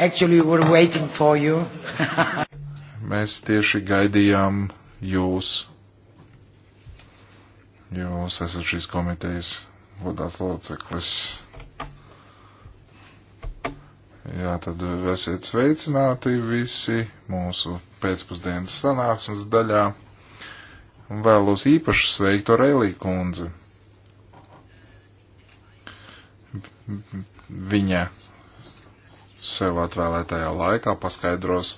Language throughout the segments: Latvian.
actually were waiting for you. Mēs tieši gaidījām jūs. Jūs esat šīs komitejas vadāts loceklis. Jā, tad esiet sveicināti visi mūsu pēcpusdienas sanāksmes daļā. Un vēlos īpaši sveikt Orelī kundzi. Viņa sev atvēlētajā laikā, paskaidros,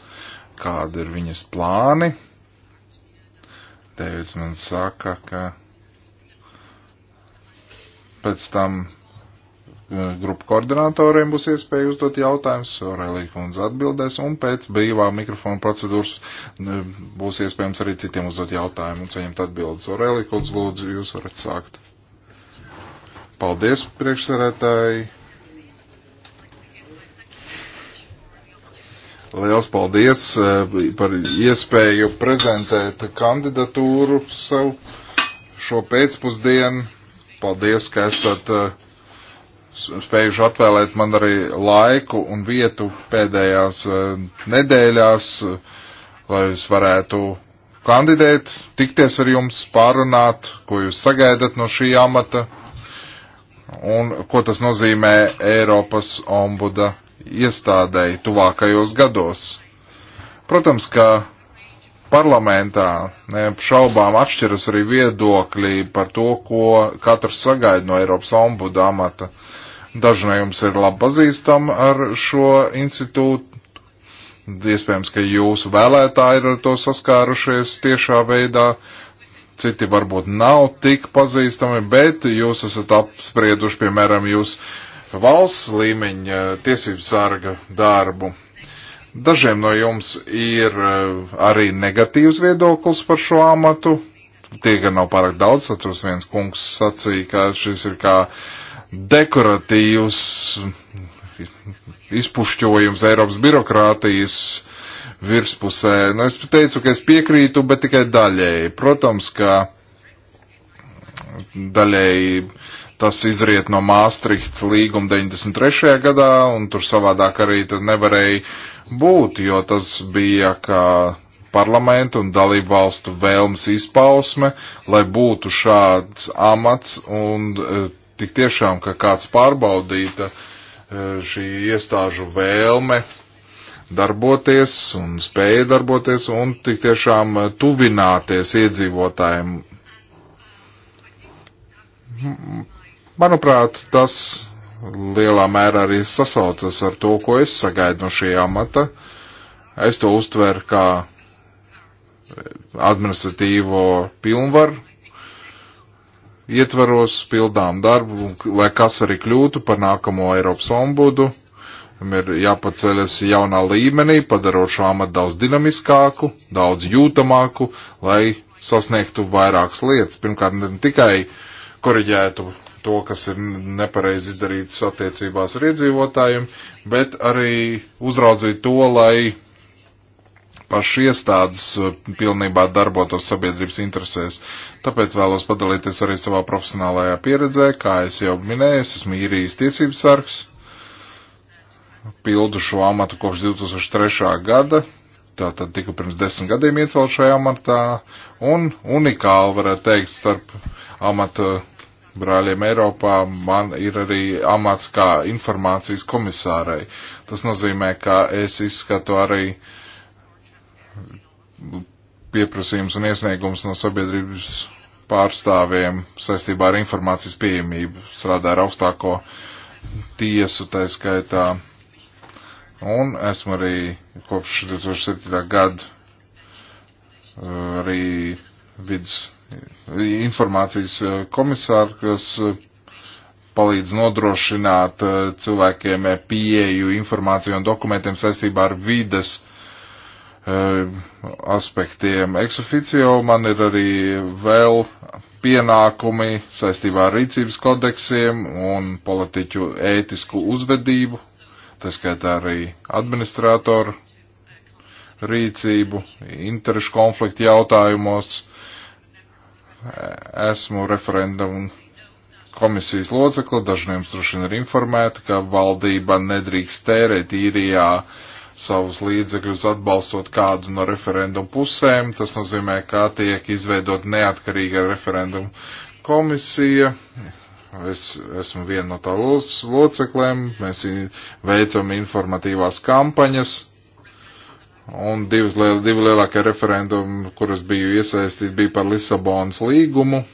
kādi ir viņas plāni. Deivids man saka, ka pēc tam uh, grupu koordinatoriem būs iespēja uzdot jautājumus, Aurelija kundze atbildēs, un pēc brīvā mikrofona procedūras būs iespējams arī citiem uzdot jautājumu un saņemt atbildes. Aurelija kundze, lūdzu, jūs varat sākt. Paldies, priekšsarētāji! Liels paldies eh, par iespēju prezentēt kandidatūru sev šo pēcpusdienu. Paldies, ka esat eh, spējuši atvēlēt man arī laiku un vietu pēdējās eh, nedēļās, lai es varētu kandidēt, tikties ar jums, pārunāt, ko jūs sagaidat no šī amata un ko tas nozīmē Eiropas ombuda iestādēji tuvākajos gados. Protams, ka parlamentā neapšaubām atšķiras arī viedokļi par to, ko katrs sagaida no Eiropas ombuda amata. Daži no jums ir labi pazīstami ar šo institūtu. Iespējams, ka jūsu vēlētāji ir ar to saskārušies tiešā veidā. Citi varbūt nav tik pazīstami, bet jūs esat apsprieduši, piemēram, jūs uh, valsts līmeņa tiesību sārga darbu. Dažiem no jums ir eh, arī negatīvs viedoklis par šo amatu. Tie gan nav pārāk daudz, atceros viens kungs sacīja, ka šis ir kā dekoratīvs izpušķojums Eiropas birokrātijas virspusē. Nu, es teicu, ka es piekrītu, bet tikai daļēji. Protams, ka daļēji tas izriet no Māstrihts līguma 93. gadā, un tur savādāk arī tad nevarēja būt, jo tas bija kā parlamentu un dalību valstu vēlmes izpausme, lai būtu šāds amats, un e, tik tiešām, ka kāds pārbaudīta e, šī iestāžu vēlme darboties un spēja darboties un tik tiešām e, tuvināties iedzīvotājiem Manuprāt, tas lielā mērā arī sasaucas ar to, ko es sagaidu no šī amata. Es to uztveru kā administratīvo pilnvaru, ietvaros pildām darbu, lai kas arī kļūtu par nākamo Eiropas ombudu. Tam ir jāpaceļas jaunā līmenī, padarot šo amatu daudz dinamiskāku, daudz jūtamāku, lai sasniegtu vairākas lietas. Pirmkārt, ne tikai koriģētu to, kas ir nepareizi izdarīts attiecībās ar iedzīvotājiem, bet arī uzraudzīt to, lai paši iestādes uh, pilnībā darbotos sabiedrības interesēs. Tāpēc vēlos padalīties arī savā profesionālajā pieredzē, kā es jau minēju, es esmu īrijas tiesības sargs, pildu šo amatu kopš 2003. gada, tātad tika pirms desmit gadiem iecelt šajā amatā, un unikāli varētu teikt starp amata brāļiem Eiropā, man ir arī amats kā informācijas komisārai. Tas nozīmē, ka es izskatu arī pieprasījums un iesniegums no sabiedrības pārstāvjiem saistībā ar informācijas pieejamību, strādā ar augstāko tiesu, tā skaitā. Un esmu arī kopš 2007. gada uh, arī vidus informācijas eh, komisāru, kas eh, palīdz nodrošināt eh, cilvēkiem pieeju informāciju un dokumentiem saistībā ar vides aspektiem. Eksoficio man ir arī vēl pienākumi saistībā ar rīcības kodeksiem un politiķu ētisku uzvedību, tas skaitā arī administrātoru rīcību, interešu konfliktu jautājumos esmu referendumu komisijas locekli, daži no jums droši vien ir informēti, ka valdība nedrīkst tērēt īrijā savus līdzekļus atbalstot kādu no referendumu pusēm. Tas nozīmē, ka tiek izveidot neatkarīga referendumu komisija. Es esmu viena no tā locekļiem, mēs veicam informatīvās kampaņas un divas, divi lielākie referendumi, kuras biju iesaistīti, bija par Lisabonas līgumu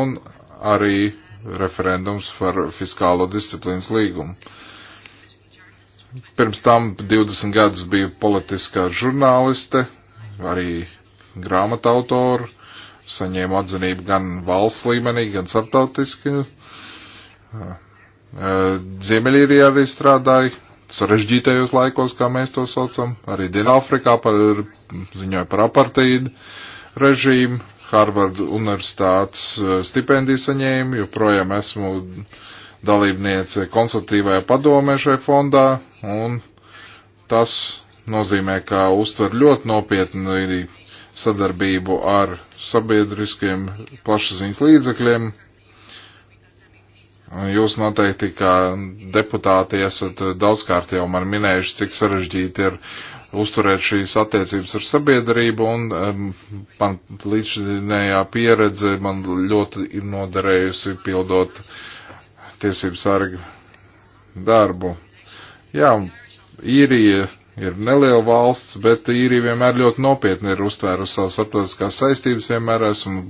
un arī referendums par fiskālo disciplīnas līgumu. Pirms tam 20 gadus biju politiskā žurnāliste, arī grāmatautoru, saņēmu atzinību gan valsts līmenī, gan starptautiski. Ziemeļīrijā arī strādāju, sarežģītajos laikos, kā mēs to saucam, arī Dienāfrikā par, ziņoja par apartīdu režīmu, Harvard universitātes eh, stipendiju saņēmu, joprojām esmu dalībniece konsultīvajā padomē šai fondā, un tas nozīmē, ka uztver ļoti nopietni sadarbību ar sabiedriskiem plašsaziņas līdzekļiem, Jūs noteikti, kā deputāti, esat daudzkārt jau man minējuši, cik sarežģīti ir uzturēt šīs attiecības ar sabiedrību, un man līdzinējā pieredze man ļoti ir noderējusi pildot tiesību sargu darbu. Jā, īrija ir neliela valsts, bet īrija vienmēr ļoti nopietni ir uztvērusi savas starptautiskās saistības, vienmēr esmu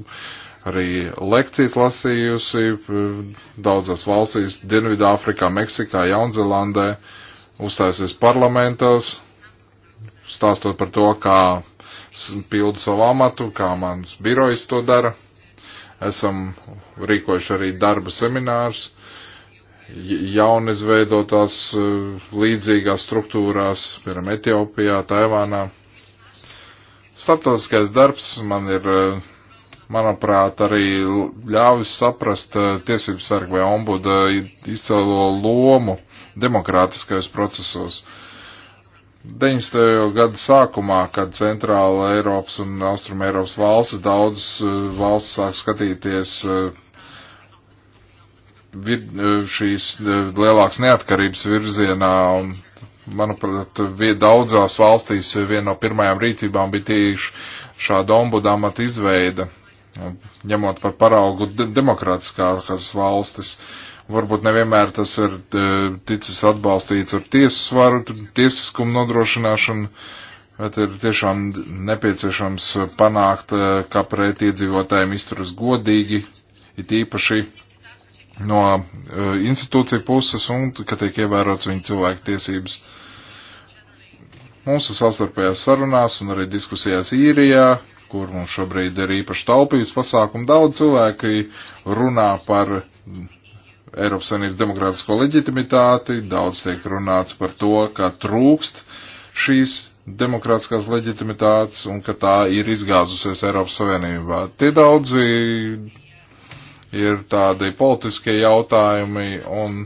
arī lekcijas lasījusi daudzās valstīs, Dienvidāfrikā, Meksikā, Jaunzelandē, uzstājusies parlamentos, stāstot par to, kā pildu savu amatu, kā mans birojs to dara. Esam rīkojuši arī darba seminārus jaunizveidotās e, līdzīgās struktūrās, piemēram, Etiopijā, Taivānā. Startautiskais darbs man ir e, manuprāt, arī ļāvis saprast eh, tiesību sargu vai ombuda izcēlo lomu demokrātiskajos procesos. 90. gada sākumā, kad Centrāla Eiropas un Austruma Eiropas valstis, daudz eh, valsts sāk skatīties eh, vid, šīs lielākas neatkarības virzienā un manuprāt, daudzās valstīs viena no pirmajām rīcībām bija tieši šāda ombuda amata izveida ņemot par paraugu demokrātiskākas valstis. Varbūt nevienmēr tas ir e, ticis atbalstīts ar tiesas varu, tiesiskumu nodrošināšanu, bet ir tiešām nepieciešams panākt, e, kā pret iedzīvotājiem izturas godīgi, it īpaši no e, institūcija puses un ka tiek ievērots viņu cilvēku tiesības. Mūsu savstarpējās sarunās un arī diskusijās īrijā kur mums šobrīd ir īpaši taupības pasākumi. Daudz cilvēki runā par Eiropas Savienības demokrātisko leģitimitāti, daudz tiek runāts par to, ka trūkst šīs demokrātiskās leģitimitātes un ka tā ir izgāzusies Eiropas Savienībā. Tie daudzi ir tādi politiskie jautājumi un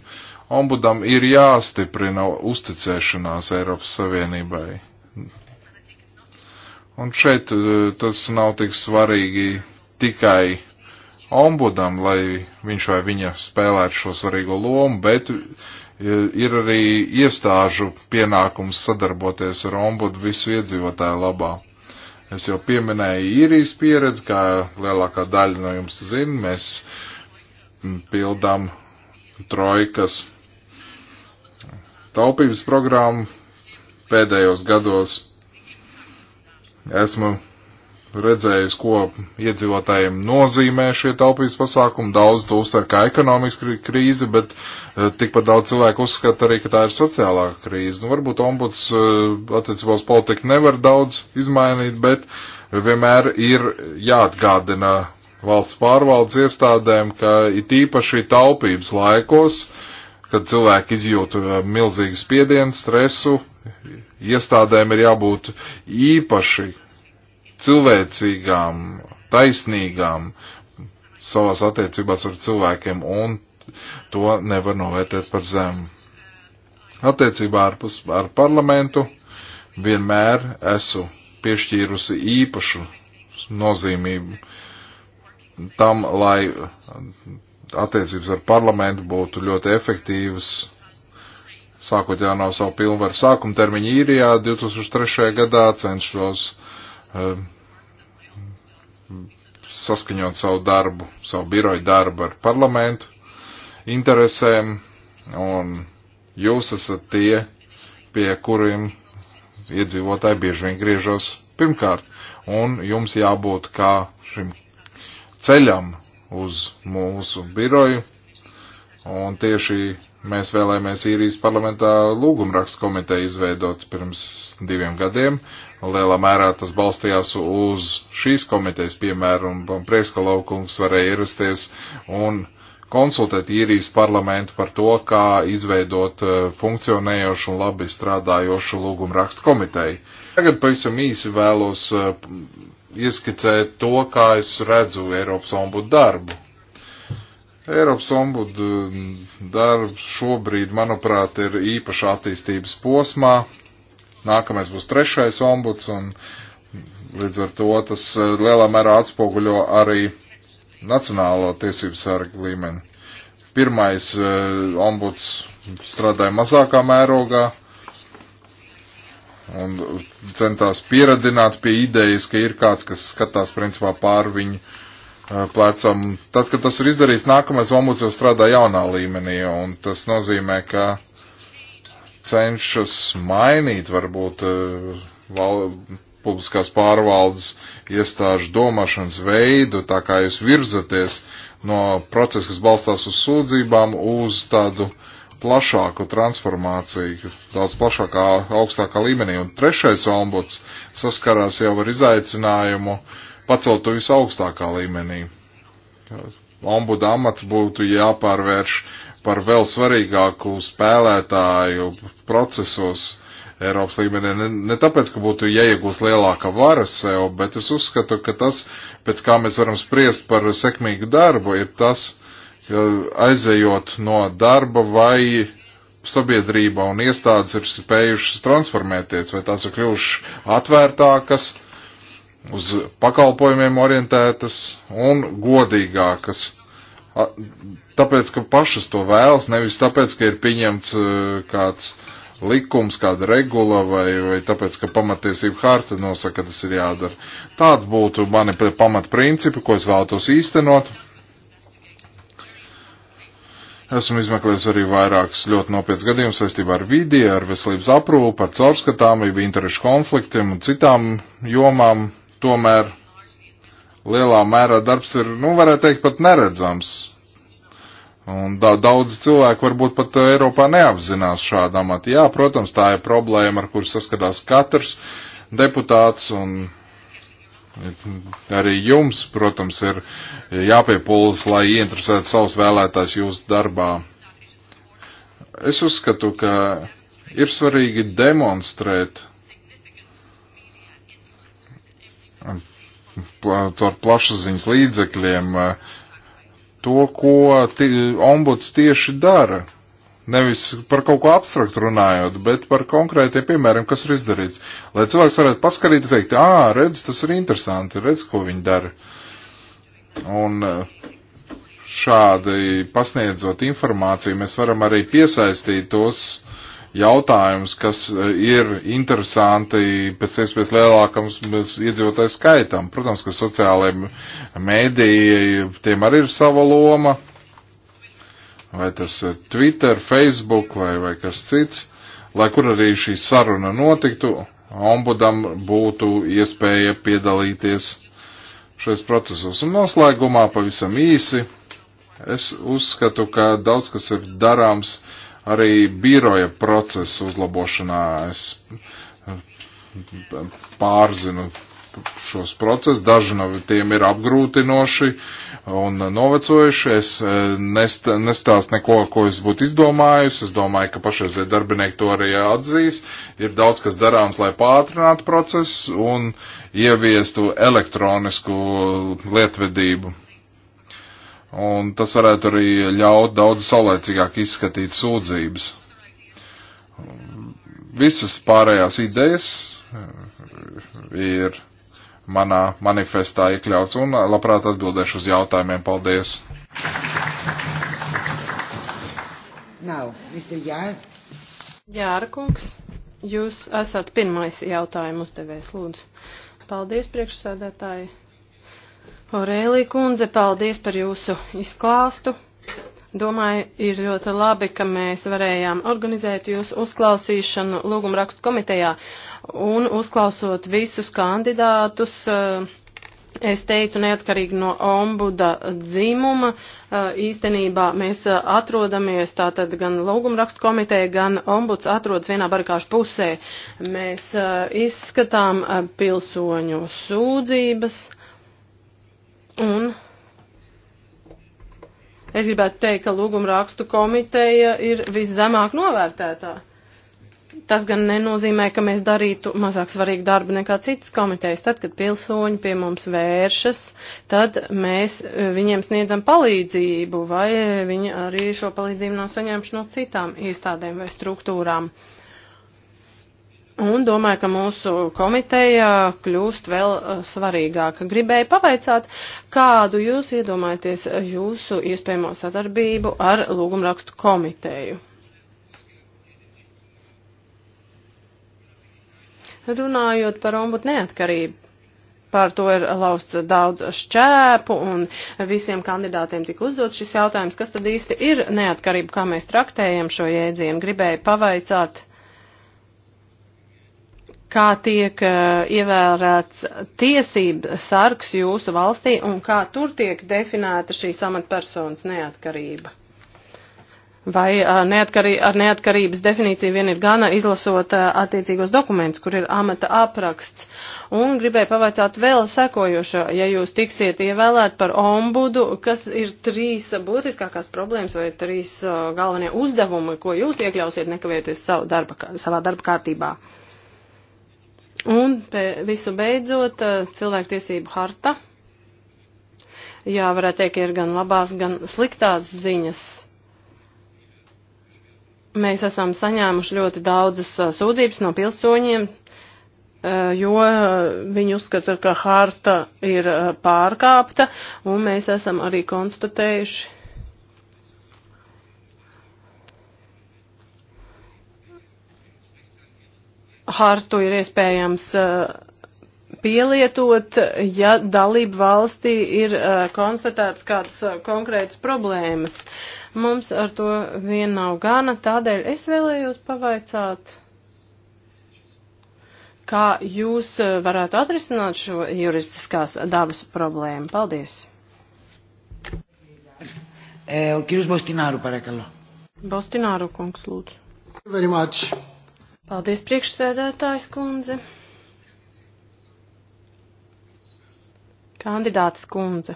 ombudam ir jāstiprina uzticēšanās Eiropas Savienībai Un šeit uh, tas nav tik svarīgi tikai ombudam, lai viņš vai viņa spēlētu šo svarīgo lomu, bet uh, ir arī iestāžu pienākums sadarboties ar ombudu visu iedzīvotāju labā. Es jau pieminēju īrijas pieredzi, kā lielākā daļa no jums zina, mēs pildām trojkas taupības programmu pēdējos gados Esmu redzējis, ko iedzīvotājiem nozīmē šie taupības pasākumi. Daudz to uztver kā ekonomikas krīze, bet eh, tikpat daudz cilvēku uzskata arī, ka tā ir sociālā krīze. Nu, varbūt ombuds eh, attiecībā uz politiku nevar daudz izmainīt, bet vienmēr ir jāatgādina valsts pārvaldes iestādēm, ka it īpaši taupības laikos uh, kad cilvēki izjūta uh, milzīgu spiedienu, stresu, iestādēm ir jābūt īpaši cilvēcīgām, taisnīgām savās attiecībās ar cilvēkiem, un to nevar novērtēt par zemu. Attiecībā ar, ar parlamentu vienmēr esmu piešķīrusi īpašu nozīmību tam, lai attiecības ar parlamentu būtu ļoti efektīvas, sākot jau no savu pilnvaru sākuma termiņa īrijā 2003. gadā cenšos uh, saskaņot savu darbu, savu biroju darbu ar parlamentu interesēm, un jūs esat tie, pie kuriem iedzīvotāji bieži vien griežas pirmkārt, un jums jābūt kā šim ceļam, uz mūsu biroju. Un tieši mēs vēlējāmies īrijas parlamentā lūgumrakstu komiteju izveidot pirms diviem gadiem. Lielā mērā tas balstījās uz šīs komitejas piemēru, un prieks, ka laukums varēja ierasties un konsultēt īrijas parlamentu par to, kā izveidot eh, funkcionējošu un labi strādājošu lūgumrakstu komiteju. Tagad pavisam īsi vēlos uh, ieskicēt to, kā es redzu Eiropas ombudu darbu. Eiropas ombudu mm, darbs šobrīd, manuprāt, ir īpaši attīstības posmā. Nākamais būs trešais ombuds, un līdz ar to tas uh, lielā mērā atspoguļo arī nacionālo tiesību sargu līmeni. Pirmais uh, ombuds strādāja mazākā mērogā, un centās pieradināt pie idejas, ka ir kāds, kas skatās principā pār viņu uh, plecam. Tad, kad tas ir izdarīts, nākamais ombuds jau strādā jaunā līmenī, un tas nozīmē, ka cenšas mainīt varbūt uh, val, publiskās pārvaldes iestāžu domāšanas veidu, tā kā jūs virzaties no procesa, kas balstās uz sūdzībām, uz tādu uh, plašāku transformāciju, daudz plašākā, augstākā līmenī. Un trešais ombuds saskarās jau ar izaicinājumu pacelt to visu augstākā līmenī. Ombuda amats būtu jāpārvērš par vēl svarīgāku spēlētāju procesos Eiropas līmenī. Ne, ne tāpēc, ka būtu jāiegūst lielāka vara sev, bet es uzskatu, ka tas, pēc kā mēs varam spriest par sekmīgu darbu, ir tas, aizejot no darba vai sabiedrība un iestādes ir spējušas transformēties, vai tās ir kļuvušas atvērtākas, uz pakalpojumiem orientētas un godīgākas. Tāpēc, ka pašas to vēlas, nevis tāpēc, ka ir pieņemts e, kāds likums, kāda regula vai, vai tāpēc, ka pamatiesība harta nosaka, ka tas ir jādara. Tāda būtu mani pamatprincipi, ko es vēlētos īstenot. Esmu izmeklējis arī vairākas ļoti nopietnas gadījumus saistībā ar vidi, ar veselības aprūpu, ar caurskatāmību, interešu konfliktiem un citām jomām. Tomēr lielā mērā darbs ir, nu, varētu teikt, pat neredzams. Un da daudz cilvēku varbūt pat Eiropā neapzinās šādu amatu. Jā, protams, tā ir problēma, ar kur saskatās katrs deputāts un Arī jums, protams, ir jāpiepūlas, lai ieinteresētu savus vēlētājus jūsu darbā. Es uzskatu, ka ir svarīgi demonstrēt caur plašsaziņas līdzekļiem eh, to, ko ombuds tieši dara Nevis par kaut ko abstraktu runājot, bet par konkrētiem piemēriem, kas ir izdarīts. Lai cilvēks varētu paskarīt un teikt, ā, redz, tas ir interesanti, redz, ko viņi dara. Un eh, šādi pasniedzot informāciju, mēs varam arī piesaistīt tos jautājumus, kas eh, ir interesanti pēc iespējas lielākam iedzīvotāju skaitam. Protams, ka sociālajiem mēdījiem tiem arī ir sava loma vai tas ir eh, Twitter, Facebook vai, vai kas cits, lai kur arī šī saruna notiktu, ombudam būtu iespēja piedalīties šais procesos. Un noslēgumā pavisam īsi, es uzskatu, ka daudz kas ir darāms arī biroja procesa uzlabošanā. Es eh, pārzinu šos procesus. Daži no tiem ir apgrūtinoši un novecojuši. Es eh, nest, nestāstu neko, ko es būtu izdomājusi. Es domāju, ka pašreizie darbinieki to arī atzīs. Ir daudz, kas darāms, lai pātrinātu procesu un ieviestu elektronisku lietvedību. Un tas varētu arī ļaut daudz saulēcīgāk izskatīt sūdzības. Visas pārējās idejas ir manā manifestā iekļauts, un uh, labprāt atbildēšu uz jautājumiem. Paldies! Now, Mr. Jār. Jāra kungs, jūs esat pirmais jautājumu uzdevējs, lūdzu. Paldies, priekšsēdētāji. Orēlī kundze, paldies par jūsu izklāstu. Domāju, ir ļoti labi, ka mēs varējām organizēt jūsu uzklausīšanu lūgumrakstu komitejā un uzklausot visus kandidātus. Eh, es teicu, neatkarīgi no ombuda dzimuma, eh, īstenībā mēs eh, atrodamies tātad gan lūgumrakstu komiteja, gan ombuds atrodas vienā barikāšu pusē. Mēs izskatām pilsoņu sūdzības un es gribētu teikt, ka lūgumrakstu komiteja ir viszemāk novērtētā tas gan nenozīmē, ka mēs darītu mazāk svarīgu darbu nekā citas komitejas. Tad, kad pilsoņi pie mums vēršas, tad mēs eh, viņiem sniedzam palīdzību, vai viņi arī šo palīdzību nav saņēmuši no citām iestādēm vai struktūrām. Un domāju, ka mūsu komiteja kļūst vēl eh, svarīgāka. Gribēju pavaicāt, kādu jūs iedomājaties jūsu iespējamo sadarbību ar lūgumrakstu komiteju? Runājot par ombudu neatkarību, par to ir lausts daudz šķēpu un visiem kandidātiem tika uzdot šis jautājums, kas tad īsti ir neatkarība, kā mēs traktējam šo jēdzienu. Gribēju pavaicāt, kā tiek eh, ievērēts tiesība sargs jūsu valstī un kā tur tiek definēta šī samatpersonas neatkarība. Vai neatkarī, ar neatkarības definīciju vien ir gana izlasot attiecīgos dokumentus, kur ir amata apraksts. Un gribēju pavaicāt vēl sekojošo, ja jūs tiksiet ievēlēt par ombudu, kas ir trīs būtiskākās problēmas vai trīs galvenie uzdevumi, ko jūs iekļausiet nekavēties savu darba, savā darba kārtībā. Un visu beidzot, cilvēktiesību harta. Jā, varētu teikt, ir gan labās, gan sliktās ziņas Mēs esam saņēmuši ļoti daudzas sūdzības no pilsoņiem, jo viņi uzskata, ka harta ir pārkāpta, un mēs esam arī konstatējuši, hartu ir iespējams uh, pielietot, ja dalību valstī ir uh, konstatēts kādas uh, konkrētas problēmas. Mums ar to vien nav gana, tādēļ es vēlējos pavaicāt, kā jūs uh, varētu atrisināt šo juristiskās dabas problēmu. Paldies! Ε, ο κύριος Μποστινάρου παρακαλώ. Μποστινάρου, κόγκς, λούτ. Very much. Paldies, priekšsēdētājs kundze. Kandidātas kundze.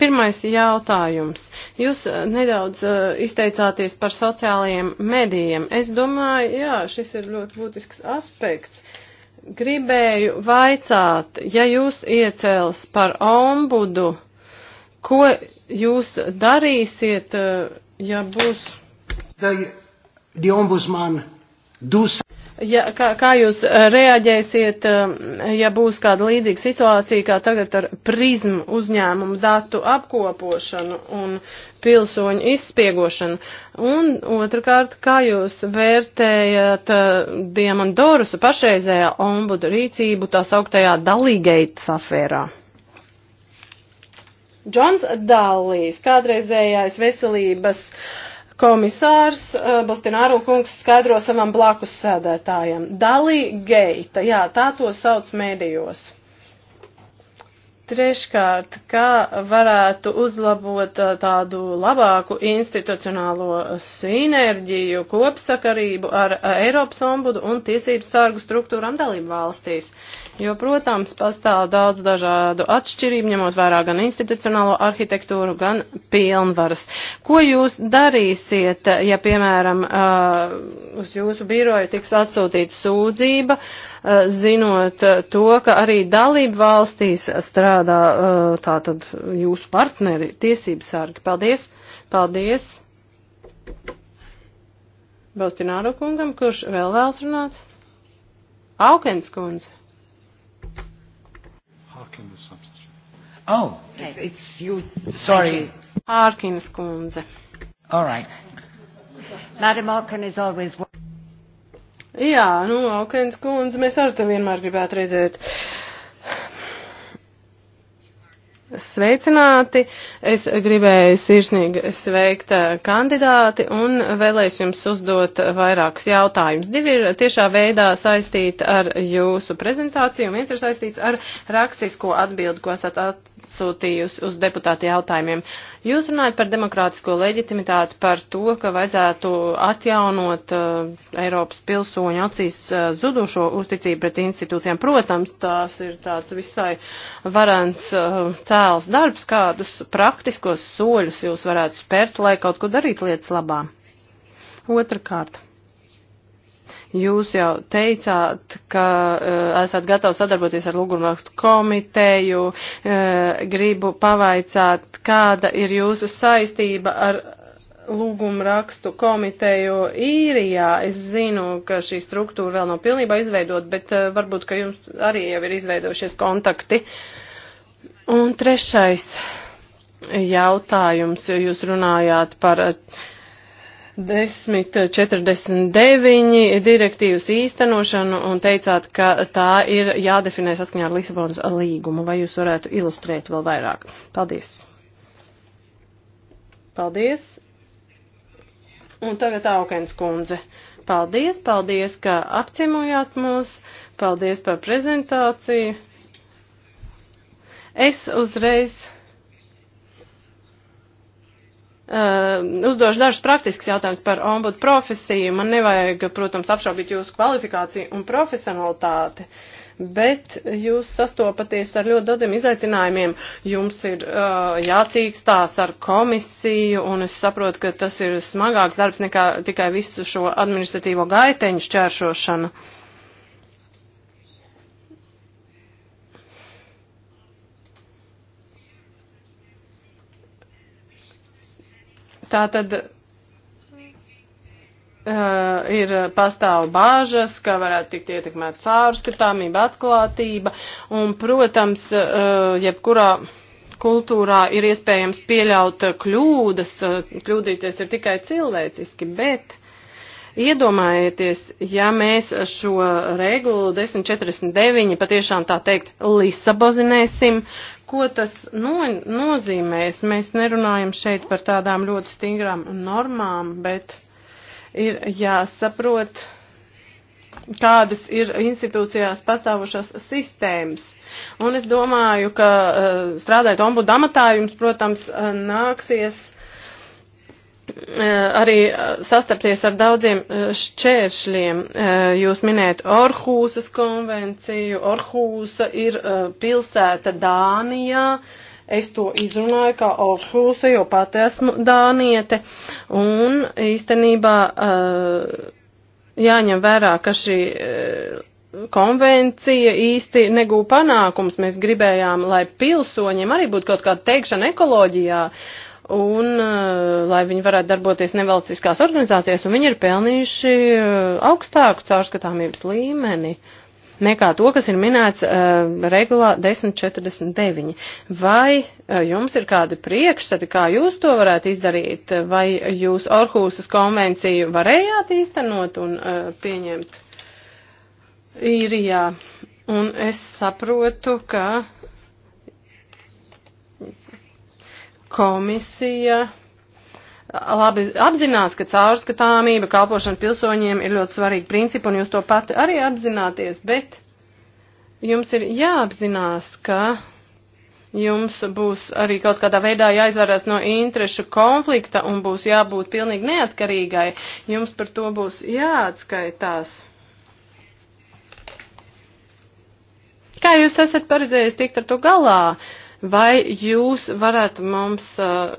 Pirmais jautājums. Jūs eh, nedaudz uh, izteicāties par sociālajiem medijiem. Es domāju, jā, šis ir ļoti būtisks aspekts. Gribēju vaicāt, ja jūs iecels par ombudu, ko jūs darīsiet uh, ja būs. The, the ombudsman does. Ja, kā, kā jūs eh, reaģēsiet, eh, ja būs kāda līdzīga situācija kā tagad ar prizmu uzņēmumu datu apkopošanu un pilsoņu izspiegošanu? Un otrkārt, kā jūs vērtējat eh, Diemandorusu pašreizējā ombudu rīcību tā sauktajā dalīgeitas afērā? Džons Dallīs, kādreizējais veselības komisārs eh, Bostināru kungs skaidro savam blakus sēdētājam. Dalī Geita, jā, tā to sauc mēdījos. Treškārt, kā varētu uzlabot eh, tādu labāku institucionālo sinerģiju, kopsakarību ar eh, Eiropas ombudu un tiesību sārgu struktūram dalību valstīs. Uh, Jo, protams, pastāv daudz dažādu atšķirību, ņemot vērā gan institucionālo arhitektūru, gan pilnvaras. Ko jūs darīsiet, ja, piemēram, uz jūsu biroju tiks atsūtīta sūdzība, zinot to, ka arī dalību valstīs strādā tātad jūsu partneri, tiesības sargi? Paldies! Paldies! Baustināru kungam, kurš vēl vēlas runāt? Aukens kundze. Harkins substitute. Oh, it, it's you. Sorry. Harkins kundze. All right. Madam Harkin is always. Jā, nu, Harkins kundze, mēs ar te vienmēr gribētu redzēt. Uh, Sveicināti! Es gribēju sirsnīgi sveikt eh, kandidāti un vēlēšu jums uzdot vairākus jautājumus. Divi ir tiešā veidā saistīti ar jūsu prezentāciju, un viens ir saistīts ar rakstisko atbildi, ko esat atsūtījusi uz deputāti jautājumiem. Jūs runājat par demokrātisko leģitimitāti, par to, ka vajadzētu atjaunot uh, Eiropas pilsoņu acīs uh, zudušo uzticību pret institūcijām. Protams, tās ir tāds visai varants uh, cēls darbs, kādus praktiskos soļus jūs varētu spērt, lai kaut ko darīt lietas labā. Otrakārt. Jūs jau teicāt, ka uh, esat gatavi sadarboties ar Lūgumrakstu komiteju. Uh, gribu pavaicāt, kāda ir jūsu saistība ar Lūgumrakstu komiteju īrijā. Es zinu, ka šī struktūra vēl nav pilnībā izveidot, bet uh, varbūt, ka jums arī jau ir izveidojušies kontakti. Un trešais jautājums, jūs runājāt par. Uh, 1049 direktīvas īstenošanu un teicāt, ka tā ir jādefinē saskaņā ar Lisabonas līgumu. Vai jūs varētu ilustrēt vēl vairāk? Paldies. Paldies. Un tagad Aukens kundze. Paldies, paldies, ka apciemojāt mūs. Paldies par prezentāciju. Es uzreiz Uh, uzdošu dažus praktiskus jautājumus par ombudu profesiju. Man nevajag, protams, apšaubīt jūsu kvalifikāciju un profesionalitāti, bet jūs sastopaties ar ļoti daudziem izaicinājumiem. Jums ir uh, jācīkstās ar komisiju, un es saprotu, ka tas ir smagāks darbs nekā tikai visu šo administratīvo gaiteņu šķēršošanu. Uh, Tā tad uh, ir pastāv bāžas, ka varētu tikt ietekmēt caurskatāmība, atklātība, un, protams, uh, jebkurā kultūrā ir iespējams pieļaut kļūdas, uh, kļūdīties ir tikai cilvēciski, bet iedomājieties, ja mēs šo regulu 1049 patiešām tā teikt lisabozinēsim, uh, Ko tas no, nozīmēs? Mēs nerunājam šeit par tādām ļoti stingrām normām, bet ir jāsaprot, kādas ir institūcijās pastāvošās sistēmas. Un es domāju, ka eh, strādājot ombudu amatā, jums, protams, eh, nāksies Eh, arī eh, sastapties ar daudziem eh, šķēršļiem. Jūs minējat Orhūsas konvenciju, Orhūsa ir pilsēta Dānijā. Es to izrunāju kā Orhūsa, jo pati esmu dāniete. Un īstenībā jāņem vērā, ka šī konvencija īsti negū panākums. Mēs gribējām, lai pilsoņiem arī būtu kaut kāda teikšana ekoloģijā. Uh, un uh, lai viņi varētu darboties nevalstiskās organizācijās, un viņi ir pelnījuši uh, augstāku caurskatāmības līmeni nekā to, kas ir minēts uh, regulā 1049. Vai uh, jums ir kādi priekšstati, kā jūs to varētu izdarīt, vai jūs Orhūsas konvenciju varējāt īstenot un uh, pieņemt īrijā? Un es saprotu, ka komisija labi apzinās, ka caurskatāmība kalpošana pilsoņiem ir ļoti svarīga principa, un jūs to pati arī apzināties, bet jums ir jāapzinās, ka jums būs arī kaut kādā veidā jāizvarās no interešu konflikta un būs jābūt pilnīgi neatkarīgai. Jums par to būs jāatskaitās. Kā jūs esat paredzējis tikt ar to galā? Uh, Vai jūs varat mums uh,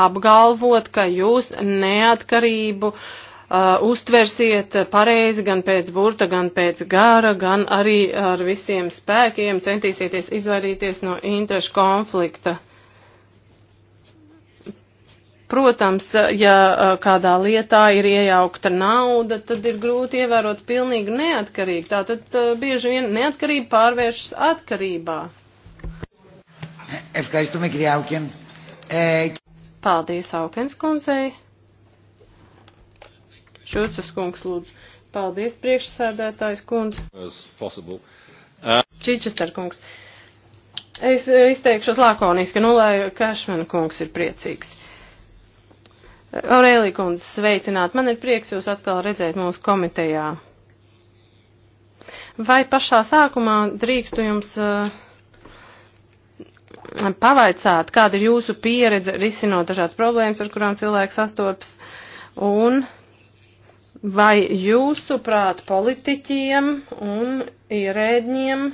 apgalvot, ka jūs neatkarību uh, uztversiet pareizi gan pēc burta, gan pēc gara, gan arī ar visiem spēkiem centīsieties izvairīties no interešu konflikta? Protams, ja uh, kādā lietā ir iejaukta nauda, tad ir grūti ievērot pilnīgu neatkarību. Tātad uh, bieži vien neatkarība pārvēršas atkarībā. Ευχαριστούμε, κυρία Άουκεν. Ε... Paldies, Aukens kundzei. Šūcas kungs, lūdzu. Paldies, priekšsēdētājs kundze. Čičester kungs. Es izteikšos lakoniski, nu, lai Kašmena kungs ir priecīgs. Aurēlī kundze, sveicināt. Man ir prieks jūs atkal redzēt mūsu komitejā. Vai pašā sākumā drīkstu jums. Uh, pavaicāt, kāda ir jūsu pieredze risinot dažādas problēmas, ar kurām cilvēks sastopas, un vai jūsuprāt politiķiem un ierēdņiem,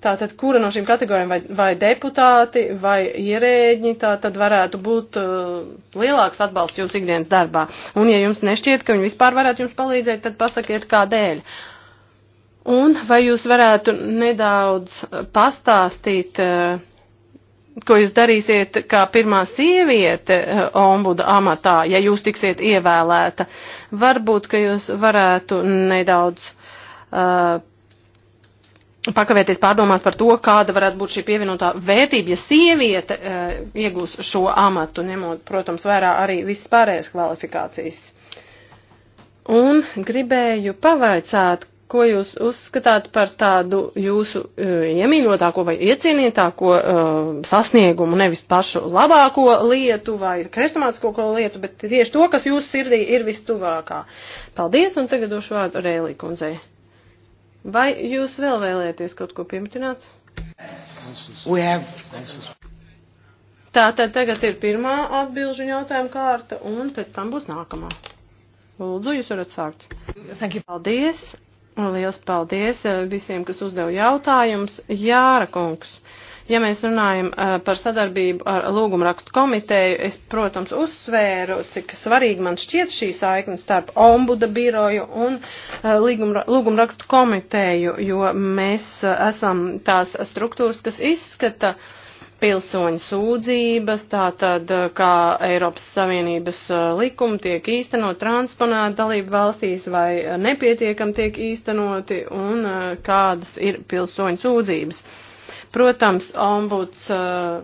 tātad kura no šīm kategorijām, vai, vai deputāti, vai ierēdņi, tātad varētu būt uh, lielāks atbalsts jūsu ikdienas darbā. Un ja jums nešķiet, ka viņi vispār varētu jums palīdzēt, tad pasakiet, kādēļ. Uh, Un vai jūs varētu nedaudz uh, pastāstīt, uh, ko jūs darīsiet kā pirmā sieviete uh, ombuda amatā, ja jūs tiksiet ievēlēta? Varbūt, ka jūs varētu nedaudz uh, pakavēties pārdomās par to, kāda varētu būt šī pievienotā vērtība, ja sieviete uh, iegūs šo amatu, ņemot, protams, vērā arī visas pārējās kvalifikācijas. Un gribēju pavaicāt, ko jūs uzskatāt par tādu jūsu uh, iemīļotāko vai iecienītāko uh, sasniegumu, nevis pašu labāko lietu vai krestomātisko lietu, bet tieši to, kas jūsu sirdī ir vistuvākā. Paldies, un tagad došu vārdu Rēlī kundzei. Vai jūs vēl vēlēties kaut ko pieminēt? Tātad tagad ir pirmā atbilžu jautājuma kārta, un pēc tam būs nākamā. Lūdzu, jūs varat sākt. Thank you. Paldies. Liels paldies eh, visiem, kas uzdeva jautājumus. Jāra kungs, ja mēs runājam eh, par sadarbību ar lūgumrakstu komiteju, es, protams, uzsvēru, cik svarīgi man šķiet šī saikne starp ombuda biroju un eh, lūgumrakstu komiteju, jo mēs esam tās struktūras, kas izskata uh, pilsoņu sūdzības, tātad eh, kā Eiropas Savienības eh, likumi tiek īstenot, transponēt dalību valstīs vai eh, nepietiekam tiek īstenoti un kādas ir pilsoņu sūdzības. Protams, ombuds uh,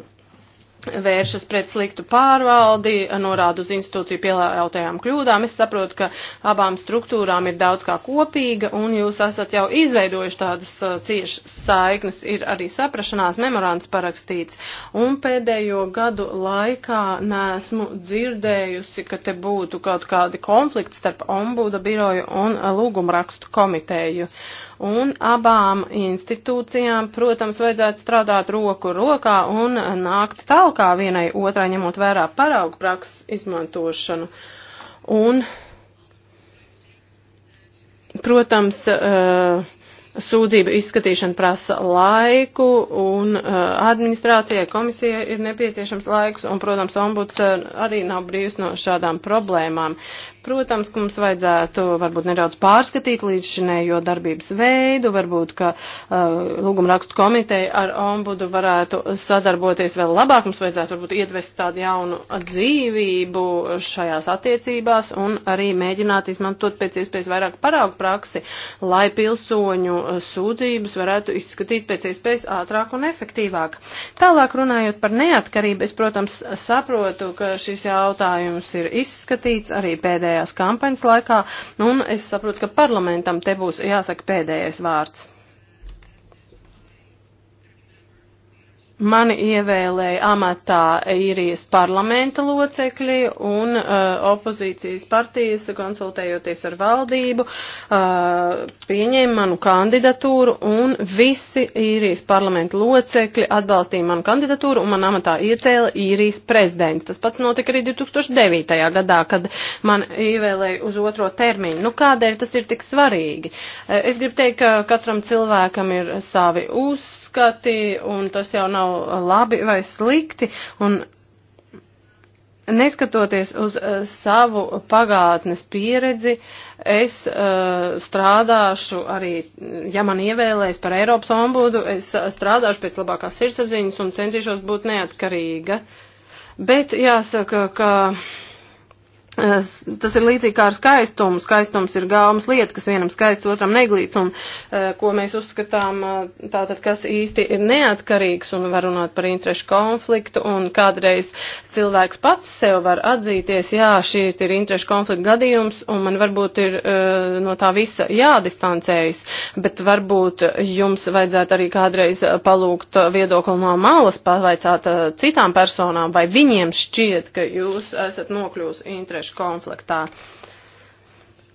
vēršas pret sliktu pārvaldi, norāda uz institūciju pielāgotajām kļūdām. Es saprotu, ka abām struktūrām ir daudz kā kopīga, un jūs esat jau izveidojuši tādas uh, ciešas saiknes, ir arī saprašanās memorāns parakstīts. Un pēdējo gadu laikā nesmu dzirdējusi, ka te būtu kaut kādi konflikti starp ombuda biroju un uh, lūgumrakstu komiteju. Uh, Un abām institūcijām, protams, vajadzētu strādāt roku rokā un nākt talkā vienai otrai, ņemot vērā paraugu prakses izmantošanu. Un, protams, uh, sūdzību izskatīšana prasa laiku, un uh, administrācijai, komisijai ir nepieciešams laiks, un, protams, ombuds eh, arī nav brīvs no šādām problēmām. Protams, ka mums vajadzētu varbūt nedaudz pārskatīt līdzšinējo darbības veidu, varbūt, ka uh, lūgumrakstu komiteja ar ombudu varētu sadarboties vēl labāk, mums vajadzētu varbūt ietvest tādu jaunu dzīvību šajās attiecībās un arī mēģināt izmantot pēc iespējas vairāk paraugu praksi, lai pilsoņu uh, sūdzības varētu izskatīt pēc iespējas ātrāk un efektīvāk. Tālāk runājot par neatkarību, es, protams, saprotu, ka šis jautājums ir izskatīts arī pēdējā iepriekšējās kampaņas laikā, nu, un es saprotu, ka parlamentam te būs jāsaka pēdējais vārds. Mani ievēlēja amatā īrijas parlamenta locekļi un uh, opozīcijas partijas, konsultējoties ar valdību, uh, pieņēma manu kandidatūru un visi īrijas parlamenta locekļi atbalstīja manu kandidatūru un man amatā iecēla īrijas prezidents. Tas pats notika arī 2009. gadā, kad man ievēlēja uz otro termiņu. Nu, kādēļ tas ir tik svarīgi? Uh, es gribu teikt, ka katram cilvēkam ir savi uzskati uzskati, un tas jau nav labi vai slikti, un neskatoties uz eh, savu pagātnes pieredzi, es uh, strādāšu arī, ja man ievēlēs par Eiropas ombudu, es eh, strādāšu pēc labākās sirdsapziņas un centīšos būt neatkarīga. Bet jāsaka, ka Tas ir līdzīgi kā ar skaistumu. Skaistums ir gaumas lieta, kas vienam skaists, otram neglīts, un eh, ko mēs uzskatām, eh, tātad, kas īsti ir neatkarīgs, un var runāt par interešu konfliktu, un kādreiz cilvēks pats sev var atzīties, jā, šīs ir interešu konflikta gadījums, un man varbūt ir eh, no tā visa jādistancējas, bet varbūt jums vajadzētu arī kādreiz palūgt viedokli no malas, pavaicāt citām personām, vai viņiem šķiet, ka jūs esat nokļūs interešu interešu konfliktā.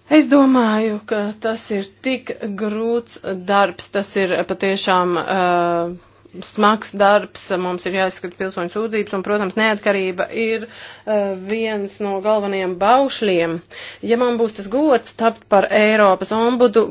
Es domāju, ka tas ir tik grūts darbs, tas ir patiešām. Uh, smags darbs, mums ir jāizskat pilsoņu sūdzības, un, protams, neatkarība ir uh, viens no galvenajiem baušļiem. Ja man būs tas gods tapt par Eiropas ombudu,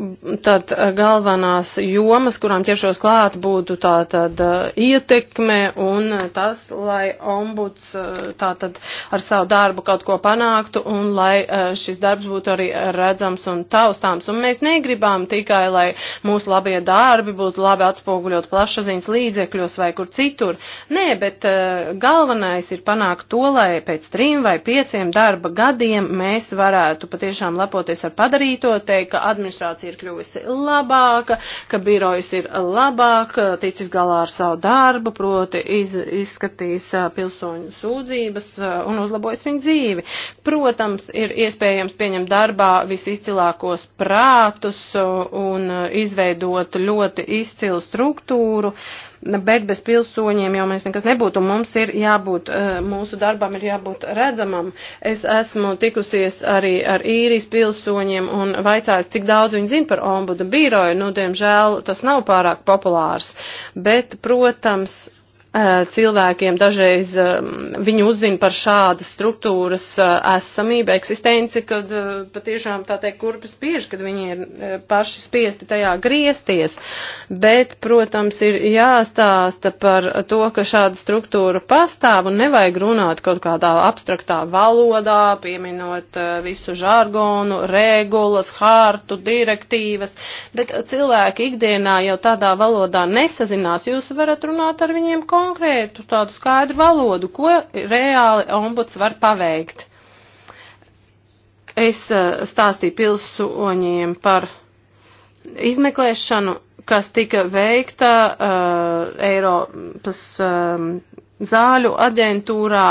tad uh, galvenās jomas, kurām ķeršos klāt, būtu tā tad uh, ietekme un uh, tas, lai ombuds uh, tā tad ar savu darbu kaut ko panāktu un lai uh, šis darbs būtu arī redzams un taustāms. Un mēs negribam tikai, lai mūsu labie darbi būtu labi atspoguļot plašsaziņas līdzi, līdzekļos vai kur citur. Nē, bet uh, galvenais ir panākt to, lai pēc trim vai pieciem darba gadiem mēs varētu patiešām lepoties ar padarīto, teikt, ka administrācija ir kļuvusi labāka, ka birojas ir labāk, ticis galā ar savu darbu, proti iz, izskatīs uh, pilsoņu sūdzības uh, un uzlabojas viņu dzīvi. Protams, ir iespējams pieņemt darbā visizcilākos prātus un izveidot ļoti izcilu struktūru, bet bez pilsoņiem jau mēs nekas nebūtu. Mums ir jābūt, eh, mūsu darbam ir jābūt redzamam. Es esmu tikusies arī ar īrijas pilsoņiem un vaicājis, cik daudz viņi zina par ombuda bīroju. Nu, diemžēl tas nav pārāk populārs, bet, protams, Eh, cilvēkiem dažreiz viņi uzzina par šādas struktūras eh, esamību, eksistenci, kad eh, patiešām tā teikt kurpes bieži, kad viņi ir paši spiesti tajā griezties. Bet, protams, ir jāstāsta par to, ka šāda struktūra pastāv un nevajag runāt kaut kādā abstraktā valodā, pieminot visu žargonu, regulas, hārtu, direktīvas, bet cilvēki ikdienā jau tādā valodā nesazinās. Jūs varat runāt ar viņiem kontaktā konkrētu tādu skaidru valodu, ko reāli ombuds var paveikt. Es eh, stāstīju pilsoņiem par izmeklēšanu, kas tika veikta uh, Eiropas um, zāļu aģentūrā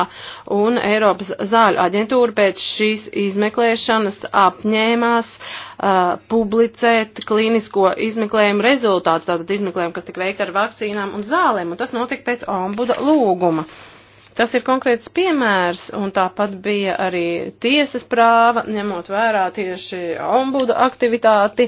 un Eiropas zāļu aģentūra pēc šīs izmeklēšanas apņēmās uh, publicēt klīnisko izmeklējumu rezultātus, tātad izmeklējumu, kas tika veikta ar vakcīnām un zālēm, un tas notika pēc ombuda lūguma. Uh, Tas ir konkrēts piemērs, un tāpat bija arī tiesas prāva, ņemot vērā tieši ombuda aktivitāti,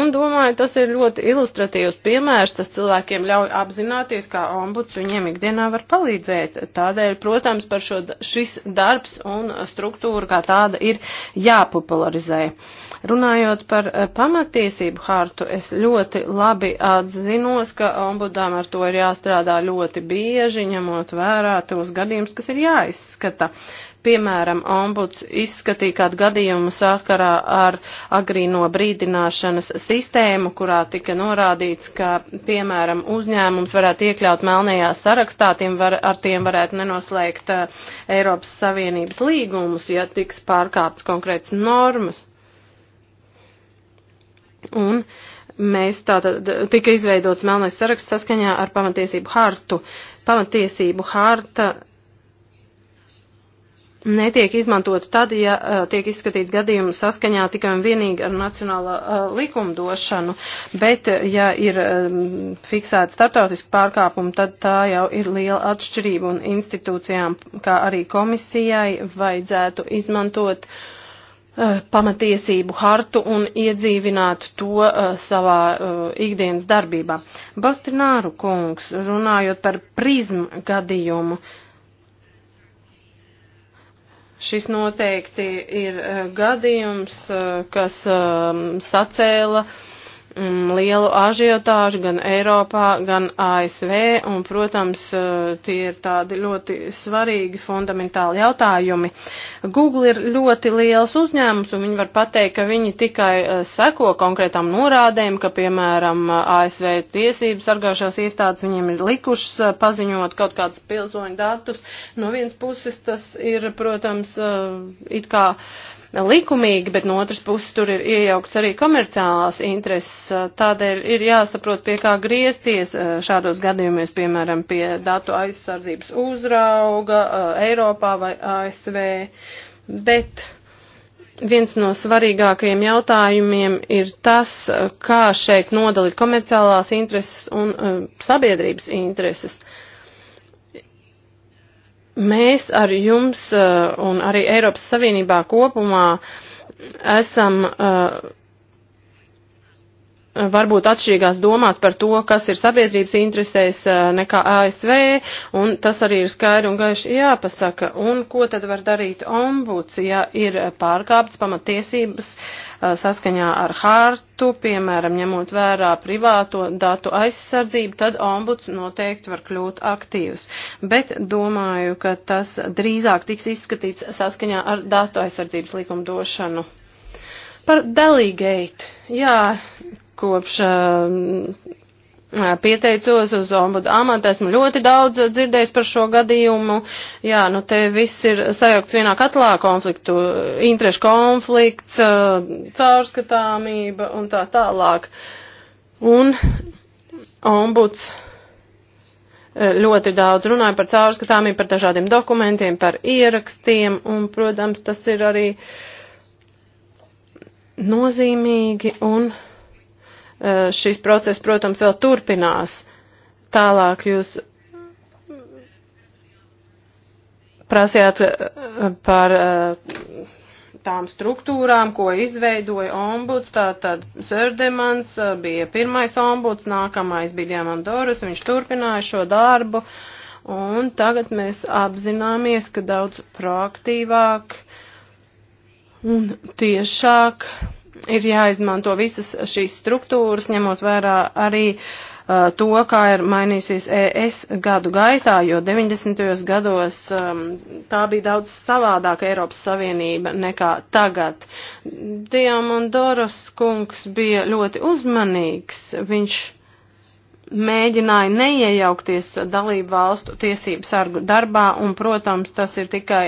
un domāju, tas ir ļoti ilustratīvs piemērs, tas cilvēkiem ļauj apzināties, kā ombuds viņiem ikdienā var palīdzēt. Tādēļ, protams, par šo, šis darbs un struktūra kā tāda ir jāpopularizē. Runājot par eh, pamatiesību hartu, es ļoti labi atzinos, ka ombudām ar to ir jāstrādā ļoti bieži, ņemot vērā tos gadījumus, kas ir jāizskata. Piemēram, ombuds izskatīja kādu gadījumu sakarā ar agrīno brīdināšanas sistēmu, kurā tika norādīts, ka, piemēram, uzņēmums varētu iekļaut melnējā sarakstā, tiem var, ar tiem varētu nenoslēgt uh, Eiropas Savienības līgumus, ja tiks pārkāptas konkrētas normas. Un mēs tātad tika izveidots melnais saraksts saskaņā ar pamatiesību hartu. Pamatiesību harta netiek izmantota tad, ja uh, tiek izskatīti gadījumi saskaņā tikai un vienīgi ar nacionālā uh, likumdošanu, bet ja ir um, fiksēta startautiska pārkāpuma, tad tā jau ir liela atšķirība un institūcijām, kā arī komisijai, vajadzētu izmantot uh, Eh, pamatiesību hartu un iedzīvinātu to uh, savā uh, ikdienas darbībā. Bostrināru kungs, runājot par prizmu gadījumu, šis noteikti ir uh, gadījums, uh, kas uh, sacēla uh, Mm, lielu ažiotāžu gan Eiropā, gan ASV, un, protams, eh, tie ir tādi ļoti svarīgi fundamentāli jautājumi. Google ir ļoti liels uzņēmums, un viņi var pateikt, ka viņi tikai eh, seko konkrētām norādēm, ka, piemēram, ASV tiesības sargājušās iestādes viņiem ir likušas eh, paziņot kaut kādus pilsoņu datus. No vienas puses tas ir, protams, it kā. Uh, likumīgi, bet no otras puses tur ir iejaukts arī komerciālās intereses. Tādēļ ir jāsaprot, pie kā griezties šādos gadījumos, piemēram, pie datu aizsardzības uzrauga Eiropā vai ASV. Bet viens no svarīgākajiem jautājumiem ir tas, kā šeit nodalīt komerciālās intereses un sabiedrības intereses. Uh, Mēs ar jums uh, un arī Eiropas Savienībā kopumā esam uh, varbūt atšķirīgās domās par to, kas ir sabiedrības interesēs eh, nekā ASV, un tas arī ir skaidri un gaiši jāpasaka. Un ko tad var darīt ombuds, ja ir pārkāptas pamatiesības eh, saskaņā ar hārtu, piemēram, ņemot vērā privāto datu aizsardzību, tad ombuds noteikti var kļūt aktīvs. Bet domāju, ka tas drīzāk tiks izskatīts saskaņā ar datu aizsardzības likumdošanu. Par Delegate. Jā, Kopš um, pieteicos uz ombudu amatu, esmu ļoti daudz dzirdējis par šo gadījumu. Jā, nu te viss ir sajaukts vienā katlā konfliktu, interešu konflikts, uh, caurskatāmība un tā tālāk. Un ombuds uh, ļoti daudz runāja par caurskatāmību, par dažādiem dokumentiem, par ierakstiem, un, protams, tas ir arī nozīmīgi un Eh, šis process, protams, vēl turpinās. Tālāk jūs prasījāt eh, par eh, tām struktūrām, ko izveidoja ombuds, tātad Sördemans bija pirmais ombuds, nākamais bija Diemam Doris, viņš turpināja šo darbu, un tagad mēs apzināmies, ka daudz proaktīvāk un tiešāk ir jāizmanto visas šīs struktūras, ņemot vērā arī uh, to, kā ir mainījusies ES gadu gaitā, jo 90. gados um, tā bija daudz savādāka Eiropas Savienība nekā tagad. Diamondoros kungs bija ļoti uzmanīgs. Viņš mēģināja neiejaukties dalību valstu tiesību sargu darbā, un, protams, tas ir tikai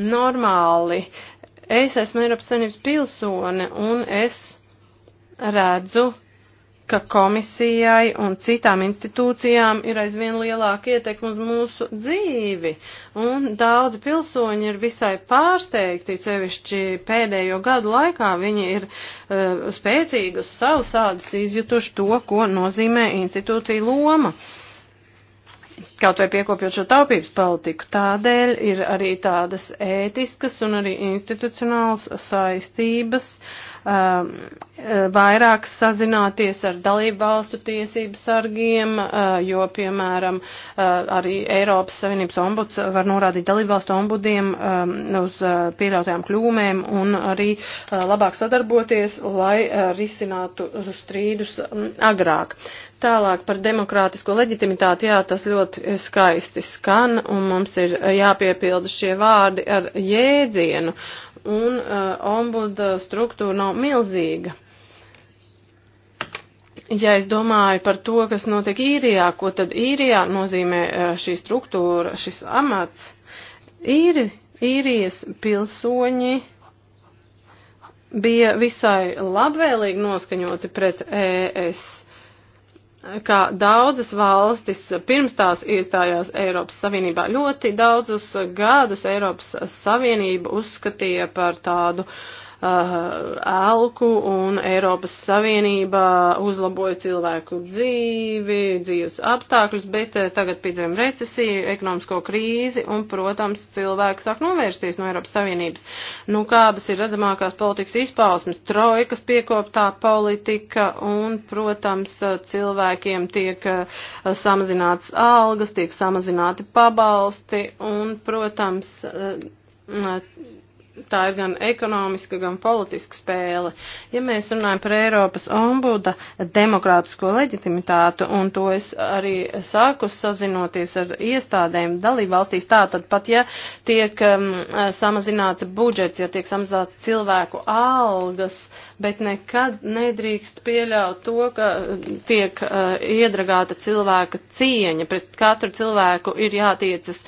normāli. Uh, Es esmu Eiropas Savienības pilsone un es redzu, ka komisijai un citām institūcijām ir aizvien lielāka ietekme uz mūsu dzīvi, un daudzi pilsoņi ir visai pārsteigti, cevišķi pēdējo gadu laikā viņi ir uh, spēcīgi uz savu sādas izjutuši to, ko nozīmē institūcija loma. Uh, kaut vai piekopjot šo taupības politiku. Tādēļ ir arī tādas ētiskas un arī institucionāls saistības um, vairāk sazināties ar dalību valstu tiesību sargiem, uh, jo, piemēram, uh, arī Eiropas Savienības ombuds var norādīt dalību valstu ombudiem um, uz uh, pieļautajām kļūmēm un arī uh, labāk sadarboties, lai uh, risinātu strīdus um, agrāk. Tālāk par demokrātisko leģitimitāti, jā, tas ļoti skaisti skan, un mums ir uh, jāpiepilda šie vārdi ar jēdzienu. Uh, un uh, ombuda struktūra nav milzīga. Ja es domāju par to, kas notiek īrijā, ko tad īrijā nozīmē uh, šī struktūra, šis amats, īri, īrijas pilsoņi bija visai labvēlīgi noskaņoti pret ES ka daudzas valstis pirms tās iestājās Eiropas Savienībā ļoti daudzus gadus Eiropas Savienību uzskatīja par tādu uh, elku uh, un Eiropas Savienība uzlaboja cilvēku dzīvi, dzīves apstākļus, bet uh, tagad piedzīvojam recesiju, ekonomisko krīzi un, protams, cilvēki sāk novērsties no Eiropas Savienības. Nu, kādas ir redzamākās politikas izpausmes? Trojkas piekoptā politika un, protams, uh, cilvēkiem tiek samazināts algas, tiek samazināti pabalsti un, protams, tā ir gan ekonomiska, gan politiska spēle. Ja mēs runājam par Eiropas ombuda demokrātisko leģitimitātu, un to es arī sāku sazinoties ar iestādēm dalībvalstīs, tā tad pat ja tiek um, samazināts budžets, ja tiek samazināts cilvēku algas, bet nekad nedrīkst pieļaut to, ka tiek uh, iedragāta cilvēka cieņa. Pret katru cilvēku ir jātiecas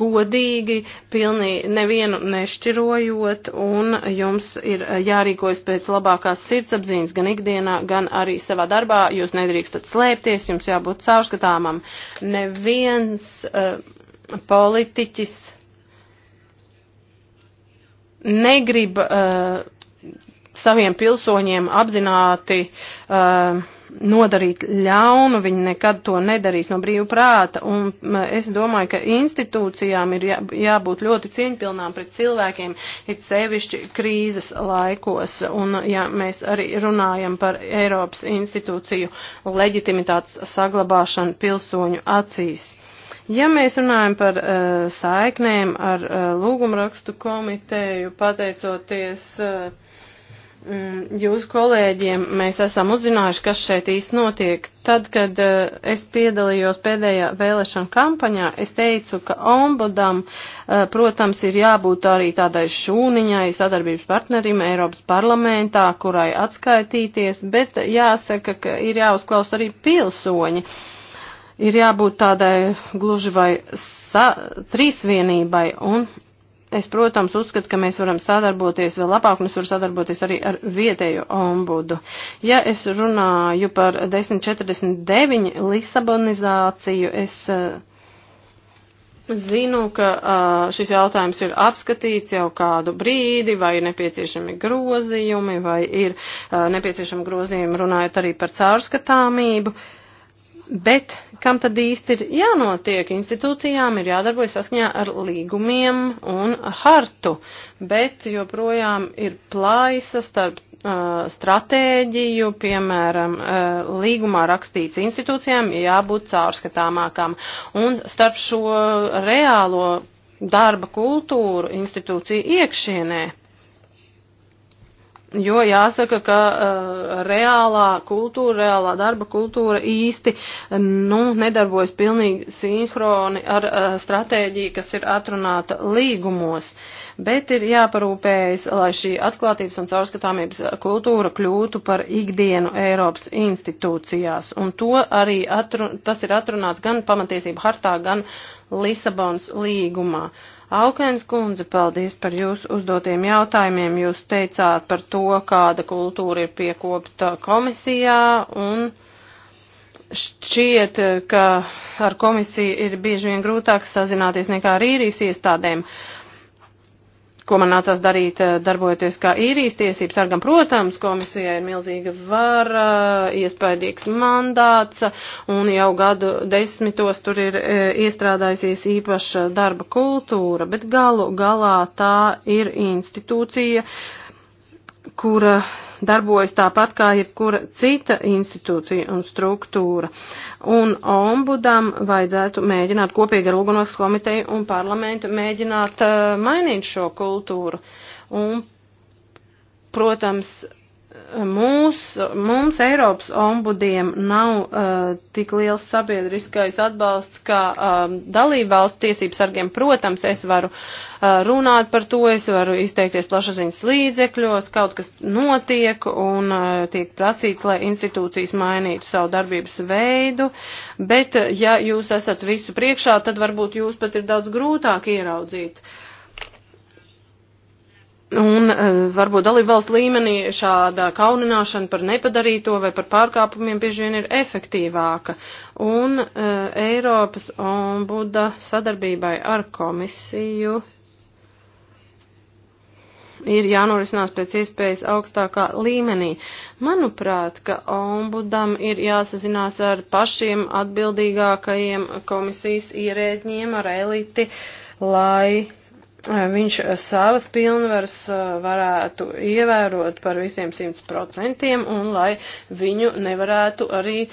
godīgi, pilnīgi nevienu nešķirojot pieejot, un jums ir eh, jārīkojas pēc labākās sirdsapziņas gan ikdienā, gan arī savā darbā. Jūs nedrīkstat slēpties, jums jābūt caurskatāmam. Neviens uh, politiķis negrib uh, saviem pilsoņiem apzināti uh, nodarīt ļaunu, viņi nekad to nedarīs no brīvu prāta, un es domāju, ka institūcijām ir jābūt ļoti cieņpilnām pret cilvēkiem, it sevišķi krīzes laikos, un ja mēs arī runājam par Eiropas institūciju leģitimitātes saglabāšanu pilsoņu acīs. Ja mēs runājam par uh, saiknēm ar uh, lūgumrakstu komiteju, pateicoties uh, Mm, jūsu kolēģiem mēs esam uzzinājuši, kas šeit īsti notiek. Tad, kad uh, es piedalījos pēdējā vēlēšana kampaņā, es teicu, ka ombudam, uh, protams, ir jābūt arī tādai šūniņai, sadarbības partnerim Eiropas parlamentā, kurai atskaitīties, bet jāsaka, ka ir jāuzklaus arī pilsoņi. Ir jābūt tādai gluži vai sa, trīsvienībai un Es, protams, uzskatu, ka mēs varam sadarboties vēl labāk, un es varu sadarboties arī ar vietēju ombudu. Ja es runāju par 1049 Lisabonizāciju, es eh, zinu, ka eh, šis jautājums ir apskatīts jau kādu brīdi, vai ir nepieciešami grozījumi, vai ir eh, nepieciešami grozījumi runājot arī par caurskatāmību. Uh, Bet kam tad īsti ir jānotiek? Institūcijām ir jādarbojas saskaņā ar līgumiem un hartu, bet joprojām ir plājas starp uh, stratēģiju, piemēram, uh, līgumā rakstīts institūcijām jābūt caurskatāmākām. Un starp šo reālo darba kultūru institūciju iekšienē Jo jāsaka, ka uh, reālā kultūra, reālā darba kultūra īsti nu, nedarbojas pilnīgi sinhroni ar uh, stratēģiju, kas ir atrunāta līgumos. Bet ir jāparūpējas, lai šī atklātības un caurskatāmības kultūra kļūtu par ikdienu Eiropas institūcijās. Un to arī atrun, tas ir atrunāts gan pamatiesību hartā, gan Lisabons līgumā. Uh, Aukens kundze, paldies par jūsu uzdotiem jautājumiem. Jūs teicāt par to, kāda kultūra ir piekopta komisijā un šķiet, ka ar komisiju ir bieži vien grūtāk sazināties nekā ar īrijas iestādēm. Uh, ko man nācās darīt, eh, darbojoties kā īrijas tiesības sargam. Protams, komisijai ir milzīga vara, iespējīgs mandāts, un jau gadu desmitos tur ir eh, iestrādājusies īpaša darba kultūra, bet galu galā tā ir institūcija, uh, kura darbojas tāpat kā jebkura cita institūcija un struktūra. Un ombudam vajadzētu mēģināt kopīgi ar Lūgunos komiteju un parlamentu mēģināt uh, mainīt šo kultūru. Un, protams, mūs, mums Eiropas ombudiem nav uh, tik liels sabiedriskais atbalsts kā uh, dalībvalstu tiesību sargiem. Protams, es varu uh, runāt par to, es varu izteikties plašaziņas līdzekļos, kaut kas notiek un uh, tiek prasīts, lai institūcijas mainītu savu darbības veidu, bet uh, ja jūs esat visu priekšā, tad varbūt jūs pat ir daudz grūtāk ieraudzīt. Uh, Un e, varbūt dalībvalsts līmenī šāda kaunināšana par nepadarīto vai par pārkāpumiem bieži vien ir efektīvāka. Un uh, Eiropas ombuda sadarbībai ar komisiju ir jānorisinās pēc iespējas augstākā līmenī. Manuprāt, ka ombudam ir jāsazinās ar pašiem atbildīgākajiem komisijas ierēģiem, ar eliti, lai viņš savas pilnvaras varētu ievērot par visiem 100% un lai viņu nevarētu arī,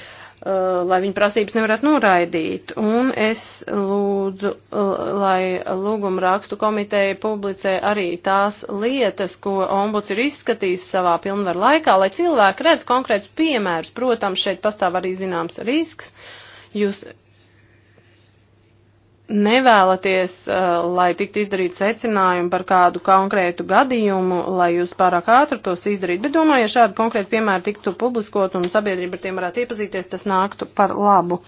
lai viņa prasības nevarētu noraidīt. Un es lūdzu, lai lūguma rakstu komiteja publicē arī tās lietas, ko ombuds ir izskatījis savā pilnvaru laikā, lai cilvēki redz konkrēts piemērs. Protams, šeit pastāv arī zināms risks. Jūs nevēlaties, uh, lai tiktu izdarīt secinājumi par kādu konkrētu gadījumu, lai jūs pārāk ātri tos izdarītu, bet domāju, ja šādi konkrēti piemēri tiktu publiskot un sabiedrība ar tiem varētu iepazīties, tas nāktu par labu.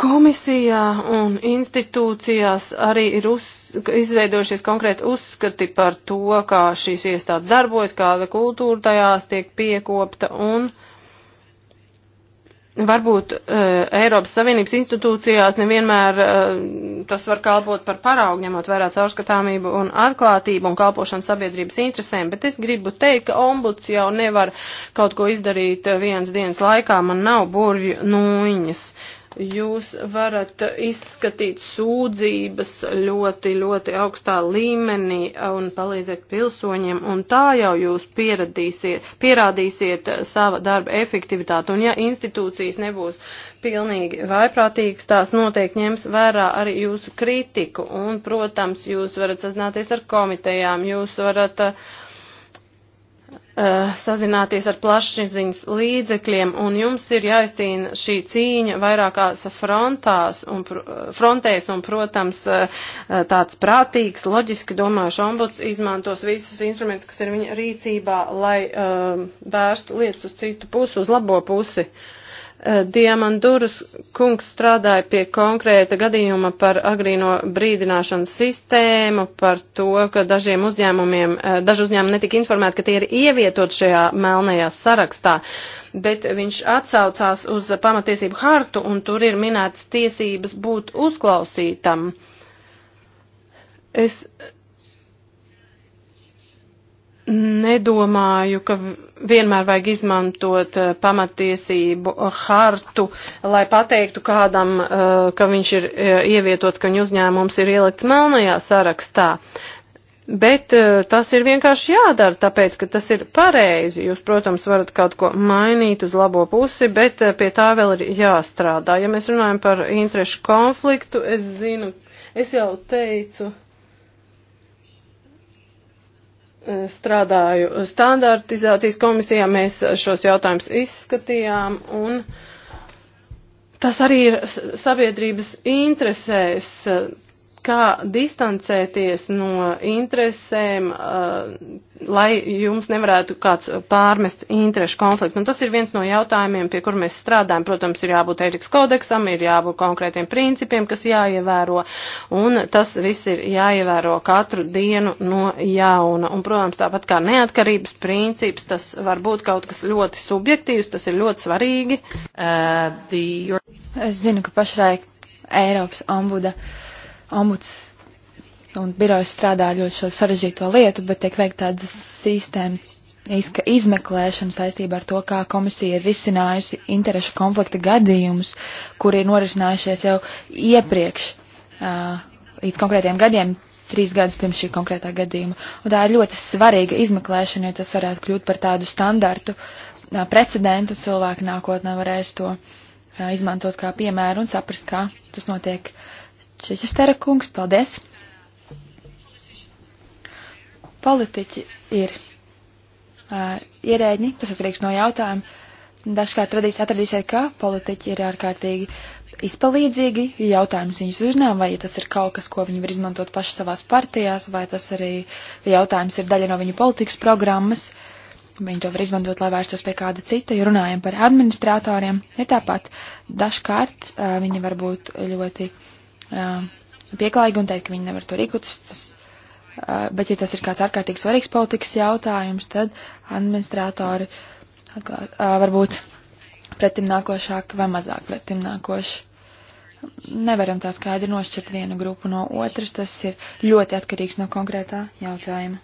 Komisijā un institūcijās arī ir uz, izveidojušies konkrēti uzskati par to, kā šīs iestādes darbojas, kāda kultūra tajās tiek piekopta un uh, varbūt uh, Eiropas Savienības institūcijās nevienmēr uh, tas var kalpot par paraugu, ņemot vērā caurskatāmību un atklātību un kalpošanu sabiedrības interesēm, bet es gribu teikt, ka ombuds jau nevar kaut ko izdarīt eh, viens dienas laikā, man nav burju nūjiņas. Uh, jūs varat izskatīt sūdzības ļoti, ļoti augstā līmenī un palīdzēt pilsoņiem, un tā jau jūs pierādīsiet sava darba efektivitāti. Un ja institūcijas nebūs pilnīgi vaiprātīgas, tās noteikti ņems vērā arī jūsu kritiku, un, protams, jūs varat sazināties ar komitejām, jūs varat uh, Eh, sazināties ar plašsaziņas līdzekļiem, un jums ir jāizcīna šī cīņa vairākās frontās un, eh, frontēs, un, protams, eh, tāds prātīgs, loģiski domājuši ombuds izmantos visus instrumentus, kas ir viņa rīcībā, lai vērstu lietas uz citu pusi, uz labo pusi. Uh, Eh, Diamanduras kungs strādāja pie konkrēta gadījuma par agrīno brīdināšanas sistēmu, par to, ka dažiem uzņēmumiem, eh, daži uzņēmumi netika informēti, ka tie ir ievietot šajā melnajā sarakstā, bet viņš atsaucās uz pamatiesību hartu un tur ir minētas tiesības būt uzklausītam. Es nedomāju, ka vienmēr vajag izmantot eh, pamatiesību hartu, lai pateiktu kādam, eh, ka viņš ir eh, ievietots, ka viņa uzņēmums ir ielikts melnajā sarakstā. Bet tas ir vienkārši jādara, tāpēc, ka tas ir pareizi. Jūs, protams, varat kaut ko mainīt uz labo pusi, bet pie tā vēl ir jāstrādā. Ja mēs runājam par interešu konfliktu, es zinu, es jau teicu strādāju standartizācijas komisijā, mēs šos jautājumus izskatījām un tas arī ir sabiedrības interesēs kā distancēties no interesēm, uh, lai jums nevarētu kāds pārmest interešu konfliktu. Un tas ir viens no jautājumiem, pie kur mēs strādājam. Protams, ir jābūt ētikas kodeksam, ir jābūt konkrētiem principiem, kas jāievēro, un tas viss ir jāievēro katru dienu no jauna. Un, protams, tāpat kā neatkarības princips, tas var būt kaut kas ļoti subjektīvs, tas ir ļoti svarīgi. Uh, the... Es zinu, ka pašlaik Eiropas ombuda. Uh, ombuds un birojas strādā ļoti šo sarežģīto lietu, bet tiek veikta tāda sistēma izmeklēšana saistībā ar to, kā komisija ir risinājusi interešu konflikta gadījumus, kuri ir norisinājušies jau iepriekš, uh, līdz konkrētiem gadiem, trīs gadus pirms šī konkrētā gadījuma. Un tā ir ļoti svarīga izmeklēšana, jo tas varētu kļūt par tādu standartu uh, precedentu, cilvēki nākotnē varēs to uh, izmantot kā piemēru un saprast, kā tas notiek Čečestera kungs, paldies! Politiķi ir uh, ierēģi, tas atkarīgs no jautājuma. Dažkārt atradīsiet, ka politiķi ir ārkārtīgi izpalīdzīgi, ja jautājums viņus uzņēma, vai ja tas ir kaut kas, ko viņi var izmantot paši savās partijās, vai tas arī ja jautājums ir daļa no viņu politikas programmas. Viņi to var izmantot, lai vērstos pie kāda cita, ja runājam par administratoriem. Ir tāpat dažkārt uh, viņi var būt ļoti pieklājīgi un teikt, ka viņi nevar to rīkoties. Tas, bet, ja tas ir kāds ārkārtīgi svarīgs politikas jautājums, tad administratori atklāt, varbūt pretim nākošāk vai mazāk pretim nākoši. Nevaram tā skaidri nošķirt vienu grupu no otras, tas ir ļoti atkarīgs no konkrētā jautājuma.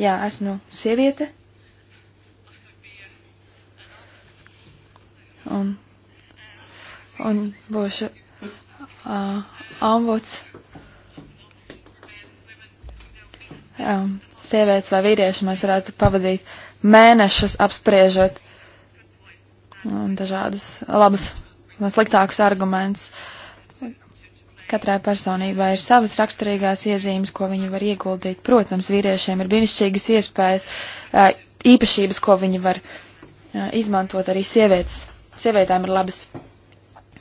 Jā, esmu sieviete. Un, un būšu uh, ombuds. Um, sievietes vai vīrieši mēs varētu pavadīt mēnešus apspriežot um, dažādus labus vai sliktākus argumentus. Katrai personībai ir savas raksturīgās iezīmes, ko viņi var ieguldīt. Protams, vīriešiem ir brīnišķīgas iespējas, uh, īpašības, ko viņi var uh, izmantot arī sievietes. Sievietēm ir labas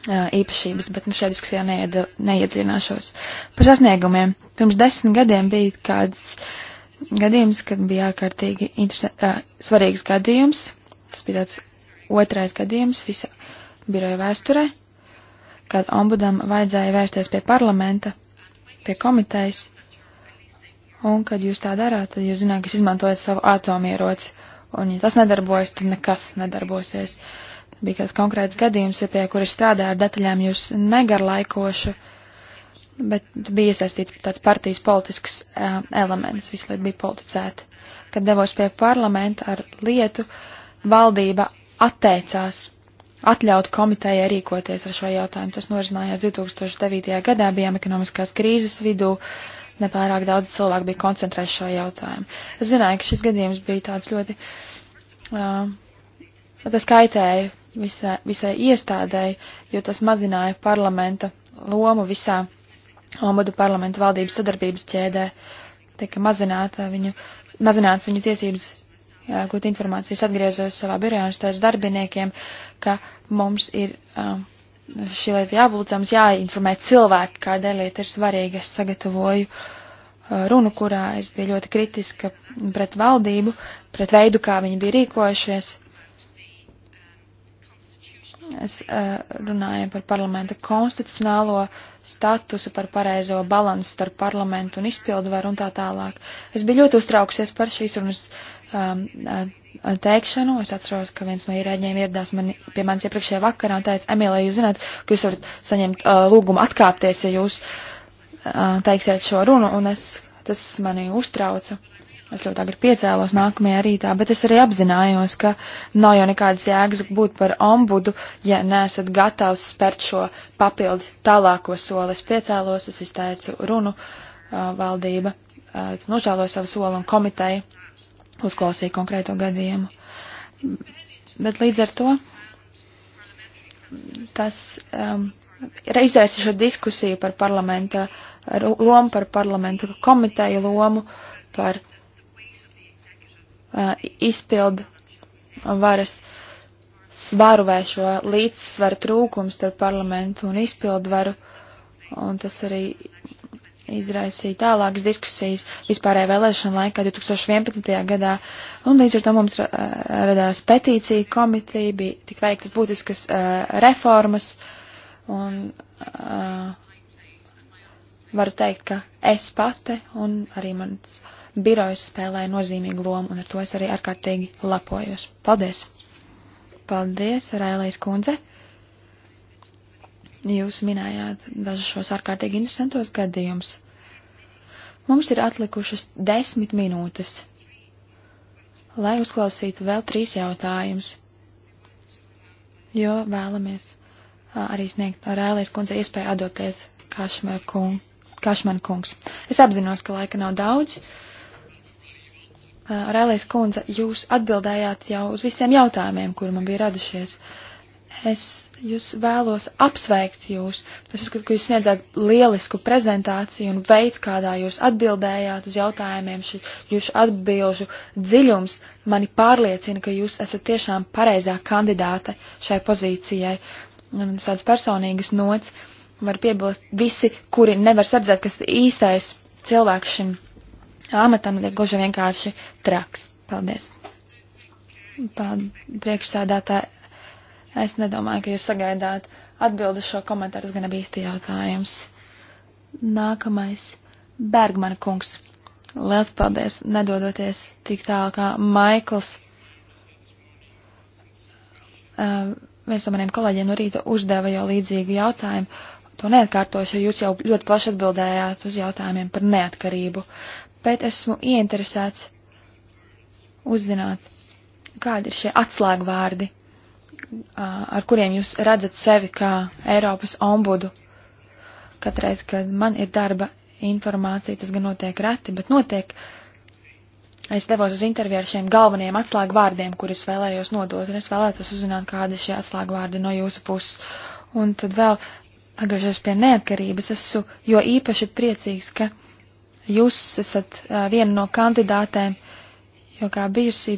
īpašības, bet nu, šajā diskusijā neieda, neiedzināšos. Par sasniegumiem. Pirms desmit gadiem bija kāds gadījums, kad bija ārkārtīgi uh, svarīgs gadījums. Tas bija tāds otrais gadījums visā biroja vēsturē, kad ombudam vajadzēja vērsties pie parlamenta, pie komitejas, un kad jūs tā darāt, tad jūs zināt, ka jūs izmantojat savu atomieroci, un ja tas nedarbojas, tad nekas nedarbosies. Uh, bija kāds konkrēts gadījums, ja tie, kuri strādā ar detaļām, jūs negarlaikošu, bet bija iesaistīts tāds partijas politisks uh, elements, visu laiku bija politicēta. Kad devos pie parlamenta ar lietu, valdība atteicās atļaut komitējai rīkoties ar šo jautājumu. Tas norisinājās 2009. gadā, bijām ekonomiskās krīzes vidū, nepārāk daudz cilvēku bija koncentrējuši šo jautājumu. Es zināju, ka šis gadījums bija tāds ļoti, uh, tas kaitēja visai, visai iestādēji, jo tas mazināja parlamenta lomu visā ombudu parlamenta valdības sadarbības ķēdē. Tika mazināta viņu, mazināts viņu tiesības gūt informācijas. Atgriezos savā birojā un stāstu darbiniekiem, ka mums ir šī lieta jābūt, mums jāinformē cilvēki, kādēļ lieta ir svarīga. Es sagatavoju runu, kurā es biju ļoti kritiska pret valdību, pret veidu, kā viņi bija rīkojušies Mēs eh, runājam par parlamenta konstitucionālo statusu, par pareizo balansu starp parlamentu un izpildvaru un tā tālāk. Es biju ļoti uztraukusies par šīs runas um, eh, teikšanu. Es atceros, ka viens no ierēģiem ieradās mani, pie manis iepriekšējā vakarā un teica, Emīlē, jūs zināt, ka jūs varat saņemt uh, lūgumu atkāpties, ja jūs uh, teiksiet šo runu, un es, tas mani uztrauca. Es ļoti agri piecēlos nākamajā rītā, bet es arī apzinājos, ka nav jau nekādas jēgas būt par ombudu, ja neesat gatavs spērt šo papildu tālāko soli. Es piecēlos, es izteicu runu uh, valdība, uh, nožēloju savu soli un komiteju uzklausīju konkrēto gadījumu. Bet līdz ar to tas um, izraisa šo diskusiju par parlamenta lomu, par parlamenta komiteju lomu, par Uh, izpildu varas svaru vai šo līdzsvaru trūkumu starp parlamentu un izpildu varu, un tas arī izraisīja tālākas diskusijas vispārējā vēlēšana laikā 2011. gadā, un līdz ar to mums uh, radās petīcija komitīja, bija tik veiktas būtiskas uh, reformas, un uh, varu teikt, ka es pati un arī mans uh, birojas spēlēja nozīmīgu lomu, un ar to es arī ārkārtīgi lapojos. Paldies! Paldies, Railais kundze! Jūs minējāt dažus šos ārkārtīgi interesantos gadījumus. Mums ir atlikušas desmit minūtes, lai uzklausītu vēl trīs jautājumus, jo vēlamies arī sniegt Railais kundze iespēju atdoties Kašmar kung, Kašman kungs. Es apzinos, ka laika nav daudz. Uh, Eh, Rēlīs kundze, jūs atbildējāt jau uz visiem jautājumiem, kuri man bija radušies. Es jūs vēlos apsveikt jūs. Es uzskatu, ka jūs sniedzāt lielisku prezentāciju un veids, kādā jūs atbildējāt uz jautājumiem, šī jūsu atbilžu dziļums mani pārliecina, ka jūs esat tiešām pareizā kandidāte šai pozīcijai. Un uz tādas personīgas nots var piebilst visi, kuri nevar sardzēt, kas ir īstais cilvēks šim amatam ir goži vienkārši traks. Paldies. Paldies priekšsādātā. Es nedomāju, ka jūs sagaidāt atbildu šo komentāru, tas gan bija īsti jautājums. Nākamais. Bergmana kungs. Liels paldies, nedodoties tik tālu kā Maikls. Uh, viens no maniem kolēģiem no rīta uzdeva jau līdzīgu jautājumu. To neatkārtošu, jo jūs jau ļoti plaši atbildējāt uz jautājumiem par neatkarību bet esmu ieinteresēts uzzināt, kādi ir šie atslēgvārdi, ar kuriem jūs redzat sevi kā Eiropas ombudu. Katreiz, kad man ir darba informācija, tas gan notiek reti, bet notiek. Es devos uz interviju ar šiem galvenajiem atslēgvārdiem, kurus vēlējos nodot, un es vēlētos uzzināt, kādi šie atslēgvārdi no jūsu puses. Un tad vēl, atgriežoties pie neatkarības, esmu jo īpaši priecīgs, ka Jūs esat viena no kandidātēm, jo kā bijusī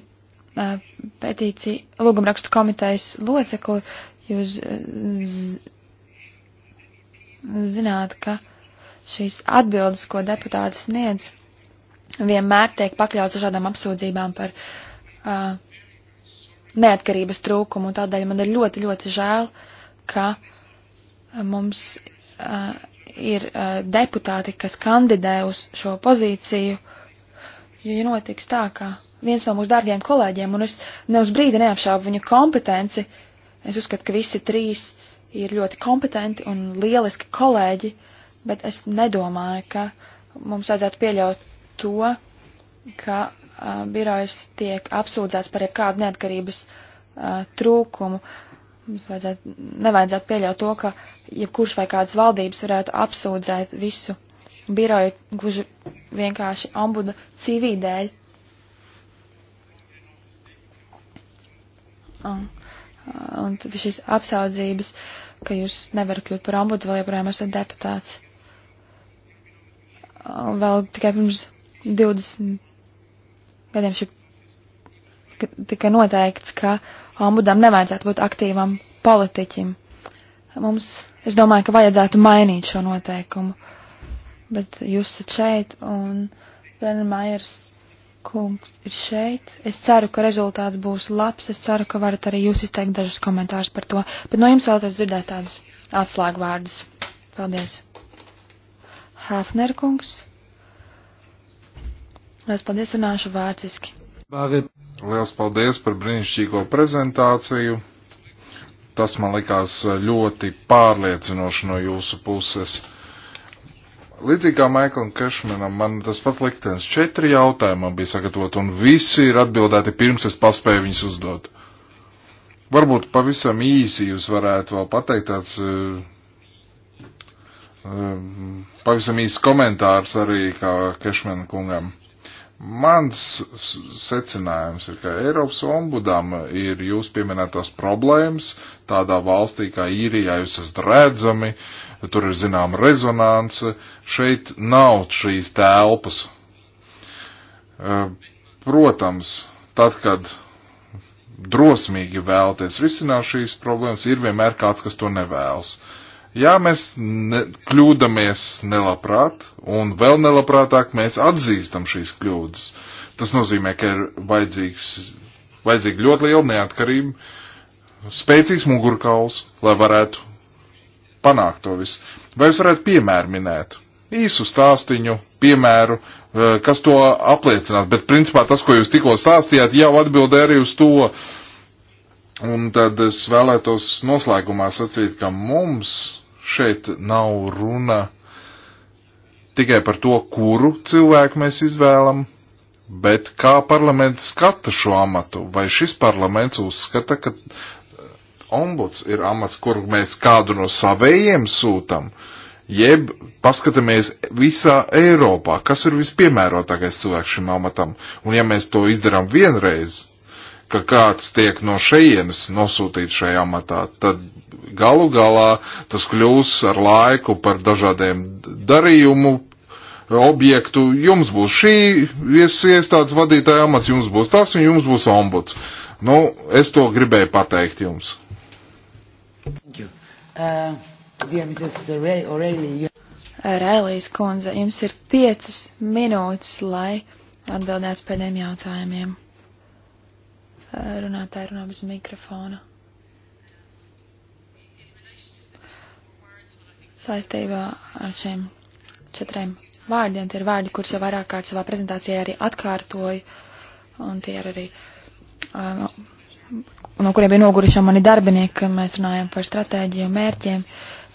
petīcija, lūgumrakstu komitejas locekli, jūs zināt, ka šīs atbildes, ko deputāti sniedz, vienmēr tiek pakļauts šādām apsūdzībām par uh, neatkarības trūkumu. Tādēļ man ir ļoti, ļoti žēl, ka mums uh, ir uh, deputāti, kas kandidē uz šo pozīciju, jo ja notiks tā, ka viens no mūsu dārgiem kolēģiem, un es ne uz brīdi neapšābu viņu kompetenci, es uzskatu, ka visi trīs ir ļoti kompetenti un lieliski kolēģi, bet es nedomāju, ka mums vajadzētu pieļaut to, ka uh, birojas tiek apsūdzēts par jebkādu neatkarības uh, trūkumu. Uh, Mums vajadzētu, nevajadzētu pieļaut to, ka jebkurš ja vai kādas valdības varētu apsūdzēt visu biroju gluži vienkārši ombuda CV dēļ. Un, un šis apsaudzības, ka jūs nevarat kļūt par ombudu, vēl joprojām esat deputāts. Un vēl tikai pirms 20 gadiem šī ka tika noteikts, ka ombudam nevajadzētu būt aktīvam politiķim. Mums, es domāju, ka vajadzētu mainīt šo noteikumu. Bet jūs esat šeit un Vernmajers kungs ir šeit. Es ceru, ka rezultāts būs labs. Es ceru, ka varat arī jūs izteikt dažus komentārus par to. Bet no jums vēlētos dzirdēt tādus atslēgvārdus. Paldies. Hafner kungs. Es paldies runāšu vāciski. Bāvi. Liels paldies par brīnišķīgo prezentāciju. Tas man likās ļoti pārliecinoši no jūsu puses. Līdzīgi kā Maiklam Kešmanam, man tas pats liktenis četri jautājumi bija sagatavot, un visi ir atbildēti pirms es paspēju viņus uzdot. Varbūt pavisam īsi jūs varētu vēl pateikt tāds eh, eh, pavisam īsts komentārs arī kā Kešmana kungam. Mans secinājums ir, ka Eiropas ombudam ir jūs pieminētās problēmas tādā valstī kā īrijā, jūs esat redzami, tur ir zinām rezonance, šeit nav šīs telpas. E, protams, tad, kad drosmīgi vēlties risināt šīs problēmas, ir vienmēr kāds, kas to nevēlas. Uh, Ja mēs ne, kļūdamies nelabprāt, un vēl nelabprātāk mēs atzīstam šīs kļūdas, tas nozīmē, ka ir vajadzīgs, vajadzīga ļoti liela neatkarība, spēcīgs mugurkauls, lai varētu panākt to visu. Vai jūs varētu piemēru minēt? Īsu stāstiņu, piemēru, eh, kas to apliecinātu, bet principā tas, ko jūs tikko stāstījāt, jau atbildē arī uz to. Un tad es vēlētos noslēgumā sacīt, ka mums šeit nav runa tikai par to, kuru cilvēku mēs izvēlam, bet kā parlaments skata šo amatu, vai šis parlaments uzskata, ka eh, ombuds ir amats, kuru mēs kādu no savējiem sūtam, jeb paskatāmies visā Eiropā, kas ir vispiemērotākais cilvēks šim amatam, un ja mēs to izdarām vienreiz, ka kāds tiek no šejienes nosūtīts šajā matā, tad galu galā tas kļūs ar laiku par dažādiem darījumu objektu. Jums būs šī iestādes vadītāja amats, jums būs tas un jums būs ombuds. Nu, es to gribēju pateikt jums. Uh, Rēlīs kundze, jums ir piecas minūtes, lai atbildētu pēdējiem jautājumiem. Runātāji runā bez mikrofona. Saistībā ar šiem četriem vārdiem, tie ir vārdi, kurus jau vairāk kārt savā prezentācijā arī atkārtoju, un tie ir arī, no, um, no kuriem bija noguruši mani darbinieki, kad mēs runājam par stratēģiju un mērķiem.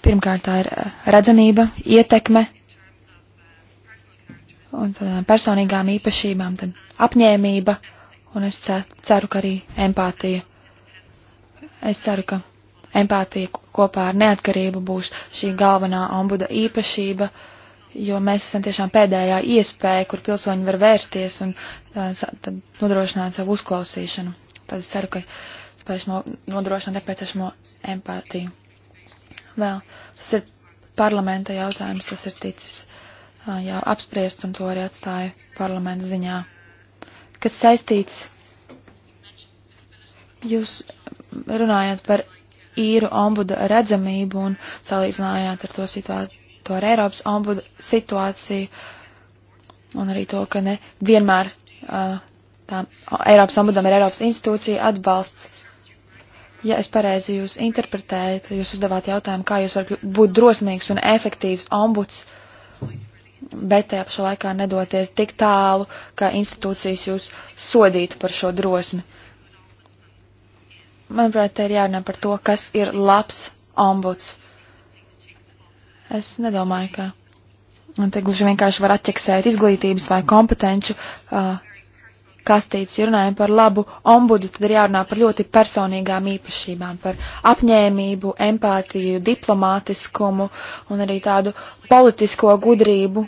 Pirmkārt, tā ir uh, redzamība, ietekme, un tādām uh, personīgām īpašībām, tad apņēmība un es ceru, ka arī empātija. Es ceru, ka empātija kopā ar neatkarību būs šī galvenā ombuda īpašība, jo mēs esam tiešām pēdējā iespēja, kur pilsoņi var vērsties un tad nodrošināt savu uzklausīšanu. Tad es ceru, ka spēšu no, nodrošināt nepieciešamo empātiju. Vēl tas ir parlamenta jautājums, tas ir ticis jau apspriest un to arī atstāju parlamenta ziņā kas saistīts. Jūs runājāt par īru ombuda redzamību un salīdzinājāt ar to situāciju, to ar Eiropas ombuda situāciju un arī to, ka ne vienmēr uh, tā Eiropas ombudam ir Eiropas institūcija atbalsts. Ja es pareizi jūs interpretēju, tad jūs uzdevāt jautājumu, kā jūs varat būt drosmīgs un efektīvs ombuds. Uh, bet tajā pašā laikā nedoties tik tālu, ka institūcijas jūs sodītu par šo drosmi. Manuprāt, te ir jārunā par to, kas ir labs ombuds. Es nedomāju, ka te gluži vienkārši var atķeksēt izglītības vai kompetenču uh, kastītes, ja runājam par labu ombudu, tad ir jārunā par ļoti personīgām īpašībām, par apņēmību, empātiju, diplomātiskumu un arī tādu politisko gudrību,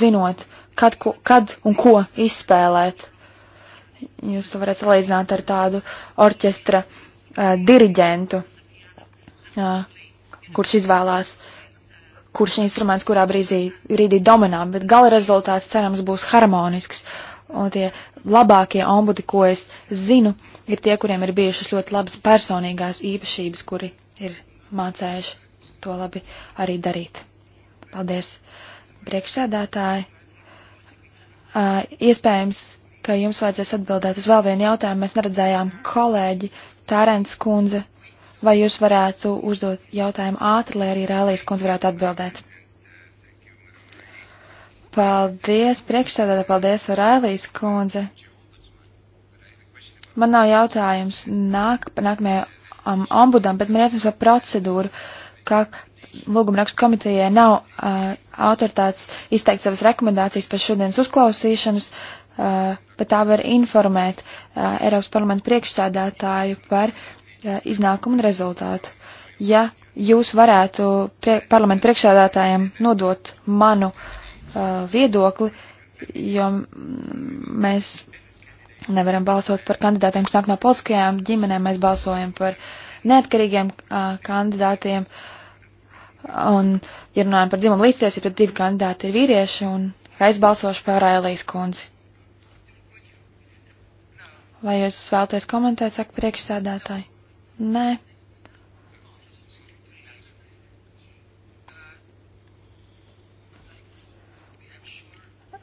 zinot, kad, ko, kad un ko izspēlēt. Jūs to varat salīdzināt ar tādu orķestra uh, diriģentu, uh, kurš izvēlās, kurš instruments kurā brīdī, brīdī dominā, bet gala rezultāts cerams būs harmonisks. Uh, Un tie labākie ombudi, ko es zinu, ir tie, kuriem ir bijušas ļoti labas personīgās īpašības, kuri ir mācējuši to labi arī darīt. Paldies, priekšsēdētāji. Uh, iespējams, ka jums vajadzēs atbildēt uz vēl vienu jautājumu. Mēs neredzējām kolēģi Tārens kundze. Vai jūs varētu uzdot jautājumu ātri, lai arī Rēlīs kundze varētu atbildēt? Paldies, priekšsēdētā, paldies, Varēlīs kundze. Man nav jautājums nāk, nākamajam um, ombudam, bet man jautājums par procedūru, kā lūguma rakstu komitejai nav uh, autoritāts izteikt savas rekomendācijas par šodienas uzklausīšanas, uh, bet tā var informēt uh, Eiropas parlamentu priekšsēdētāju par uh, iznākumu un rezultātu. Ja jūs varētu prie, parlamentu priekšsēdētājiem nodot manu uh, Uh, viedokli, jo mēs nevaram balsot par kandidātiem, kas nāk no politiskajām ģimenēm, mēs balsojam par neatkarīgiem uh, kandidātiem. Un, ja runājam par dzimumu līdztiesību, tad divi kandidāti ir vīrieši, un es balsošu par Ailijas kundzi. Vai jūs vēlaties komentēt, saka priekšsēdētāji? Nē.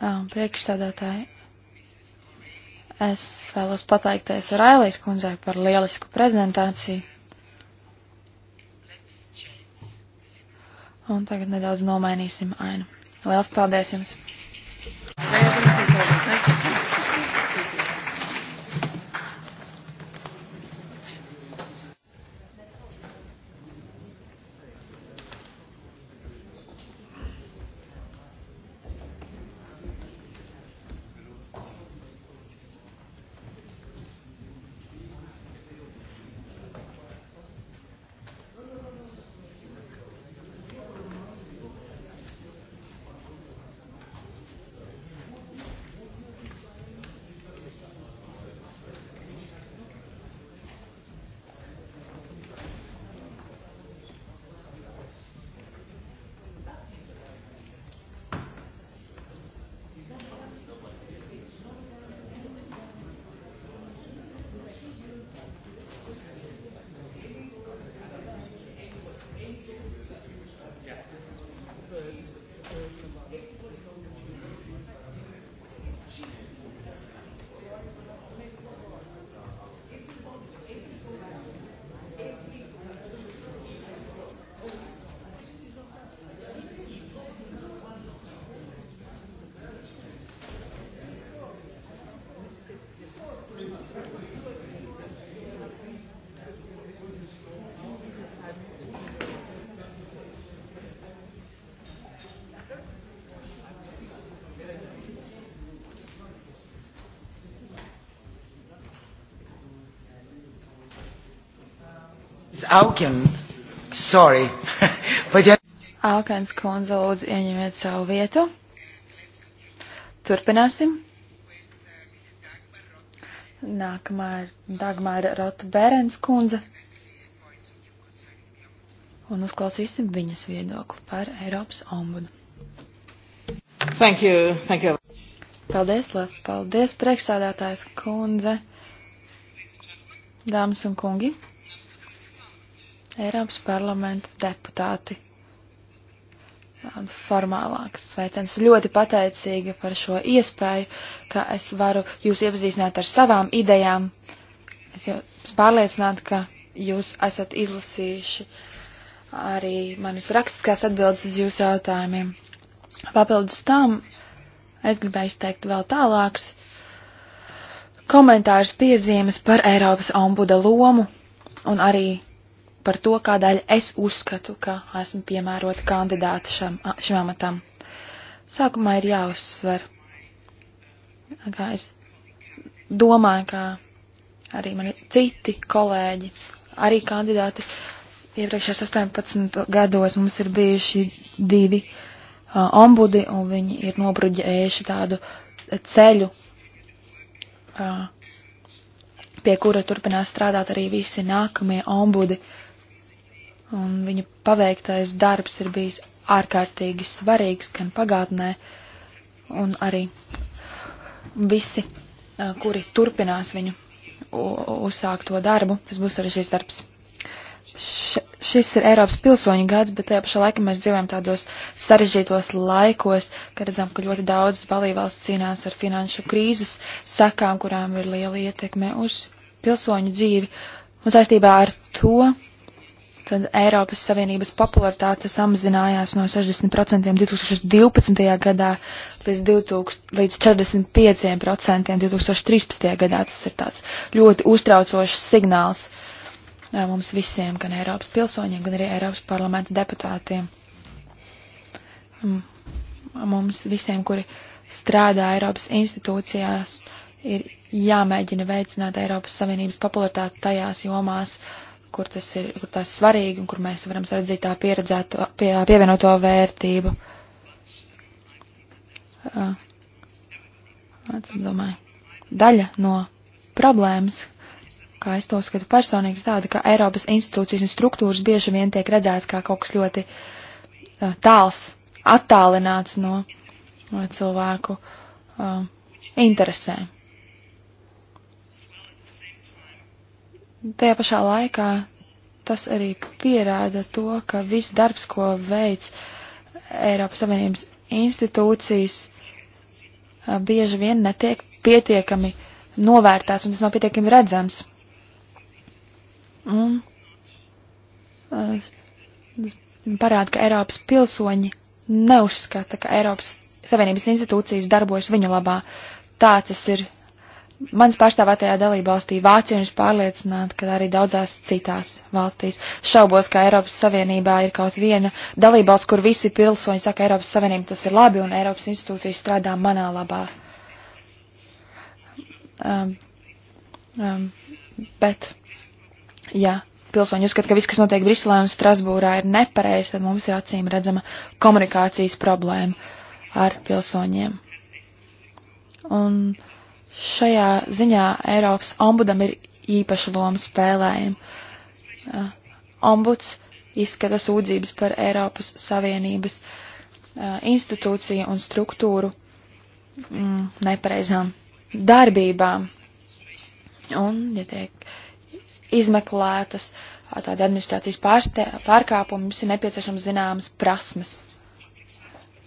Um, priekšsēdētāji. Es vēlos pateikties Railijas kundzei par lielisku prezentāciju. Un tagad nedaudz nomainīsim ainu. Liels paldies jums! Auken, sorry. ja... Aukens kundze, lūdzu, ieņemiet savu vietu. Turpināsim. Nākamā ir Dagmāra Rota Bērens kundze. Un uzklausīsim viņas viedokli par Eiropas ombudu. Thank you, thank you. Paldies, Lās, paldies, priekšsādātājs kundze, dāmas un kungi. Eiropas parlamenta deputāti. Formālāks sveiciens. Ļoti pateicīga par šo iespēju, ka es varu jūs iepazīstināt ar savām idejām. Es jau pārliecināta, ka jūs esat izlasījuši arī manis rakstiskās atbildes uz jūsu jautājumiem. Papildus tam es gribēju izteikt vēl tālākus komentārus piezīmes par Eiropas ombuda lomu un arī par to, kādēļ es uzskatu, ka esmu piemērota kandidāta šam, šim amatam. Sākumā ir jāuzsver, kā es domāju, ka arī mani citi kolēģi, arī kandidāti, iepriekšējos 18 gados mums ir bijuši divi uh, ombudi, un viņi ir nobruģējuši tādu ceļu, uh, pie kura turpinās strādāt arī visi nākamie ombudi. Uh, un viņa paveiktais darbs ir bijis ārkārtīgi svarīgs gan pagātnē, un arī visi, kuri turpinās viņu uzsākto darbu, tas būs arī šis darbs. Še, šis ir Eiropas pilsoņu gads, bet tajā pašā laikā mēs dzīvojam tādos sarežģītos laikos, kad redzam, ka ļoti daudz balīvalsts cīnās ar finanšu krīzes sekām, kurām ir liela ietekme uz pilsoņu dzīvi. Un saistībā ar to tad Eiropas Savienības popularitāte samazinājās no 60% 2012. gadā līdz, 2000, līdz 45% 2013. gadā. Tas ir tāds ļoti uztraucošs signāls eh, mums visiem, gan Eiropas pilsoņiem, gan arī Eiropas parlamenta deputātiem. Mums visiem, kuri strādā Eiropas institūcijās, ir jāmēģina veicināt Eiropas Savienības popularitāti tajās jomās, uh, kur tas ir, kur tas ir svarīgi un kur mēs varam redzēt tā pieredzēto, pie, pievienoto vērtību. Uh, domāju, daļa no problēmas, kā es to skatu personīgi, ir tāda, ka Eiropas institūcijas un struktūras bieži vien tiek redzēts kā kaut kas ļoti uh, tāls, attālināts no, no cilvēku uh, interesēm. Tajā pašā laikā tas arī pierāda to, ka viss darbs, ko veids Eiropas Savienības institūcijas, bieži vien netiek pietiekami novērtēts un tas nav pietiekami redzams. Un, parāda, ka Eiropas pilsoņi neuzskata, ka Eiropas Savienības institūcijas darbojas viņu labā. Tā tas ir manas pārstāvētajā dalībvalstī vācieši pārliecināti, ka arī daudzās citās valstīs. Šaubos, ka Eiropas Savienībā ir kaut viena dalībvalsts, kur visi pilsoņi saka, Eiropas Savienība tas ir labi un Eiropas institūcijas strādā manā labā. Um, um, bet, jā, pilsoņi uzskata, ka viss, kas notiek Briselē un Strasbūrā ir nepareizi, tad mums ir acīm redzama komunikācijas problēma ar pilsoņiem. Un, uh, Šajā ziņā Eiropas ombudam ir īpaša loma spēlējuma. Eh, ombuds izskata sūdzības par Eiropas Savienības eh, institūciju un struktūru mm, nepareizām darbībām. Un, ja tiek izmeklētas tādi administrācijas pārstē, pārkāpumi, jums ir nepieciešams zināmas prasmes.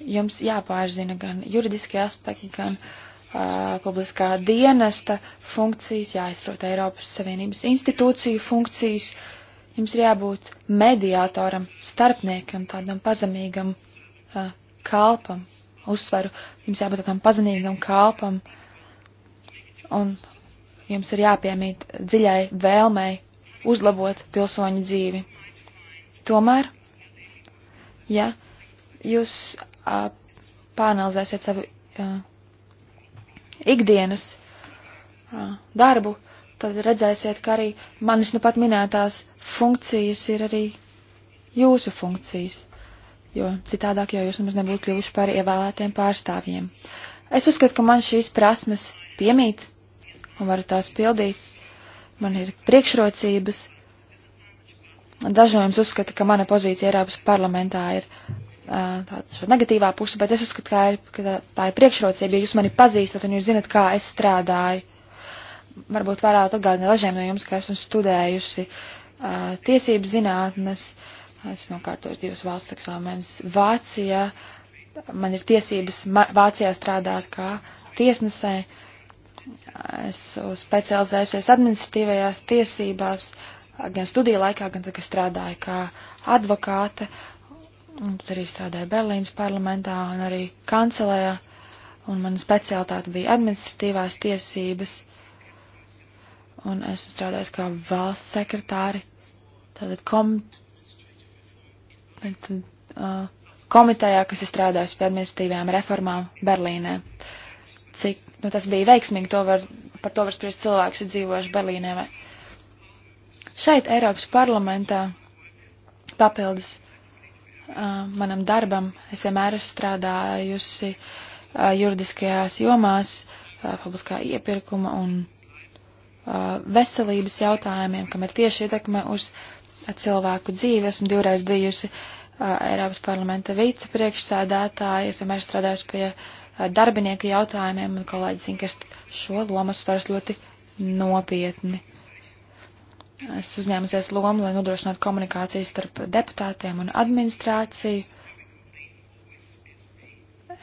Jums jāpārzina gan juridiski aspekti, gan uh, Uh, publiskā dienesta funkcijas, jāizprot Eiropas Savienības institūciju funkcijas. Jums ir jābūt mediātoram, starpniekam, tādam pazemīgam uh, kalpam, uzsvaru. Jums jābūt tādam pazemīgam kalpam, un jums ir jāpiemīt dziļai vēlmei uzlabot pilsoņu dzīvi. Tomēr, ja jūs uh, pāanalizēsiet savu uh, ikdienas darbu, tad redzēsiet, ka arī manis nu pat minētās funkcijas ir arī jūsu funkcijas, jo citādāk jau jūs nemaz nebūtu kļuvuši par ievēlētiem pārstāvjiem. Es uzskatu, ka man šīs prasmes piemīt un varu tās pildīt. Man ir priekšrocības. Daži no jums uzskata, ka mana pozīcija Eiropas parlamentā ir Eh, tāda negatīvā puse, bet es uzskatu, ka, ir, ka tā ir priekšrocība, ja jūs mani pazīstat un jūs zinat, kā es strādāju. Varbūt varētu atgādināt dažiem no jums, ka esmu studējusi uh, tiesības zinātnes, esmu nokārtojis divas valsts eksāmenes Vācijā, man ir tiesības Vācijā strādāt kā tiesnesē, esmu specializējusies administratīvajās tiesībās, gan studiju laikā, gan tad, kad strādāju kā advokāte, uh, Un tad arī strādāju Berlīnas parlamentā un arī kancelējā, un mana speciālitāte bija administratīvās tiesības, un es strādāju kā valsts sekretāri, tātad kom... Tad, uh, komitejā, kas ir strādājusi pie administratīvām reformām Berlīnē. Cik nu, tas bija veiksmīgi, to var, par to var spriest cilvēks, ir dzīvojuši Berlīnē. Vai. Šeit Eiropas parlamentā papildus Uh, manam darbam. Es vienmēr esmu strādājusi uh, juridiskajās jomās, uh, publiskā iepirkuma un veselības jautājumiem, kam ir tieši ietekme uz cilvēku dzīvi. Esmu divreiz bijusi Eiropas parlamenta vicepriekšsēdētāja, es vienmēr strādājusi pie darbinieku jautājumiem, un kolēģis Inkers šo lomu uztvers ļoti nopietni. Es uzņēmusies lomu, lai nodrošinātu komunikāciju starp deputātiem un administrāciju.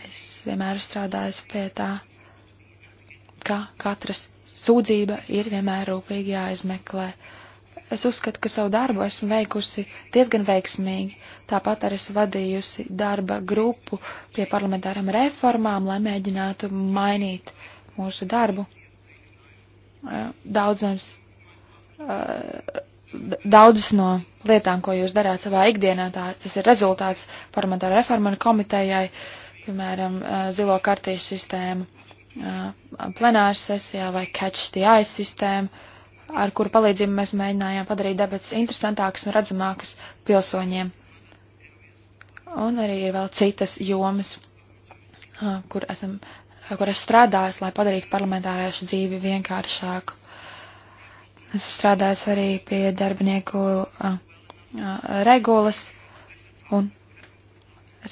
Es vienmēr strādāju pie tā, ka katras sūdzība ir vienmēr rūpīgi jāizmeklē. Es uzskatu, ka savu darbu esmu veikusi diezgan veiksmīgi. Tāpat arī esmu vadījusi darba grupu pie parlamentāram reformām, lai mēģinātu mainīt mūsu darbu. Daudzams Eh, Daudzas no lietām, ko jūs darāt savā ikdienā, tā, tas ir rezultāts parlamentāra reforma komitejai, piemēram, eh, zilo kartīšu sistēma eh, plenāra sesijā vai catch the eye sistēma, ar kuru palīdzību mēs mēģinājām padarīt debatas interesantākas un redzamākas pilsoņiem. Un arī ir vēl citas jomas, kur esam kur es strādāju, lai padarītu parlamentāriešu dzīvi vienkāršāku. Esmu strādājis arī pie darbinieku a, a, regulas un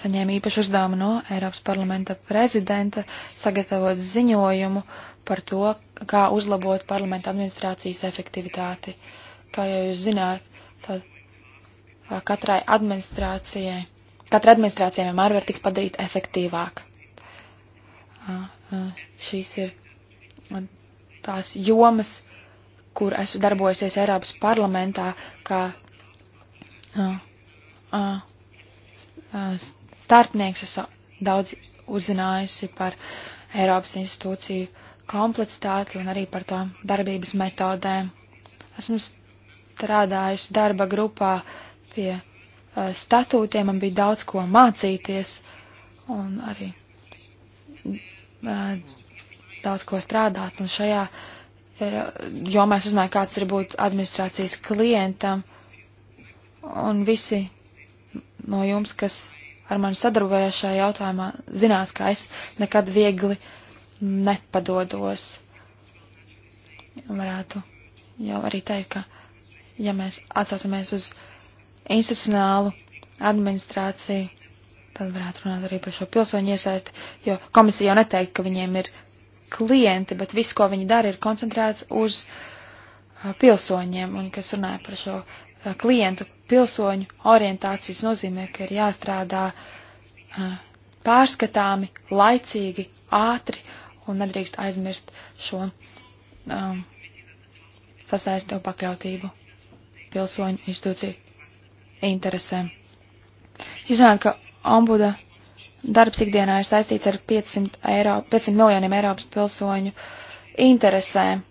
saņēmu īpašu uzdevumu no Eiropas parlamenta prezidenta sagatavot ziņojumu par to, kā uzlabot parlamenta administrācijas efektivitāti. Kā jau jūs zināt, tad katrai administrācijai, katra administrācija vienmēr var tikt padarīt efektīvāk. Šīs ir tās jomas, kur esmu darbojusies Eiropas parlamentā, kā uh, uh, uh, starpnieks esmu daudz uzzinājusi par Eiropas institūciju kompleksitāti un arī par tām darbības metodēm. Esmu strādājusi darba grupā pie uh, statūtiem, man bija daudz ko mācīties un arī uh, daudz ko strādāt. Un šajā uh, E, jo mēs uzzinājām, kāds ir būt administrācijas klientam. Un visi no jums, kas ar mani sadarbojās šajā jautājumā, zinās, ka es nekad viegli nepadodos. Varētu jau arī teikt, ka ja mēs atsaucamies uz institucionālu administrāciju, tad varētu runāt arī par šo pilsoņu iesaisti, jo komisija jau neteiktu, ka viņiem ir klienti, bet viss, ko viņi dara, ir koncentrēts uz uh, pilsoņiem, un kas runāja par šo uh, klientu pilsoņu orientācijas nozīmē, ka ir jāstrādā uh, pārskatāmi, laicīgi, ātri, un nedrīkst aizmirst šo um, sasaistu pakļautību pilsoņu institūciju interesēm. Jūs zināt, ka ombuda Darbs ikdienā ir saistīts ar 500, eiro, 500 miljoniem Eiropas pilsoņu interesēm.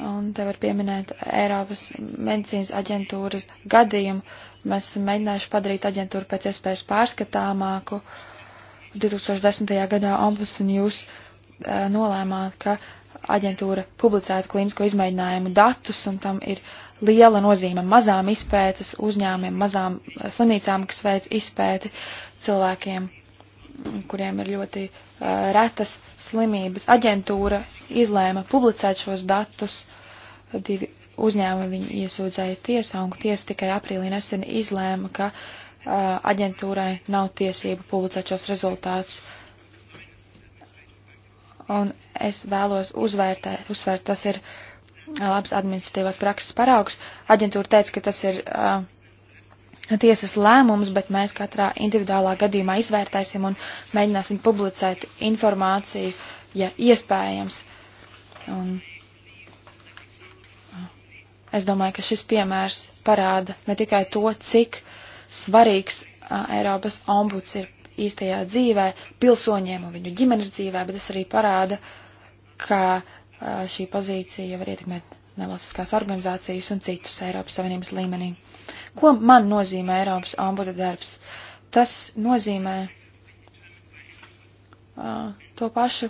Un te var pieminēt Eiropas medicīnas aģentūras gadījumu. Mēs esam mēģinājuši padarīt aģentūru pēc iespējas pārskatāmāku. 2010. gadā Ombuds un jūs uh, nolēmāt, ka aģentūra publicētu klīnisko izmēģinājumu datus, un tam ir liela nozīme mazām izpētes uzņēmiem, mazām eh, slimnīcām, kas veic izpēti cilvēkiem, kuriem ir ļoti uh, retas slimības. Aģentūra izlēma publicēt šos datus, divi uzņēmumi viņu iesūdzēja tiesā, un tiesa tikai aprīlī nesen izlēma, ka uh, aģentūrai nav tiesību publicēt šos rezultātus. Un es vēlos uzvērtēt, uzsvērt, tas ir labs administratīvās prakses paraugs. Aģentūra teica, ka tas ir uh, tiesas lēmums, bet mēs katrā individuālā gadījumā izvērtēsim un mēģināsim publicēt informāciju, ja iespējams. Un es domāju, ka šis piemērs parāda ne tikai to, cik svarīgs a, Eiropas ombuds ir īstajā dzīvē, pilsoņiem un viņu ģimenes dzīvē, bet tas arī parāda, ka a, šī pozīcija var ietekmēt nevalstiskās organizācijas un citus Eiropas Savienības līmenī. Ko man nozīmē Eiropas ombuda darbs? Tas nozīmē uh, to pašu,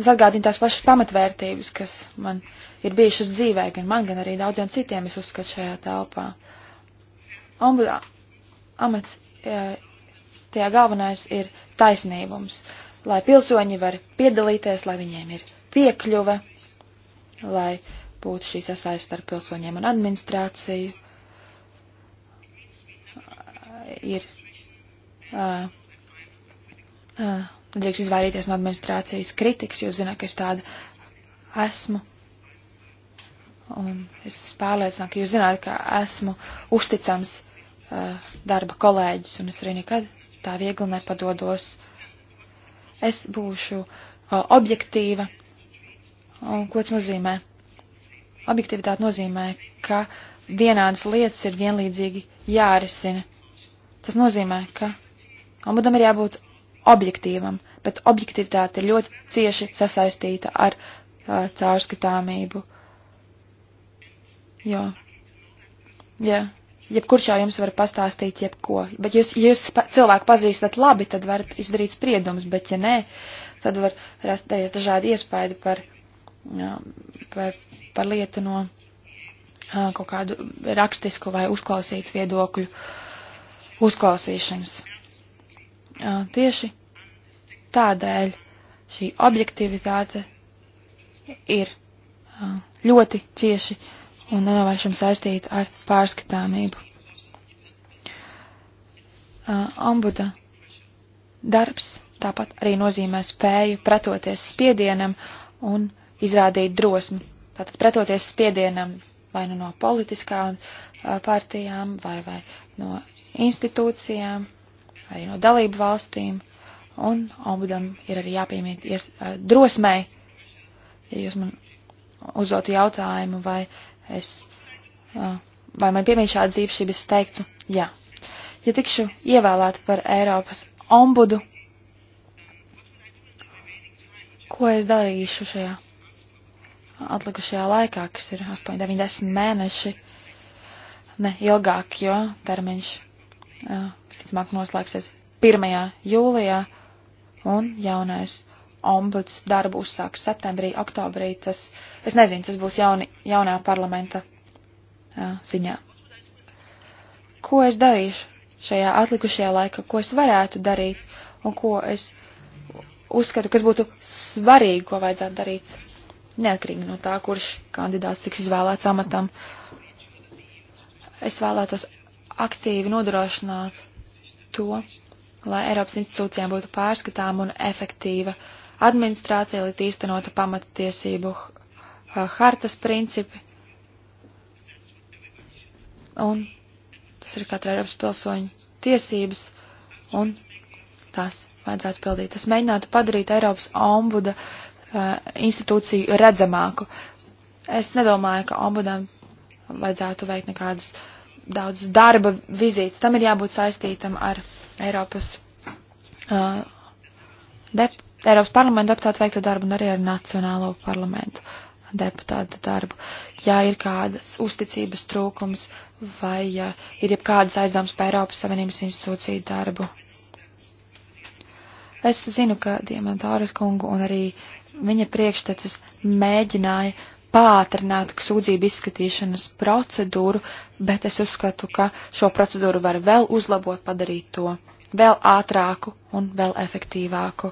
atgādina tās pašas pamatvērtības, kas man ir bijušas dzīvē, gan man, gan arī daudziem citiem, es uzskatu, šajā telpā. Ombuda amats, uh, tajā galvenais ir taisnīgums, lai pilsoņi var piedalīties, lai viņiem ir piekļuve, lai būtu šī sasaiste starp pilsoņiem un administrāciju ir uh, uh, drīkst izvairīties no administrācijas kritikas, jūs zināt, ka es tāda esmu. Un es pārliecināti, ka jūs zināt, ka esmu uzticams uh, darba kolēģis, un es arī nekad tā viegli nepadodos. Es būšu uh, objektīva. Un ko tas nozīmē? Objektivitāte nozīmē, ka vienādas lietas ir vienlīdzīgi jārisina. Tas nozīmē, ka ombudam ir jābūt objektīvam, bet objektivitāte ir ļoti cieši sasaistīta ar uh, caurskatāmību. Jo, jā, jebkurš jau jums var pastāstīt jebko, bet jūs, ja jūs cilvēku pazīstat labi, tad varat izdarīt spriedumus, bet ja nē, tad var rasties dažādi iespaidi par, jā, par, par lietu no uh, kaut kādu rakstisku vai uzklausītu viedokļu. Uh, uzklausīšanas. Tieši tādēļ šī objektivitāte ir ļoti cieši un nenovēršam saistīta ar pārskatāmību. Ombuda darbs tāpat arī nozīmē spēju pretoties spiedienam un izrādīt drosmi. Tātad pretoties spiedienam vai nu no politiskām partijām vai, vai no institūcijām, arī no dalību valstīm, un ombudam ir arī jāpiemīt ies, eh, drosmei, ja jūs man uzdotu jautājumu, vai es, eh, vai man piemīt šāda dzīvesība, es teiktu, jā. Ja tikšu ievēlēta par Eiropas ombudu, ko es darīšu šajā atlikušajā laikā, kas ir 8, 9, 10 mēneši, ne ilgāk, jo termiņš visticamāk noslēgsies 1. jūlijā, un jaunais ombuds darbu uzsāks septembrī, oktobrī. Tas, es nezinu, tas būs jauni, jaunā parlamenta uh, ziņā. Ko es darīšu šajā atlikušajā laikā, ko es varētu darīt un ko es uzskatu, kas būtu svarīgi, ko vajadzētu darīt, neatkarīgi no tā, kurš kandidāts tiks izvēlēts amatam. Es vēlētos aktīvi nodrošināt to, lai Eiropas institūcijām būtu pārskatām un efektīva administrācija, lai īstenota pamatiesību hartas principi. Un tas ir katra Eiropas pilsoņa tiesības, un tās vajadzētu pildīt. Tas mēģinātu padarīt Eiropas ombuda uh, institūciju redzamāku. Es nedomāju, ka ombudam vajadzētu veikt nekādas uh, daudz darba vizītes. Tam ir jābūt saistītam ar Eiropas, uh, dep Eiropas parlamentu deputātu veikto darbu un arī ar Nacionālo parlamentu deputāta darbu. Ja ir kādas uzticības trūkums vai ja ir jebkādas aizdomas par Eiropas Savienības institūciju darbu. Es zinu, ka Diemantāras kungu un arī viņa priekštecis mēģināja uh, pātrināt sūdzību izskatīšanas procedūru, bet es uzskatu, ka šo procedūru var vēl uzlabot, padarīt to vēl ātrāku un vēl efektīvāku.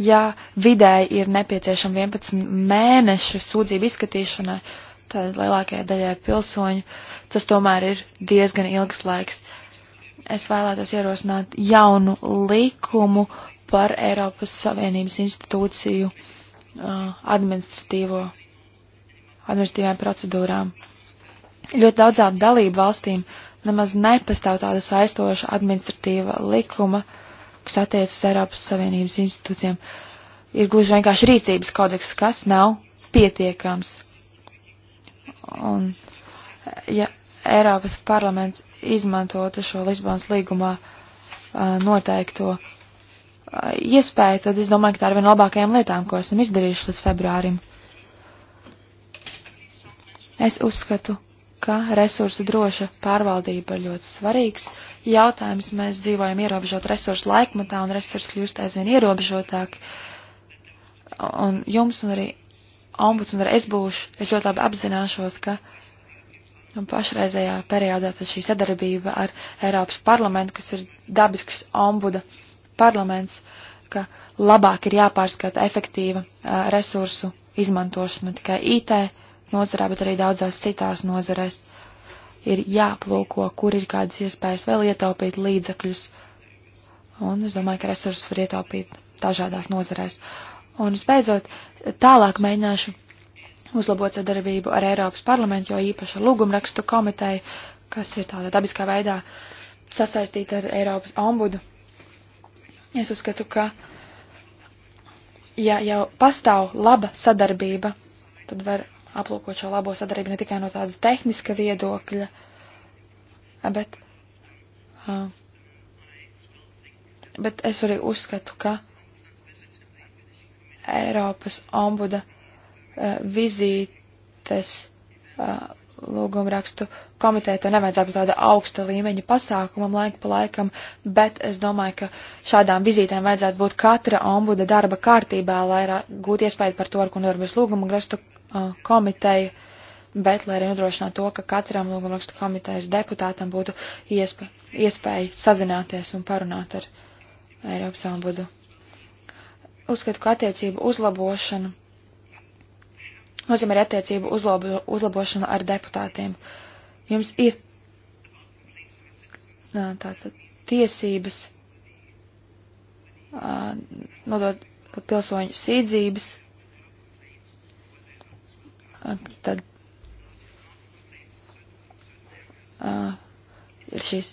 Ja vidēji ir nepieciešama 11 mēneši sūdzību izskatīšanai, tad lielākajai daļai pilsoņu tas tomēr ir diezgan ilgs laiks. Es vēlētos ierosināt jaunu likumu par Eiropas Savienības institūciju uh, Uh, administratīvo, administratīvām procedūrām. Ļoti daudzām dalību valstīm nemaz nepastāv tāda saistoša administratīva likuma, kas attiec uz Eiropas Savienības institūcijām. Ir gluži vienkārši rīcības kodeks, kas nav pietiekams. Un, ja Eiropas parlaments izmantotu šo Lisbonas līgumā uh, noteikto iespēja, tad es domāju, ka tā ir viena labākajām lietām, ko esam izdarījuši līdz februārim. Es uzskatu, ka resursu droša pārvaldība ir ļoti svarīgs jautājums. Mēs dzīvojam ierobežot resursu laikmatā, un resursi kļūst aizvien ierobežotāk. Un jums un arī ombuds un arī es būšu, es ļoti labi apzināšos, ka pašreizējā periodā tad šī sadarbība ar Eiropas parlamentu, kas ir dabisks ombuda uh, parlaments, ka labāk ir jāpārskata efektīva resursu izmantošana tikai IT nozarē, bet arī daudzās citās nozarēs. Ir jāplūko, kur ir kādas iespējas vēl ietaupīt līdzekļus. Un es domāju, ka resursus var ietaupīt dažādās nozarēs. Un visbeidzot, tālāk mēģināšu uzlabot sadarbību ar Eiropas parlamentu, jo īpaši ar lūgumrakstu komiteju, kas ir tāda dabiskā veidā sasaistīta ar Eiropas ombudu Es uzskatu, ka ja jau pastāv laba sadarbība, tad var aplūkot šo labo sadarbību ne tikai no tādas tehniska viedokļa, bet, uh, bet es arī uzskatu, ka Eiropas ombuda uh, vizītes uh, lūgumrakstu komiteja to nevajadzētu tāda augsta līmeņa pasākumam laika pa laikam, bet es domāju, ka šādām vizītēm vajadzētu būt katra ombuda darba kārtībā, lai gūtu iespēju par to, ar ko nodarbojas lūgumrakstu uh, komiteja, bet lai arī nodrošinātu to, ka katram lūgumrakstu komitejas deputātam būtu iespē, iespēja sazināties un parunāt ar Eiropas ombudu. Uzskatu, ka attiecību uzlabošana nozīmē arī attiecību uzlabo, uzlabošanu ar deputātiem. Jums ir tātad tiesības uh, nodot pilsoņu sīdzības, tad uh, ir šīs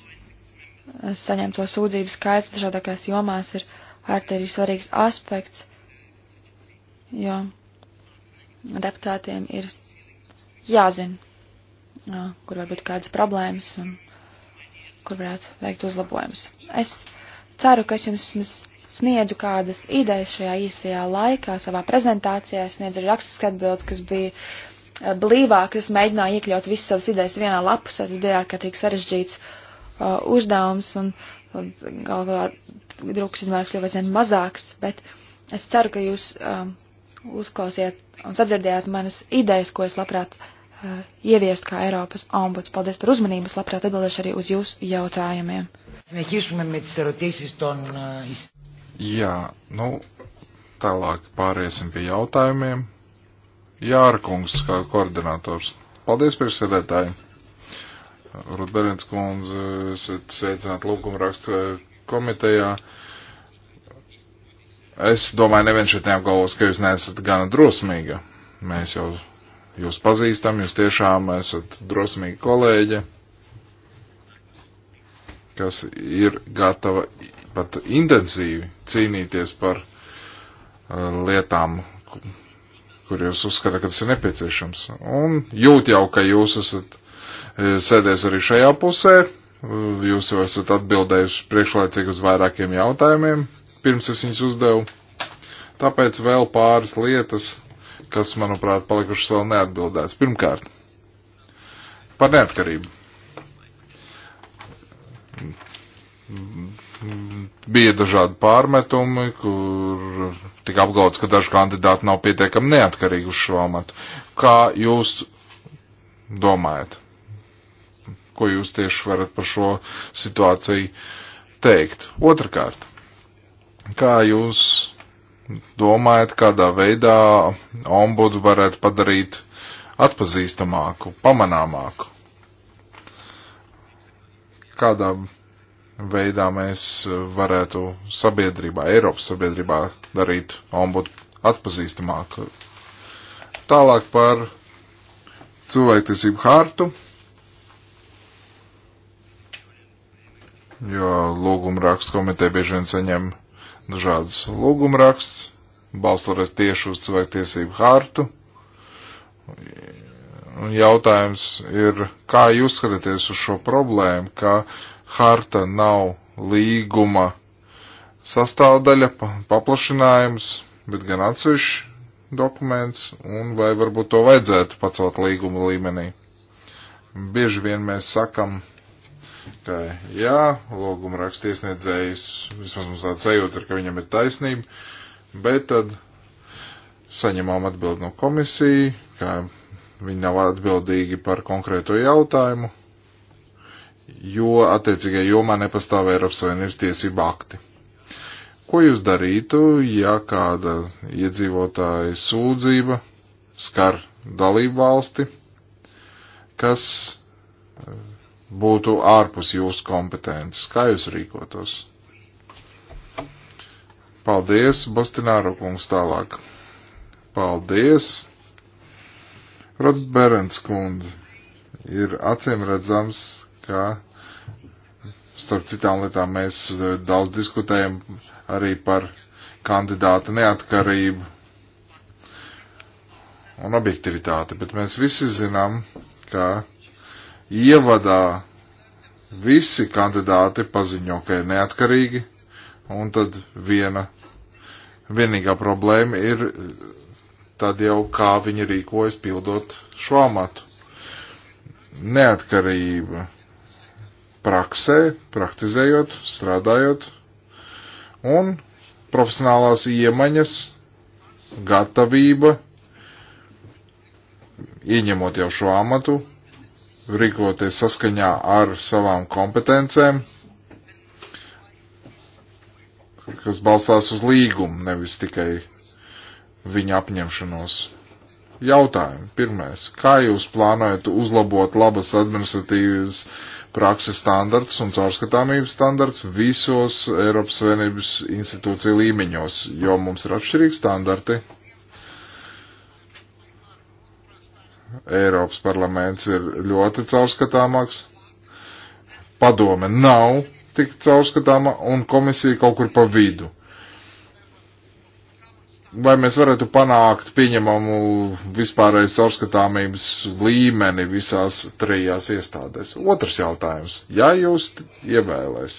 saņemto sūdzību skaits dažādākās jomās ir ārtērī svarīgs aspekts, jo deputātiem ir jāzina, kur var būt kādas problēmas un kur varētu veikt uzlabojumus. Es ceru, ka es jums sniedzu kādas idejas šajā īsajā laikā, savā prezentācijā, es sniedzu rakstisku atbildi, kas bija blīvāk, es mēģināju iekļaut visas savas idejas vienā lapusē, tas bija ārkārtīgi sarežģīts uh, uzdevums un, un galvā drukas izmērs kļuva aizvien mazāks, bet es ceru, ka jūs um, uzklausiet un sadzirdējāt manas idejas, ko es labprāt uh, ieviest kā Eiropas ombuds. Paldies par uzmanību, es labprāt atbildēšu arī uz jūsu jautājumiem. Eh, Jā, nu, tālāk pāriesim pie jautājumiem. Jārkungs kā koordinators. Paldies, priekšsēdētāji. Rudberins kundze, esat sveicināt lūgumrakstu komitejā. Uh, Es domāju, neviens šeit neapgalvos, ka jūs neesat gana drosmīga. Mēs jau jūs pazīstam, jūs tiešām esat drosmīga kolēģe, kas ir gatava pat intensīvi cīnīties par uh, lietām, kur jūs uzskatāt, ka tas ir nepieciešams. Un jūt jau, ka jūs esat uh, sēdējis arī šajā pusē, jūs jau esat atbildējuši priekšlaicīgi uz vairākiem jautājumiem, pirms es viņus uzdevu. Tāpēc vēl pāris lietas, kas, manuprāt, palikušas vēl neatbildētas. Pirmkārt, par neatkarību. Bija dažādi pārmetumi, kur tika apgalvots, ka daži kandidāti nav pietiekami neatkarīgi uz šo amatu. Kā jūs domājat? Ko jūs tieši varat par šo situāciju teikt? Otrakārt, Kā jūs domājat, kādā veidā ombudu varētu padarīt atpazīstamāku, pamanāmāku? Kādā veidā mēs varētu sabiedrībā, Eiropas sabiedrībā darīt ombudu atpazīstamāku? Tālāk par cilvēktiesību hārtu. jo lūguma rakstu komiteja bieži vien saņem dažādas lūgumraksts, balstoties tieši uz cilvēktiesību hartu. Un jautājums ir, kā jūs skatāties uz šo problēmu, ka harta nav līguma sastāvdaļa, paplašinājums, bet gan atsevišķi dokuments, un vai varbūt to vajadzētu pacelt līguma līmenī. Bieži vien mēs sakam, ka jā, lūguma rakstiesniedzējs, vismaz mums tāds sajūta ir, ka viņam ir taisnība, bet tad saņemām atbildi no komisija, ka viņi nav atbildīgi par konkrēto jautājumu, jo attiecīgajā jomā nepastāv Eiropas Savienības tiesība akti. Ko jūs darītu, ja kāda iedzīvotāja sūdzība skar dalību valsti, kas būtu ārpus jūsu kompetences. Kā jūs rīkotos? Paldies, Bostināro kungs tālāk. Paldies. Rodberens kundze ir acīm redzams, ka starp citām lietām mēs eh, daudz diskutējam arī par kandidāta neatkarību un objektivitāti, bet mēs visi zinām, ka Ievadā visi kandidāti paziņo, ka ir neatkarīgi, un tad viena, vienīgā problēma ir tad jau kā viņi rīkojas pildot šo amatu. Neatkarība praksē, praktizējot, strādājot, un profesionālās iemaņas, gatavība, ieņemot jau šo amatu, rīkoties saskaņā ar savām kompetencēm, kas balstās uz līgumu, nevis tikai viņa apņemšanos. Jautājumi pirmais. Kā jūs plānojat uzlabot labas administratīvas prakses standarts un caurskatāmības standarts visos Eiropas Savienības institūciju līmeņos, jo mums ir atšķirīgi standarti? Eiropas parlaments ir ļoti caurskatāmāks, padome nav tik caurskatāma un komisija kaut kur pa vidu. Vai mēs varētu panākt pieņemamu vispārreiz caurskatāmības līmeni visās trijās iestādēs? Otrs jautājums. Ja jūs ievēlēs,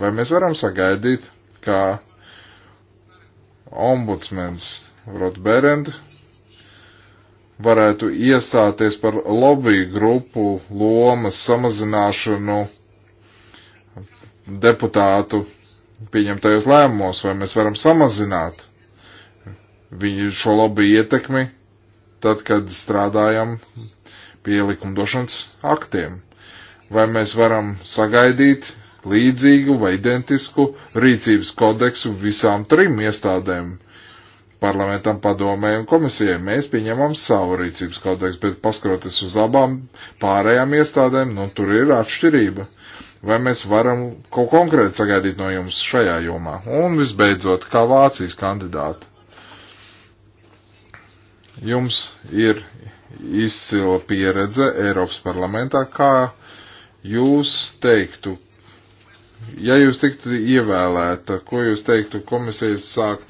vai mēs varam sagaidīt, ka ombudsmens Rotberend varētu iestāties par lobby grupu lomas samazināšanu deputātu pieņemtajos lēmumos, vai mēs varam samazināt viņu šo lobby ietekmi tad, kad strādājam pie likumdošanas aktiem. Vai mēs varam sagaidīt līdzīgu vai identisku rīcības kodeksu visām trim iestādēm? parlamentam, padomē un komisijai. Mēs pieņemam savu rīcības kodeksu, bet paskroties uz abām pārējām iestādēm, nu tur ir atšķirība. Vai mēs varam kaut konkrēti sagaidīt no jums šajā jomā? Un visbeidzot, kā Vācijas kandidāti. Jums ir izcila pieredze Eiropas parlamentā, kā jūs teiktu, ja jūs tiktu ievēlēta, ko jūs teiktu komisijas sāk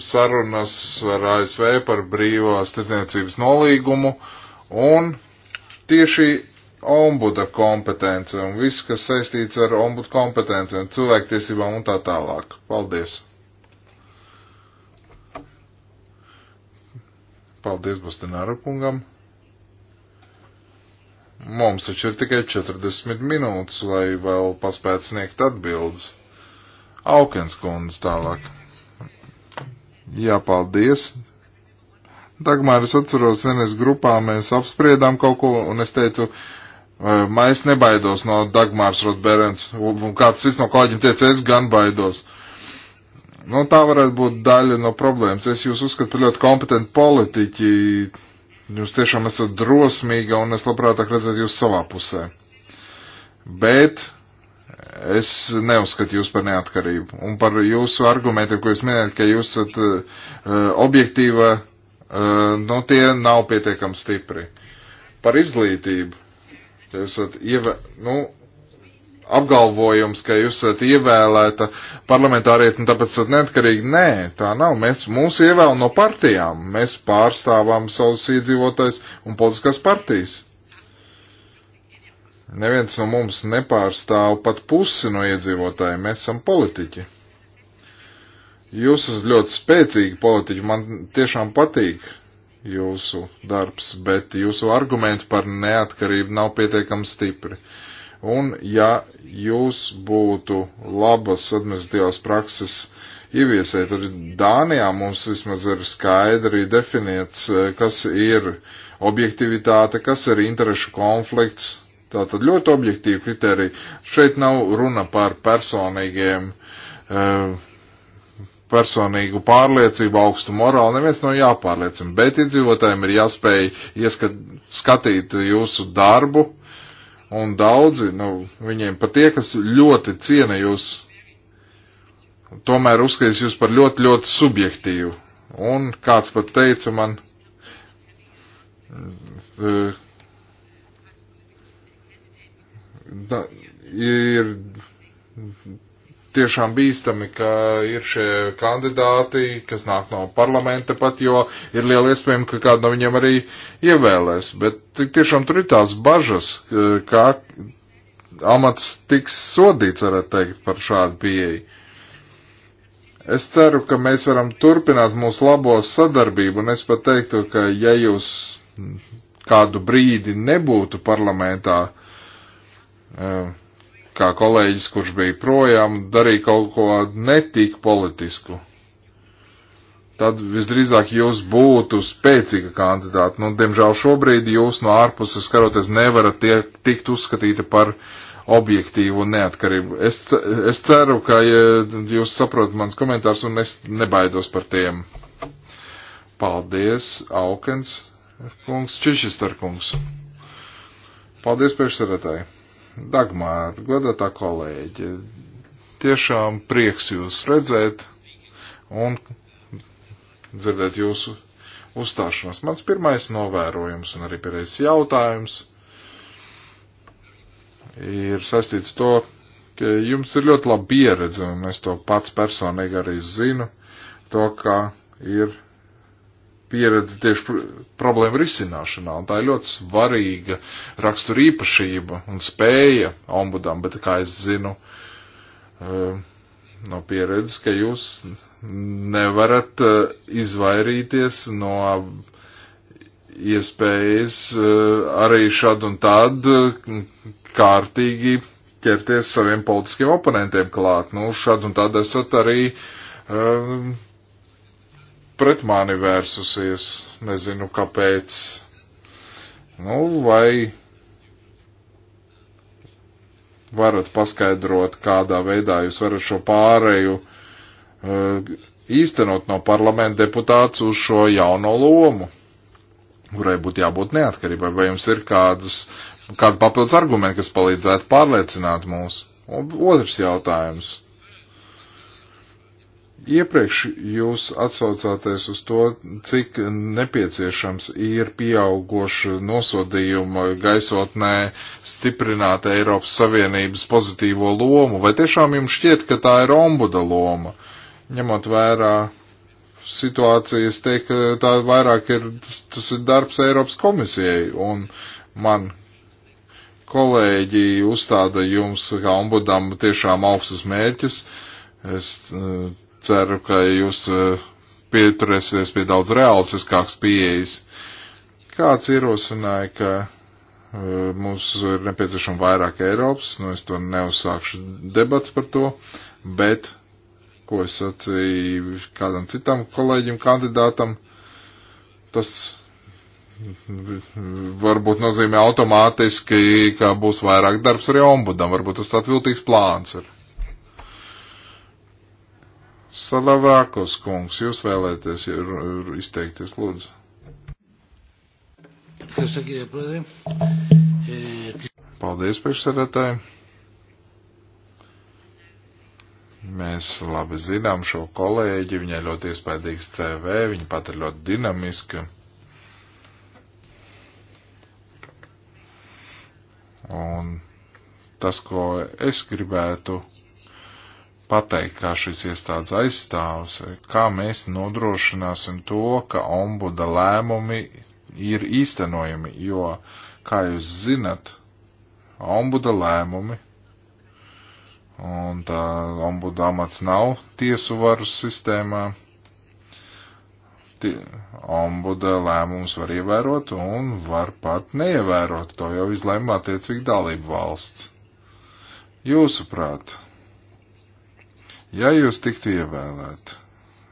sarunas ar ASV par brīvās tirdzniecības nolīgumu un tieši ombuda kompetence un viss, kas saistīts ar ombuda kompetencēm, cilvēktiesībām un tā tālāk. Paldies! Paldies Bastināru kungam! Mums taču ir tikai 40 minūtes, lai vēl paspētu sniegt atbildes. Aukens kundze tālāk. Jā, paldies. Dagmār, es atceros, vienreiz grupā mēs apspriedām kaut ko, un es teicu, ma es nebaidos no Dagmārs Rotberens, un kāds cits no kolēģiem teica, es gan baidos. Nu, tā varētu būt daļa no problēmas. Es jūs uzskatu par ļoti kompetentu politiķi. Jūs tiešām esat drosmīga, un es labprātāk redzētu jūs savā pusē. Bet es neuzskatu jūs par neatkarību. Un par jūsu argumentiem, ko jūs minējat, ka jūs esat uh, objektīva, uh, nu tie nav pietiekami stipri. Par izglītību. Jūs esat ievē, nu, apgalvojums, ka jūs esat ievēlēta parlamentāriet un tāpēc esat neatkarīgi. Nē, tā nav. Mēs mūs ievēl no partijām. Mēs pārstāvām savus iedzīvotājs un politiskās partijas. Neviens no mums nepārstāv pat pusi no iedzīvotājiem, mēs esam politiķi. Jūs esat ļoti spēcīgi politiķi, man tiešām patīk jūsu darbs, bet jūsu argumenti par neatkarību nav pietiekami stipri. Un ja jūs būtu labas administratīvās prakses ieviesē, tad Dānijā mums vismaz ir skaidri definēts, eh, kas ir objektivitāte, kas ir interešu konflikts, Tātad ļoti objektīvi kriteriji. Šeit nav runa par personīgiem, eh, personīgu pārliecību, augstu morālu. Neviens nav jāpārliecina, bet iedzīvotājiem ir jāspēj ieskat, skatīt jūsu darbu. Un daudzi, nu, viņiem pat tie, kas ļoti ciena jūs, tomēr uzskatīs jūs par ļoti, ļoti subjektīvu. Un kāds pat teica man, eh, da, ir tiešām bīstami, ka ir šie kandidāti, kas nāk no parlamenta pat, jo ir liela iespējama, ka kādu no viņiem arī ievēlēs. Bet tiešām tur ir tās bažas, kā amats tiks sodīts, varētu teikt, par šādu pieeju. Es ceru, ka mēs varam turpināt mūsu labo sadarbību, un es pat teiktu, ka ja jūs kādu brīdi nebūtu parlamentā, uh, Eh, kā kolēģis, kurš bija projām, darīja kaut ko netik politisku, tad visdrīzāk jūs būtu spēcīga kandidāta. Nu, diemžēl šobrīd jūs no ārpuses skatoties nevarat tiek, tikt uzskatīta par objektīvu un neatkarību. Es, es ceru, ka jūs saprotat mans komentārs un es nebaidos par tiem. Paldies, Aukens kungs, Čišistar kungs. Paldies priekšsarētāji. Dagmār, godātā kolēģi, tiešām prieks jūs redzēt un dzirdēt jūsu uzstāšanos. Mans pirmais novērojums un arī pirmais jautājums ir saistīts to, ka jums ir ļoti laba pieredze, un es to pats personīgi arī zinu, to, ka ir pieredze tieši problēmu risināšanā, un tā ir ļoti svarīga rakstura īpašība un spēja ombudam, bet kā es zinu eh, no pieredzes, ka jūs nevarat eh, izvairīties no iespējas eh, arī šad un tad kārtīgi ķerties saviem politiskiem oponentiem klāt. Nu, šad un tad esat arī um, pret mani vērsusies, nezinu kāpēc. Nu, vai varat paskaidrot, kādā veidā jūs varat šo pāreju uh, īstenot no parlamenta deputāts uz šo jauno lomu, kurai būtu jābūt neatkarībai, vai jums ir kādas, kāda papildus argumenti, kas palīdzētu pārliecināt mūs? Un otrs jautājums Iepriekš jūs atsaucāties uz to, cik nepieciešams ir pieaugoša nosodījuma gaisotnē stiprināt Eiropas Savienības pozitīvo lomu, vai tiešām jums šķiet, ka tā ir ombuda loma, ņemot vērā situācijas, tiek tā vairāk ir, tas ir darbs Eiropas komisijai, un man kolēģi uzstāda jums kā ombudam tiešām augstus mērķus. Es ceru, ka jūs e, pieturēsieties pie daudz realistiskāks pieejas. Kāds ierosināja, ka e, mums ir nepieciešama vairāk Eiropas, nu es to neuzsākšu debats par to, bet, ko es sacīju kādam citam kolēģim kandidātam, tas varbūt nozīmē automātiski, ka būs vairāk darbs arī ombudam, varbūt tas tāds viltīgs plāns ir. Salavākos kungs, jūs vēlēties izteikties, lūdzu. Paldies, priekšsēdētāji. Mēs labi zinām šo kolēģi, viņai ļoti iespaidīgs CV, viņa pat ir ļoti dinamiska. Un tas, ko es gribētu pateikt, kā šīs iestādes aizstāvs, kā mēs nodrošināsim to, ka ombuda lēmumi ir īstenojami, jo, kā jūs zinat, ombuda lēmumi un tā ombuda amats nav tiesu varu sistēmā. Tie, ombuda lēmums var ievērot un var pat neievērot. To jau izlēma attiecīgi dalību valsts. Jūsuprāt, Ja jūs tiktu ievēlēt,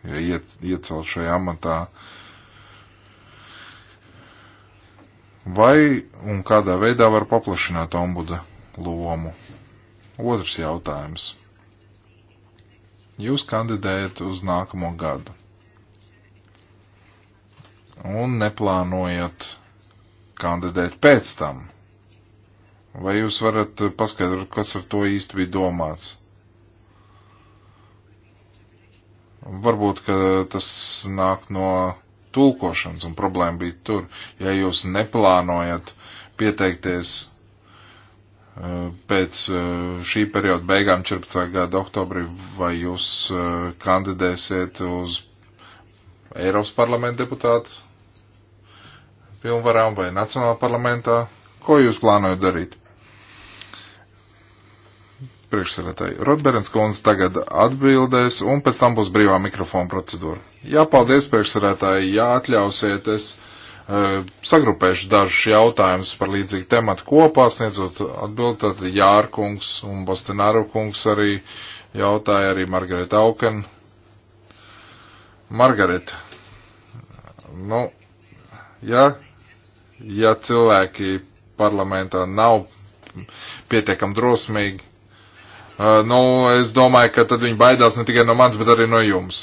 ja iet, iecelt šajā amatā, vai un kādā veidā var paplašināt ombuda lomu? Otrs jautājums. Jūs kandidējat uz nākamo gadu un neplānojat kandidēt pēc tam. Vai jūs varat paskaidrot, kas ar to īsti bija domāts? Varbūt, ka tas nāk no tulkošanas un problēma bija tur. Ja jūs neplānojat pieteikties eh, pēc eh, šī perioda beigām 14. gada oktobrī, vai jūs eh, kandidēsiet uz Eiropas parlamenta deputātu pilnvarām vai Nacionālā parlamentā, ko jūs plānojat darīt? priekšsēdētāji. Rotberens kundze tagad atbildēs, un pēc tam būs brīvā mikrofona procedūra. Jā, paldies priekšsēdētāji, jā, atļausiet, es uh, sagrupēšu dažus jautājumus par līdzīgu tematu kopā, sniedzot atbildi, tad Jārkungs un Bostenāru kungs arī jautāja, arī Margareta Auken. Margareta, nu, ja, ja cilvēki parlamentā nav pietiekam drosmīgi, Uh, nu, es domāju, ka tad viņi baidās ne tikai no manis, bet arī no jums.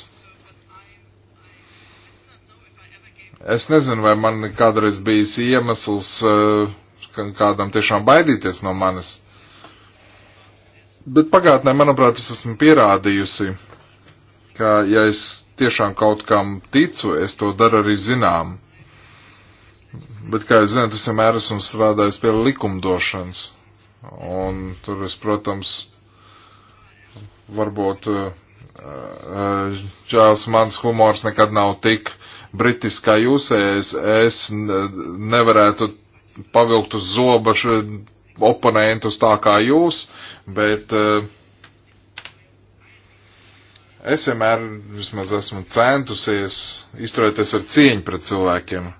Es nezinu, vai man kādreiz bijis iemesls uh, kādam tiešām baidīties no manis. Bet pagātnē, manuprāt, es esmu pierādījusi, ka ja es tiešām kaut kam ticu, es to daru arī zinām. Bet, kā jūs zināt, es vienmēr esmu strādājis pie likumdošanas. Un tur es, protams, varbūt Čāls eh, eh, mans humors nekad nav tik britis kā jūsējais. Es nevarētu pavilkt uz zoba oponentus tā kā jūs, bet eh, es vienmēr vismaz esmu centusies izturēties ar cieņu pret cilvēkiem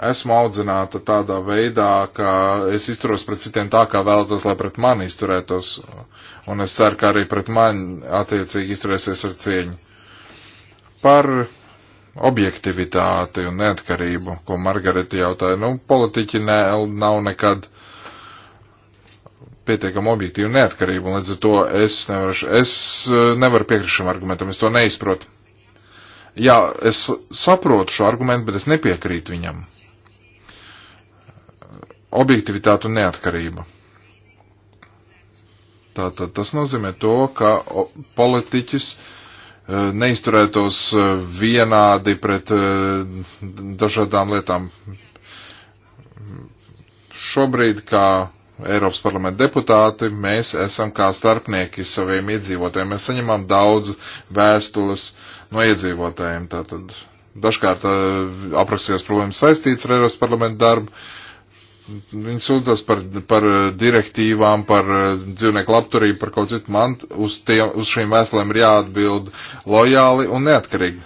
esmu audzināta tādā veidā, ka es izturos pret citiem tā, kā vēlētos, lai pret mani izturētos, un es ceru, ka arī pret mani attiecīgi izturēsies ar cieņu. Par objektivitāti un neatkarību, ko Margarita jautāja, nu, politiķi ne, nav nekad pietiekam objektīvu neatkarību, un līdz ar to es nevaru, es eh, nevaru piekrist šim argumentam, es to neizprotu. Jā, es saprotu šo argumentu, bet es nepiekrītu viņam. Uh, objektivitāte un neatkarība. Tātad tas nozīmē to, ka politiķis e, neizturētos e, vienādi pret e, dažādām lietām. Šobrīd, kā Eiropas parlamenta deputāti, mēs esam kā starpnieki saviem iedzīvotājiem. Mēs saņemam daudz vēstules no iedzīvotājiem. Tātad dažkārt aprakstītās problēmas saistīts ar Eiropas parlamenta darbu, Viņi sūdzas par, par eh, direktīvām, par eh, dzīvnieku labturību, par kaut citu man, uz, tie, uz šīm vēstulēm ir jāatbild lojāli un neatkarīgi.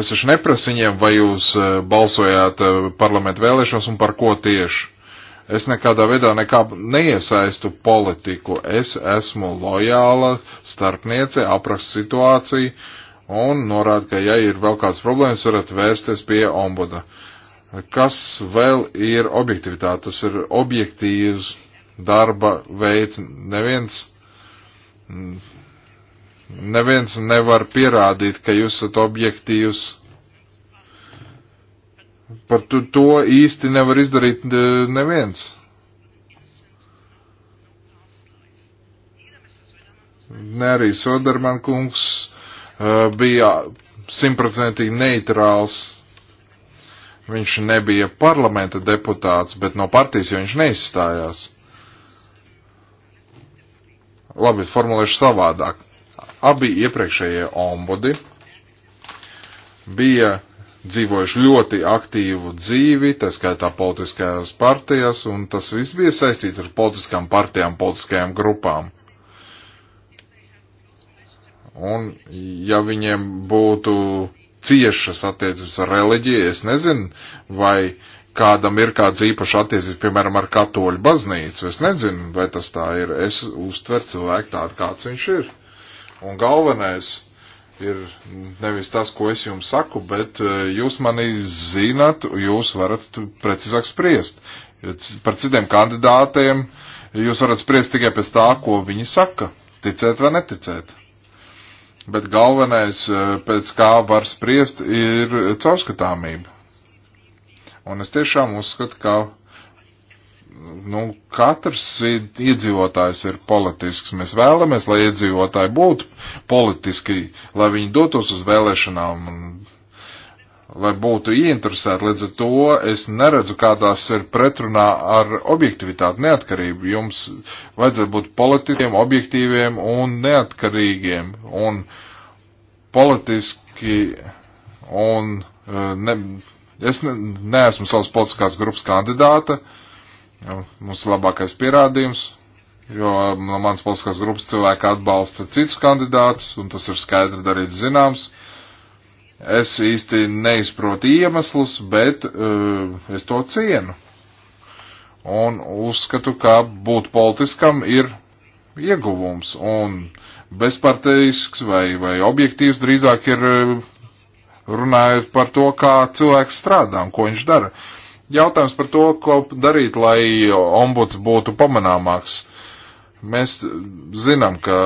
Es taču neprasu viņiem, vai jūs eh, balsojāt parlamentu vēlēšanas un par ko tieši. Es nekādā veidā nekā neiesaistu politiku. Es esmu lojāla starpniece, aprakstu situāciju un norādu, ka ja ir vēl kāds problēmas, varat vērsties pie ombuda. Kas vēl ir objektivitāte? Tas ir objektīvs darba veids. Neviens, neviens nevar pierādīt, ka jūs esat objektīvs. Par to, to īsti nevar izdarīt e, neviens. Ne arī Soderman kungs uh, bija simtprocentīgi neitrāls Viņš nebija parlamenta deputāts, bet no partijas jau viņš neizstājās. Labi, formulēšu savādāk. Abi iepriekšējie ombudi bija dzīvojuši ļoti aktīvu dzīvi, tā skaitā politiskajās partijās, un tas viss bija saistīts ar politiskām partijām, politiskajām grupām. Un ja viņiem būtu ciešas attiecības ar reliģiju. Es nezinu, vai kādam ir kāds īpašs attiecības, piemēram, ar katoļu baznīcu. Es nezinu, vai tas tā ir. Es uztveru cilvēku tādu, kāds viņš ir. Un galvenais ir nevis tas, ko es jums saku, bet eh, jūs mani zinat, jūs varat precīzāk spriest. Par citiem kandidātiem jūs varat spriest tikai pēc tā, ko viņi saka. Ticēt vai neticēt. Bet galvenais, eh, pēc kā var spriest, ir caurskatāmība. Un es tiešām uzskatu, ka nu, katrs iedzīvotājs ir politisks. Mēs vēlamies, lai iedzīvotāji būtu politiski, lai viņi dotos uz vēlēšanām un lai būtu ieinteresēti. Līdz ar to es neredzu, kādās ir pretrunā ar objektivitāti, neatkarību. Jums vajadzētu būt politiskiem, objektīviem un neatkarīgiem. Un politiski un eh, ne, es ne, neesmu savas politiskās grupas kandidāta. Mums ir labākais pierādījums, jo no manas politiskās grupas cilvēki atbalsta citus kandidātus, un tas ir skaidri darīts zināms. Uh, Es īsti neizprotu iemeslus, bet uh, es to cienu. Un uzskatu, ka būt politiskam ir ieguvums. Un bezparteisks vai, vai objektīvs drīzāk ir eh, runājot par to, kā cilvēks strādā un ko viņš dara. Jautājums par to, ko darīt, lai ombuds būtu pamanāmāks. Mēs zinām, ka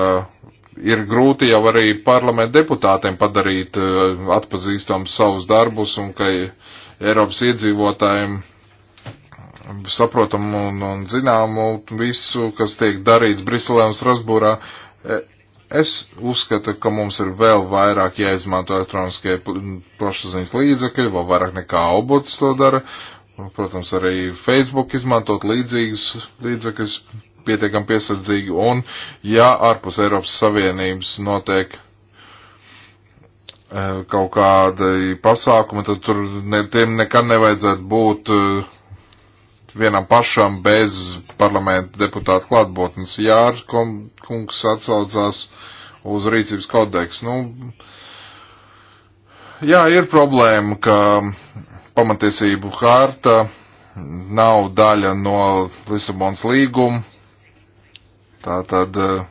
ir grūti jau arī parlamentu deputātiem padarīt eh, atpazīstam savus darbus un ka Eiropas iedzīvotājiem saprotamu un, un zināmu visu, kas tiek darīts Briselē un Strasbūrā. E, es uzskatu, ka mums ir vēl vairāk jāizmanto elektroniskie plašsaziņas līdzekļi, vēl vairāk nekā obots to dara. Protams, arī Facebook izmantot līdzīgus līdzekļus, pietiekami piesardzīgi, un ja ārpus Eiropas Savienības notiek eh, kaut kādi pasākumi, tad tur ne, tiem nekad nevajadzētu būt eh, vienam pašam bez parlamenta deputāta klātbūtnes. Jā, kungs atsaucās uz rīcības kodeksu. Nu, jā, ir problēma, ka pamatiesību hārta nav daļa no Lisabonas līguma Tā tad eh,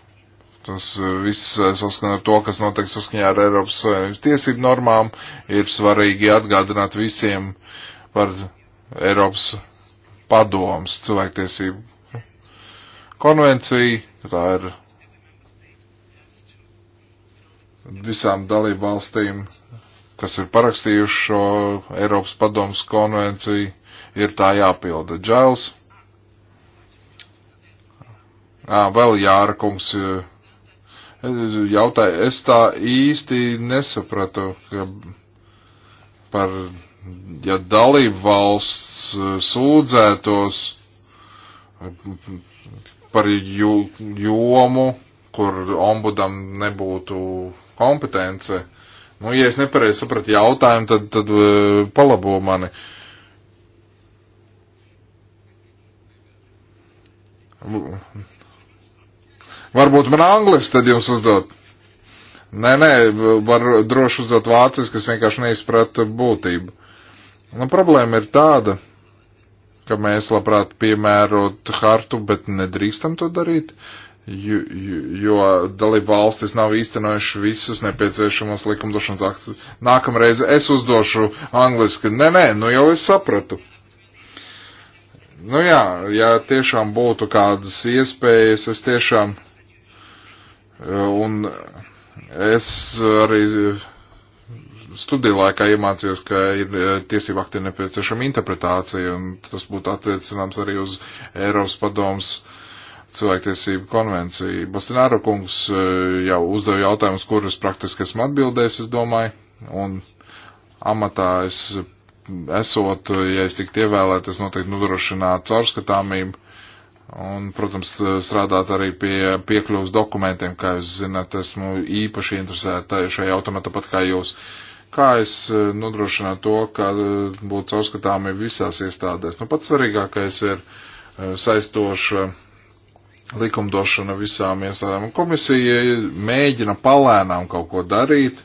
tas eh, viss eh, saskana ar to, kas notiek saskaņā ar Eiropas Savienības tiesību normām, ir svarīgi atgādināt visiem par Eiropas padomas cilvēktiesību konvenciju. Tā ir visām dalību valstīm, kas ir parakstījuši šo Eiropas padomas konvenciju, ir tā jāpilda. Džēls Ā, vēl Jāra kungs jautāja, es tā īsti nesapratu, ka par, ja dalību valsts sūdzētos par jomu, kur ombudam nebūtu kompetence, nu, ja es nepareizi sapratu jautājumu, tad, tad palabo mani. Mm. Varbūt man anglis tad jums uzdot. Nē, nē, var droši uzdot vācis, kas vienkārši neizprata būtību. Nu, problēma ir tāda, ka mēs labprāt piemērot hartu, bet nedrīkstam to darīt, jo, jo dalība valstis nav īstenojuši visus nepieciešamos likumdošanas aktus. Nākamreiz es uzdošu angliski. Nē, nē, nu jau es sapratu. Nu jā, ja tiešām būtu kādas iespējas, es tiešām Un es arī studiju laikā iemācījos, ka ir e, tiesību akti nepieciešama interpretācija, un tas būtu attiecināms arī uz Eiropas padomus cilvēktiesību konvenciju. Bastināro kungs e, jau uzdeva jautājumus, kurus praktiski esmu atbildējis, es domāju, un amatā es esot, ja es tiktu ievēlēt, es noteikti nodrošinātu caurskatāmību Un, protams, strādāt arī pie piekļuvas dokumentiem, kā jūs zināt, esmu īpaši interesēta šajā jautājumā, tāpat kā jūs. Kā es eh, nodrošinātu to, ka eh, būtu caurskatāmi visās iestādēs? Nu, pats svarīgākais ir eh, saistoša likumdošana visām iestādēm. Un komisija mēģina palēnām kaut ko darīt,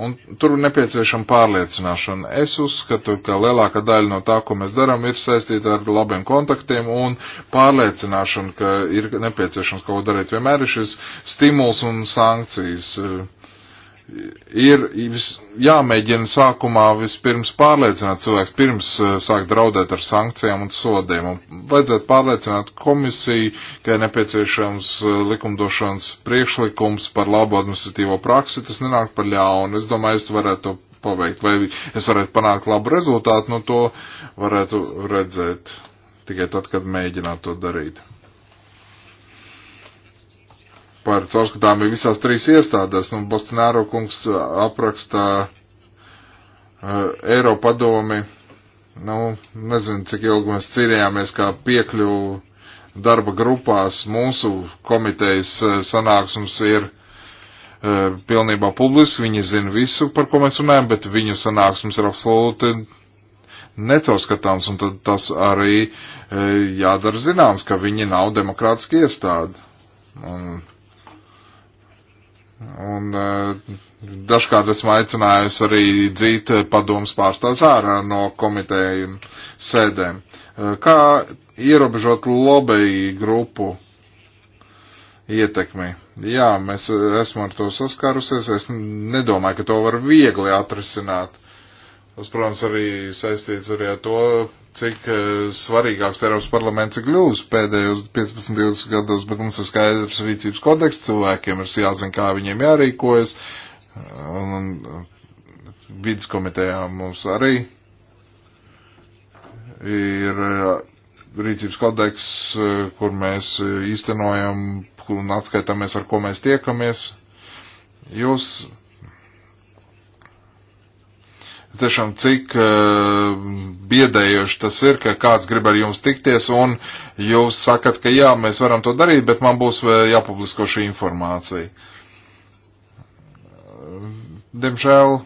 Un tur ir nepieciešama pārliecināšana. Es uzskatu, ka lielākā daļa no tā, ko mēs darām, ir saistīta ar labiem kontaktiem un pārliecināšanu, ka ir nepieciešams kaut ko darīt. Vienmēr ir šis stimuls un sankcijas. Uh, ir jāmēģina sākumā vispirms pārliecināt cilvēks, pirms eh, sāk draudēt ar sankcijām un sodiem. Un vajadzētu pārliecināt komisiju, ka ir nepieciešams eh, likumdošanas priekšlikums par labu administratīvo praksi, tas nenāk par ļaunu. Es domāju, es varētu to paveikt, vai es varētu panākt labu rezultātu, no nu, to varētu redzēt tikai tad, kad mēģinātu to darīt par caurskatāmību visās trīs iestādēs. Nu, Bostonāro kungs uh, aprakstā uh, Eiropadomi. Nu, nezinu, cik ilgi mēs cīnījāmies, kā piekļuvu darba grupās mūsu komitejas uh, sanāksums ir uh, pilnībā publiski. Viņi zina visu, par ko mēs runājam, bet viņu sanāksums ir absolūti necaurskatāms, un tad tas arī uh, jādara zināms, ka viņi nav demokrātiski iestādi. Un Un eh, dažkārt esmu aicinājusi arī dzīt padomus pārstāvs ārā no komiteju sēdēm. Eh, kā ierobežot lobeju grupu ietekmi? Jā, mēs eh, esmu ar to saskārusies, es nedomāju, ka to var viegli atrisināt. Tas, protams, arī saistīts arī ar to, cik uh, svarīgāks Eiropas parlaments ir kļuvis pēdējos 15-20 gados, bet mums ir skaidrs rīcības kodeks, cilvēkiem ir jāzina, kā viņiem jārīkojas, un, un vidas komitejā mums arī ir eh, rīcības kodeks, eh, kur mēs īstenojam un atskaitāmies, ar ko mēs tiekamies. Jūs tiešām cik uh, biedējoši tas ir, ka kāds grib ar jums tikties un jūs sakat, ka jā, mēs varam to darīt, bet man būs jāpublisko šī informācija. Diemžēl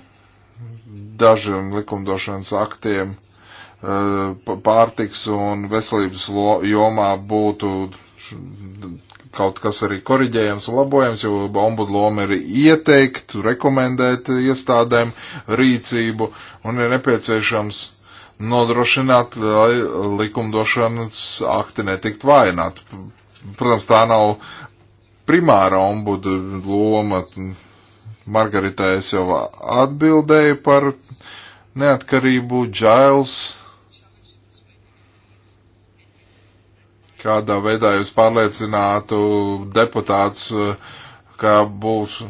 dažiem likumdošanas aktiem uh, pārtiks un veselības jomā būtu kaut kas arī koriģējams un labojams, jo ombudu loma ir ieteikt, rekomendēt iestādēm rīcību un ir nepieciešams nodrošināt, lai likumdošanas akti netiktu vainot. Protams, tā nav primāra ombudu loma. Margaritai es jau atbildēju par neatkarību, Džails kādā veidā jūs pārliecinātu deputāts, eh, ka būs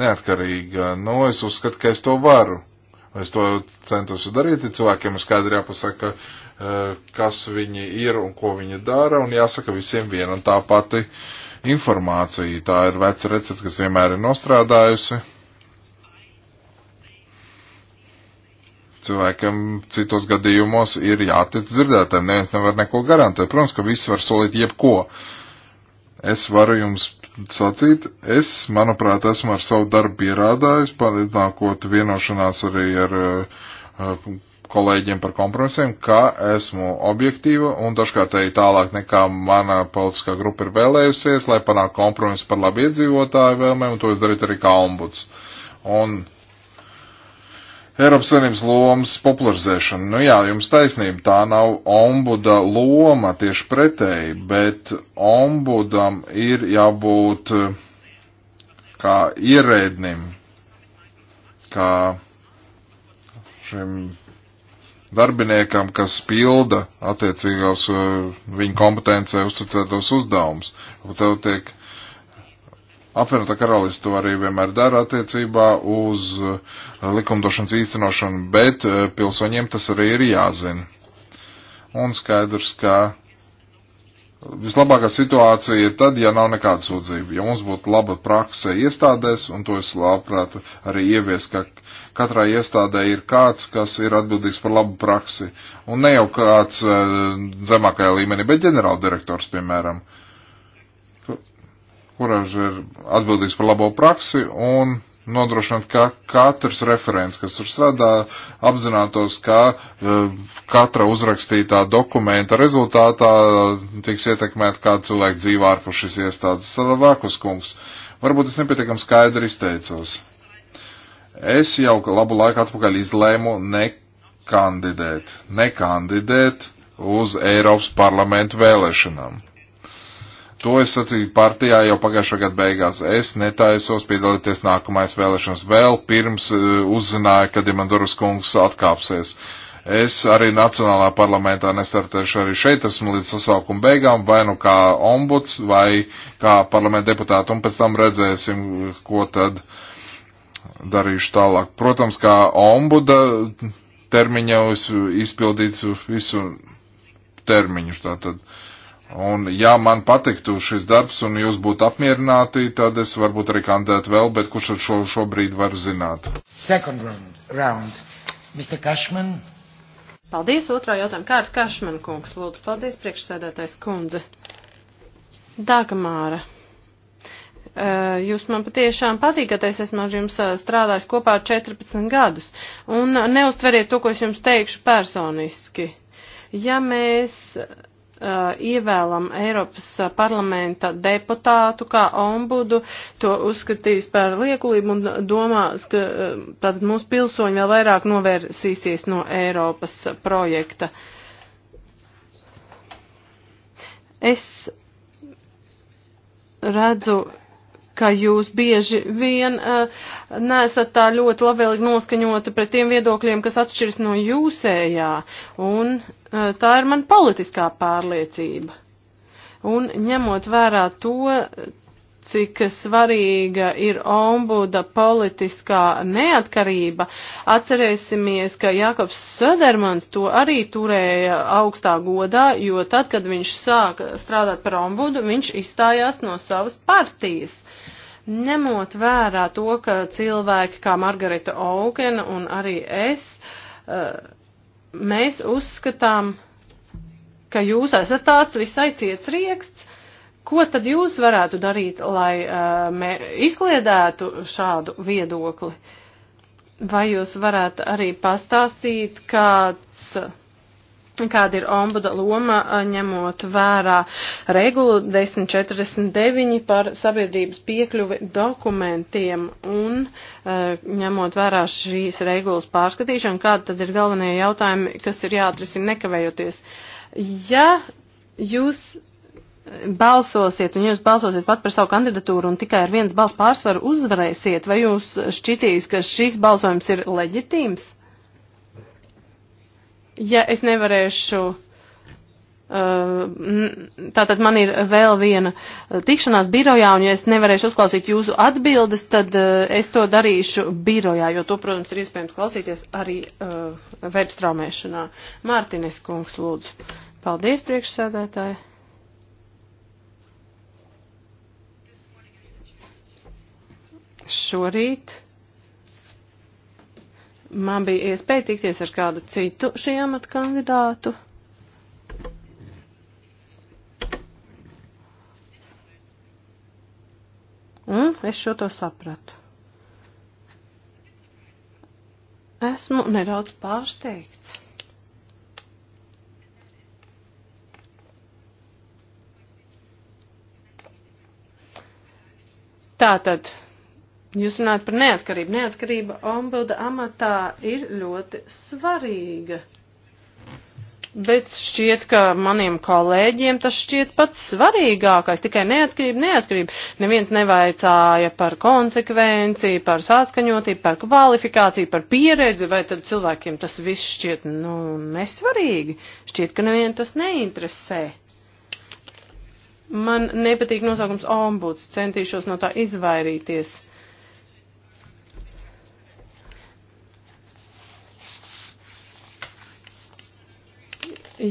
neatkarīga. Nu, es uzskatu, ka es to varu. Es to centos darīt, ir cilvēkiem skaidri jāpasaka, eh, kas viņi ir un ko viņi dara, un jāsaka visiem viena un tā pati informācija. Tā ir veca recepte, kas vienmēr ir nostrādājusi cilvēkam citos gadījumos ir jātic dzirdētājiem. Neviens nevar neko garantēt. Protams, ka viss var solīt jebko. Es varu jums sacīt, es, manuprāt, esmu ar savu darbu pierādājis, panākot vienošanās arī ar uh, kolēģiem par kompromisiem, ka esmu objektīva un dažkārt arī tālāk nekā mana politiskā grupa ir vēlējusies, lai panāktu kompromisu par labi iedzīvotāju vēlmēm, un to es darītu arī kā ombuds. Un Eiropas Savienības lomas popularizēšana. Nu jā, jums taisnība, tā nav ombuda loma tieši pretēji, bet ombudam ir jābūt eh, kā ierēdnim, kā šim darbiniekam, kas pilda attiecīgās eh, viņa kompetencija uzticētos uzdevumus. Tev tiek Apvienotā karalists to arī vienmēr dara attiecībā uz eh, likumdošanas īstenošanu, bet eh, pilsoņiem tas arī ir jāzina. Un skaidrs, ka vislabākā situācija ir tad, ja nav nekāda sūdzība. Ja mums būtu laba prakse iestādēs, un to es labprāt arī ievies, ka katrai iestādē ir kāds, kas ir atbildīgs par labu praksi. Un ne jau kāds eh, zemākajā līmenī, bet ģenerāldirektors, piemēram. Uh, kurš ir atbildīgs par labo praksi un nodrošināt, ka katrs referents, kas tur strādā, apzinātos, ka eh, katra uzrakstītā dokumenta rezultātā tiks ietekmēt kāda cilvēka dzīvē ārpus šīs iestādes. Sadavākus kungs, varbūt es nepietiekam skaidri izteicos. Es jau labu laiku atpakaļ izlēmu nekandidēt, nekandidēt uz Eiropas parlamentu vēlēšanām. To es sacīju partijā jau pagājušā gada beigās. Es netaisos piedalīties nākamais vēlēšanas vēl pirms e, uzzināju, kad Imanduras kungs atkāpsies. Es arī Nacionālā parlamentā nestartēšu arī šeit, esmu līdz sasaukuma beigām, vai nu kā ombuds, vai kā parlamenta deputāta, un pēc tam redzēsim, ko tad darīšu tālāk. Protams, kā ombuda termiņā es izpildītu visu termiņu, tātad. Uh, Un ja man patiktu šis darbs un jūs būtu apmierināti, tad es varbūt arī kandidētu vēl, bet kurš ar šo šobrīd var zināt? Second round. round. Mr. Cashman. Paldies, otrā jautājuma kārta Kašman kungs. Lūdzu, paldies, priekšsēdētais kundze. Dāgamāra, jūs man patiešām patīkat, es esmu ar jums strādājis kopā 14 gadus, un neuztveriet to, ko es jums teikšu personiski. Ja mēs uh, ievēlam Eiropas uh, parlamenta deputātu kā ombudu, to uzskatīs par liekulību un domās, ka uh, tad mūsu pilsoņi vēl vairāk novērsīsies no Eiropas projekta. Es redzu ka jūs bieži vien uh, nesat tā ļoti labvēlīgi noskaņoti pret tiem viedokļiem, kas atšķiras no jūsējā, un uh, tā ir man politiskā pārliecība. Un ņemot vērā to, cik svarīga ir ombuda politiskā neatkarība. Atcerēsimies, ka Jakobs Södermans to arī turēja augstā godā, jo tad, kad viņš sāka strādāt par ombudu, viņš izstājās no savas partijas. Ņemot vērā to, ka cilvēki kā Margarita Augena un arī es, eh, mēs uzskatām, ka jūs esat tāds visai ciets rieksts, ko tad jūs varētu darīt, lai eh, mē, izkliedētu šādu viedokli? Vai jūs varētu arī pastāstīt, kāds kāda ir ombuda loma, ņemot vērā regulu 1049 par sabiedrības piekļuvi dokumentiem un ņemot vērā šīs regulas pārskatīšanu, kāda tad ir galvenie jautājumi, kas ir jāatrisina nekavējoties. Ja jūs balsosiet, un jūs balsosiet pat par savu kandidatūru un tikai ar viens balss pārsvaru uzvarēsiet, vai jūs šķitīs, ka šis balsojums ir leģitīms? ja es nevarēšu. Uh, tātad man ir vēl viena tikšanās birojā, un ja es nevarēšu uzklausīt jūsu atbildes, tad uh, es to darīšu birojā, jo to, protams, ir iespējams klausīties arī uh, webstraumēšanā. Mārtiņas kungs, lūdzu. Paldies, priekšsēdētāji. Šorīt man bija iespēja tikties ar kādu citu šī amata kandidātu. Un es šo to sapratu. Esmu nedaudz pārsteigts. Tātad Jūs runājat par neatkarību. Neatkarība ombuda amatā ir ļoti svarīga. Bet šķiet, ka maniem kolēģiem tas šķiet pats svarīgākais, tikai neatkarība, neatkarība. Neviens nevaicāja par konsekvenciju, par saskaņotību, par kvalifikāciju, par pieredzi, vai tad cilvēkiem tas viss šķiet, nu, nesvarīgi. Šķiet, ka nevienu tas neinteresē. Man nepatīk nosaukums ombuds, centīšos no tā izvairīties. Uh,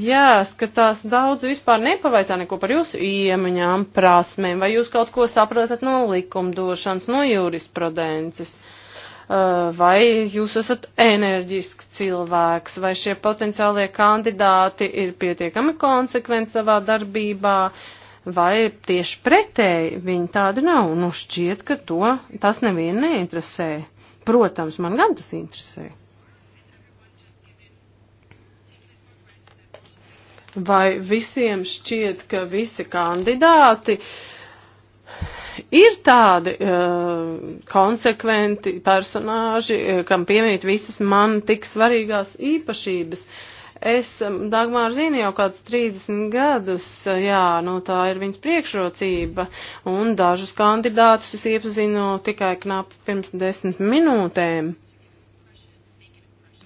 jāskatās daudz vispār nepavaicā neko par jūsu iemaņām, prasmēm, vai jūs kaut ko saprotat no likumdošanas, no jurisprudences, uh, vai jūs esat enerģisks cilvēks, vai šie potenciālie kandidāti ir pietiekami konsekventi savā darbībā, vai tieši pretēji viņi tādi nav. Nu šķiet, ka to tas nevienu neinteresē. Protams, man gan tas interesē. Vai visiem šķiet, ka visi kandidāti ir tādi uh, konsekventi personāži, eh, kam piemīt visas man tik svarīgās īpašības? Es, Dagmār, zinu jau kāds 30 gadus, jā, nu tā ir viņas priekšrocība, un dažus kandidātus es iepazinu tikai knapi pirms desmit minūtēm.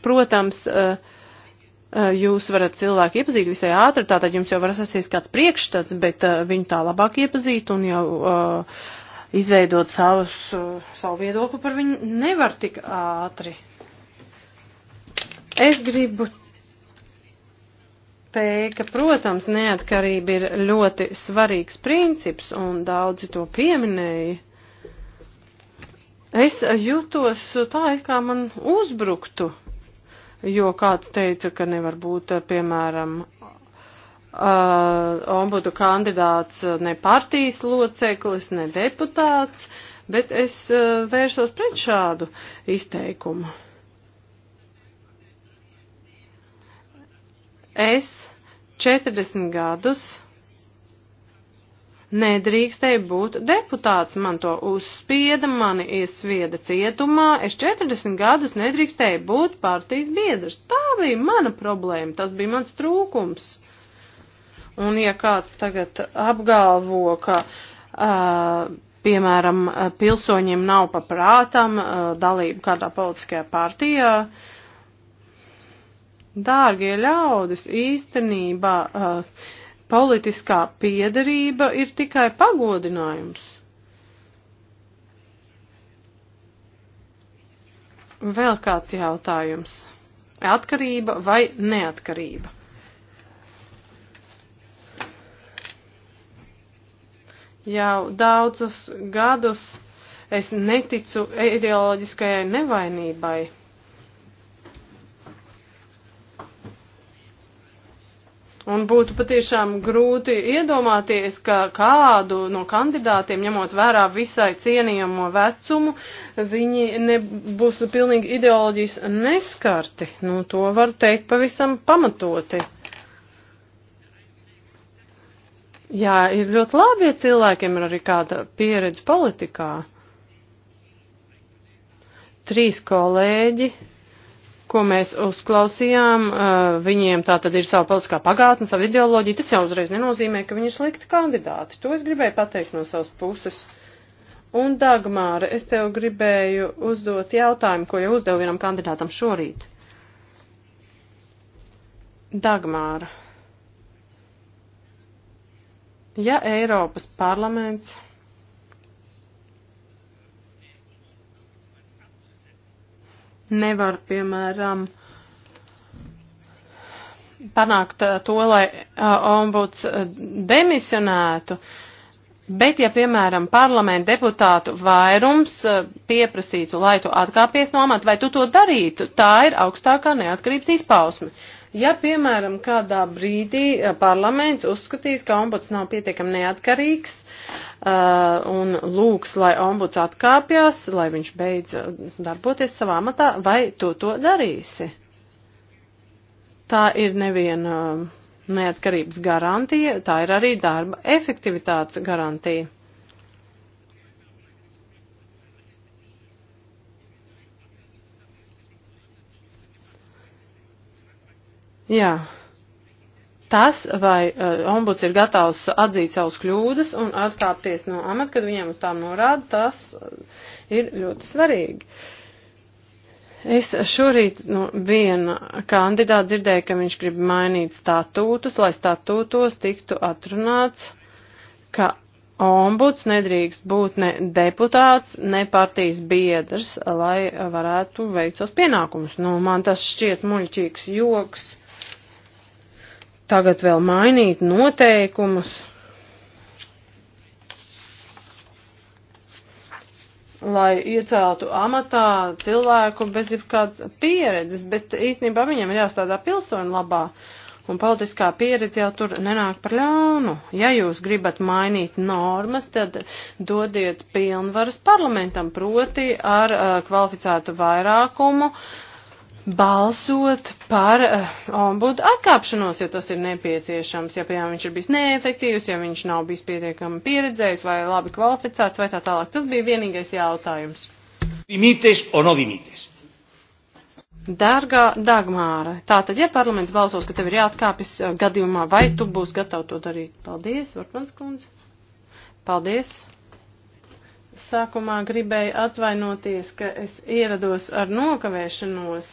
Protams, uh, Eh, jūs varat cilvēku iepazīt visai ātri, tātad jums jau var sasties kāds priekšstats, bet uh, viņu tā labāk iepazīt un jau uh, izveidot savus, uh, savu viedokli par viņu nevar tik ātri. Es gribu teikt, ka, protams, neatkarība ir ļoti svarīgs princips un daudzi to pieminēja. Es jūtos tā, it kā man uzbruktu jo kāds teica, ka nevar būt, eh, piemēram, eh, ombudu kandidāts eh, ne partijas loceklis, ne deputāts, bet es vērsos pret šādu izteikumu. Es 40 gadus nedrīkstēja būt deputāts, man to uzspieda, mani iesvieda cietumā, es 40 gadus nedrīkstēju būt partijas biedrs. Tā bija mana problēma, tas bija mans trūkums. Un ja kāds tagad apgalvo, ka, uh, piemēram, pilsoņiem nav paprātam uh, dalība kādā politiskajā partijā, uh, Dārgie ļaudis, īstenībā uh, Politiskā piederība ir tikai pagodinājums. Vēl kāds jautājums. Atkarība vai neatkarība? Jau daudzus gadus es neticu ideoloģiskajai nevainībai. Un būtu patiešām grūti iedomāties, ka kādu no kandidātiem, ņemot vērā visai cienījamo vecumu, viņi nebūs pilnīgi ideoloģijas neskarti. Nu, to var teikt pavisam pamatoti. Jā, ir ļoti labi, ja cilvēkiem ir arī kāda pieredze politikā. Trīs kolēģi ko mēs uzklausījām, uh, viņiem tā tad ir sava politiskā pagātne, sava ideoloģija, tas jau uzreiz nenozīmē, ka viņi ir slikti kandidāti. To es gribēju pateikt no savas puses. Un, Dagmāra, es tev gribēju uzdot jautājumu, ko jau uzdevu vienam kandidātam šorīt. Dagmāra. Ja Eiropas parlaments Nevar, piemēram, panākt eh, to, lai eh, ombuds eh, demisionētu, bet ja, piemēram, parlamenta deputātu vairums pieprasītu, lai tu atkāpies no amata, vai tu to darītu, tā ir augstākā neatkarības izpausme. Ja, piemēram, kādā brīdī parlaments uzskatīs, ka ombuds nav pietiekami neatkarīgs, Uh, un lūgs, lai ombuds atkāpjas, lai viņš beidz uh, darboties savā matā, vai tu to darīsi? Tā ir neviena uh, neatkarības garantija, tā ir arī darba efektivitātes garantija. Jā. Yeah tas, vai uh, ombuds ir gatavs atzīt savus kļūdas un atkāpties no amata, kad viņam tām norāda, tas uh, ir ļoti svarīgi. Es šorīt no nu, viena kandidāta dzirdēju, ka viņš grib mainīt statūtus, lai statūtos tiktu atrunāts, ka ombuds nedrīkst būt ne deputāts, ne partijas biedrs, lai varētu veikt savus pienākumus. Nu, man tas šķiet muļķīgs joks tagad vēl mainīt noteikumus, lai ieceltu amatā cilvēku bez jebkādas pieredzes, bet īstenībā viņam ir jāstādā pilsoņu labā. Un politiskā pieredze jau tur nenāk par ļaunu. Ja jūs gribat mainīt normas, tad dodiet pilnvaras parlamentam, proti ar uh, kvalificētu vairākumu uh, balsot par eh, ombudu atkāpšanos, ja tas ir nepieciešams, ja, piemēram, viņš ir bijis neefektīvs, ja viņš nav bijis pietiekami pieredzējis vai labi kvalificēts vai tā tālāk. Tas bija vienīgais jautājums. Dimites o no dimites? Dārgā Dagmāra, tātad, ja parlaments balsos, ka tev ir jāatkāpjas eh, gadījumā, vai tu būs gatava to darīt? Paldies, Varpans kundze. Paldies sākumā gribēju atvainoties, ka es ierados ar nokavēšanos.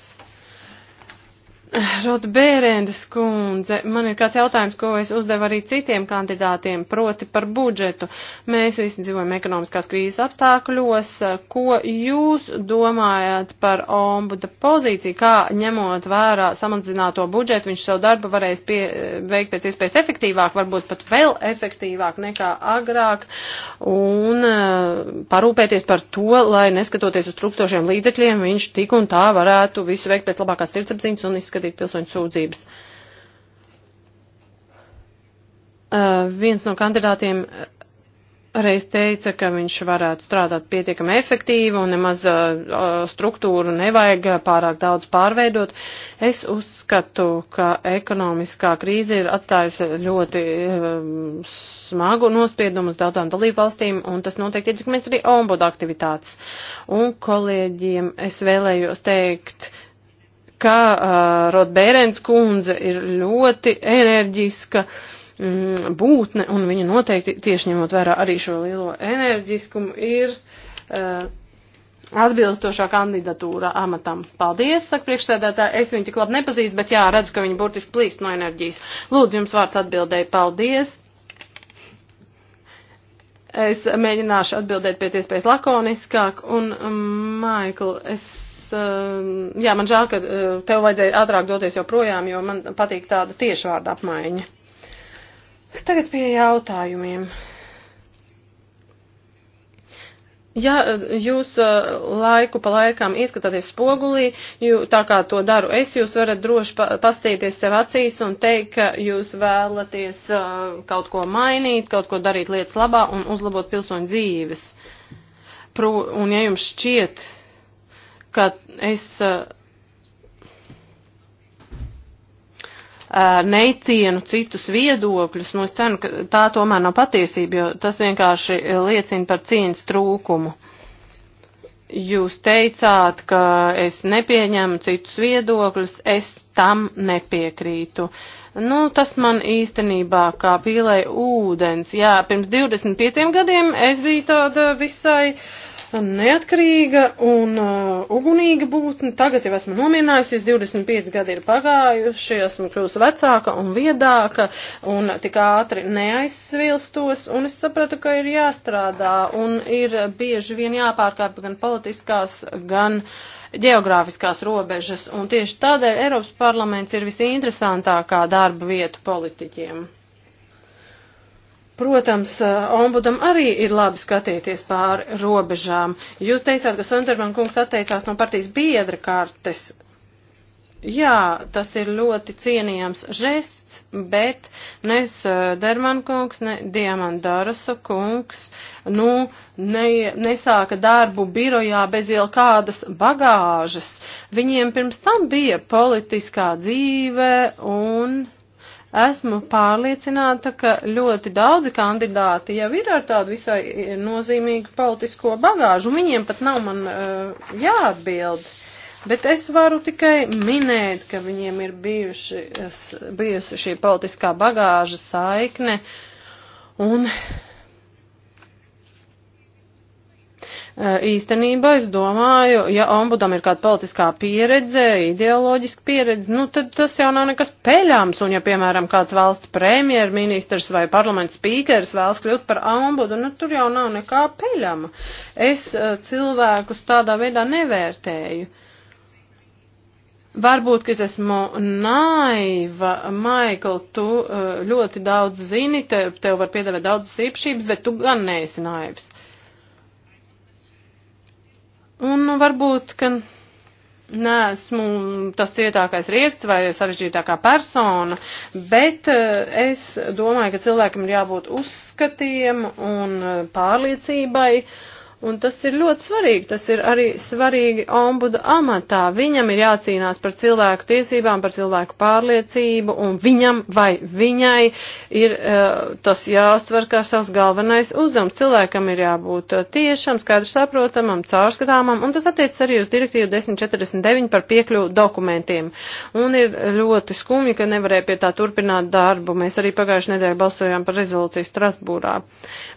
Rota Bērendes kundze, man ir kāds jautājums, ko es uzdevu arī citiem kandidātiem, proti par budžetu. Mēs visi dzīvojam ekonomiskās krīzes apstākļos. Ko jūs domājat par ombuda pozīciju, kā ņemot vērā samazināto budžetu, viņš savu darbu varēs pie, veikt pēc iespējas efektīvāk, varbūt pat vēl efektīvāk nekā agrāk, un eh, parūpēties par to, lai neskatoties uz trūkstošiem līdzekļiem, viņš tik un tā varētu visu veikt pēc labākās sirdsapziņas un izskatīt skatīt pilsoņu sūdzības. Uh, viens no kandidātiem uh, reiz teica, ka viņš varētu strādāt pietiekami efektīvi un nemaz uh, uh struktūru nevajag uh, pārāk daudz pārveidot. Es uzskatu, ka ekonomiskā krīze ir atstājusi ļoti um, smagu nospiedumu uz daudzām dalībvalstīm, un tas noteikti ietekmēs arī ombuda aktivitātes. Un kolēģiem es vēlējos teikt, uh, ka uh, Rotbērens kundze ir ļoti enerģiska mm, būtne, un viņa noteikti, tieši ņemot vērā arī šo lielo enerģiskumu, ir uh, atbilstošā kandidatūra amatam. Paldies, saka priekšsēdētāji, es viņu tik labi nepazīstu, bet jā, redzu, ka viņa burtiski plīst no enerģijas. Lūdzu, jums vārds atbildēja. Paldies! Es mēģināšu atbildēt pēc iespējas lakoniskāk, un, um, Maikl, um, es Um, jā, man žēl, ka uh, tev vajadzēja ātrāk doties joprojām, jo man patīk tāda tiešvārda apmaiņa. Tagad pie jautājumiem. Ja uh, jūs uh, laiku pa laikam izskatāties spogulī, jū, tā kā to daru es, jūs varat droši pa, pastīties sev acīs un teikt, ka jūs vēlaties uh, kaut ko mainīt, kaut ko darīt lietas labā un uzlabot pilsoņu dzīves. Pro, un ja jums šķiet, uh, ka es uh, eh, eh, neicienu citus viedokļus, nu es cenu, ka tā tomēr nav patiesība, jo tas vienkārši eh, liecina par cieņas trūkumu. Jūs teicāt, ka es nepieņemu citus viedokļus, es tam nepiekrītu. Nu, tas man īstenībā kā pīlēja ūdens. Jā, pirms 25 gadiem es biju tāda visai uh, neatkarīga un uh, ugunīga būtne. Tagad jau esmu nomierinājusies, 25 gadi ir pagājuši, esmu kļūst vecāka un viedāka un tik ātri neaizsvilstos. Un es sapratu, ka ir jāstrādā un ir bieži vien jāpārkāpja gan politiskās, gan geogrāfiskās robežas. Un tieši tādēļ Eiropas parlaments ir visinteresantākā darba vieta politiķiem. Protams, eh, ombudam arī ir labi skatīties pāri robežām. Jūs teicāt, ka Sonderman kungs atteicās no partijas biedra kartes. Jā, tas ir ļoti cienījams žests, bet ne Derman kungs, ne Diamandarasu kungs, nu, ne, nesāka darbu birojā bez jau kādas bagāžas. Viņiem pirms tam bija politiskā dzīve un Esmu pārliecināta, ka ļoti daudzi kandidāti jau ir ar tādu visai nozīmīgu politisko bagāžu. Viņiem pat nav man uh, jāatbild. Bet es varu tikai minēt, ka viņiem ir bijuši, bijusi šī politiskā bagāža saikne. Un Eh, īstenībā es domāju, ja ombudam ir kāda politiskā pieredze, ideoloģiska pieredze, nu tad tas jau nav nekas peļāms, un ja, piemēram, kāds valsts premjerministrs vai parlaments spīkers vēlas kļūt par ombudu, nu tur jau nav nekā peļama. Es eh, cilvēkus tādā veidā nevērtēju. Varbūt, ka es esmu naiva, Maikl, tu eh, ļoti daudz zini, tev, tev var piedāvāt daudzas īpašības, bet tu gan neesi naivs. Uh, Un varbūt, ka neesmu tas cietākais rieksts vai sarežģītākā persona, bet eh, es domāju, ka cilvēkam ir jābūt uzskatiem un eh, pārliecībai. Uh, Un tas ir ļoti svarīgi. Tas ir arī svarīgi ombuda amatā. Viņam ir jācīnās par cilvēku tiesībām, par cilvēku pārliecību, un viņam vai viņai ir uh, tas jāstver kā savs galvenais uzdevums. Cilvēkam ir jābūt eh, tiešam, skaidrs saprotamam, caurskatāmam, un tas attiecas arī uz direktīvu 1049 par piekļuvu dokumentiem. Un ir ļoti skumji, ka nevarēja pie tā turpināt darbu. Mēs arī pagājušajā nedēļā balsojām par rezolūciju Strasbūrā.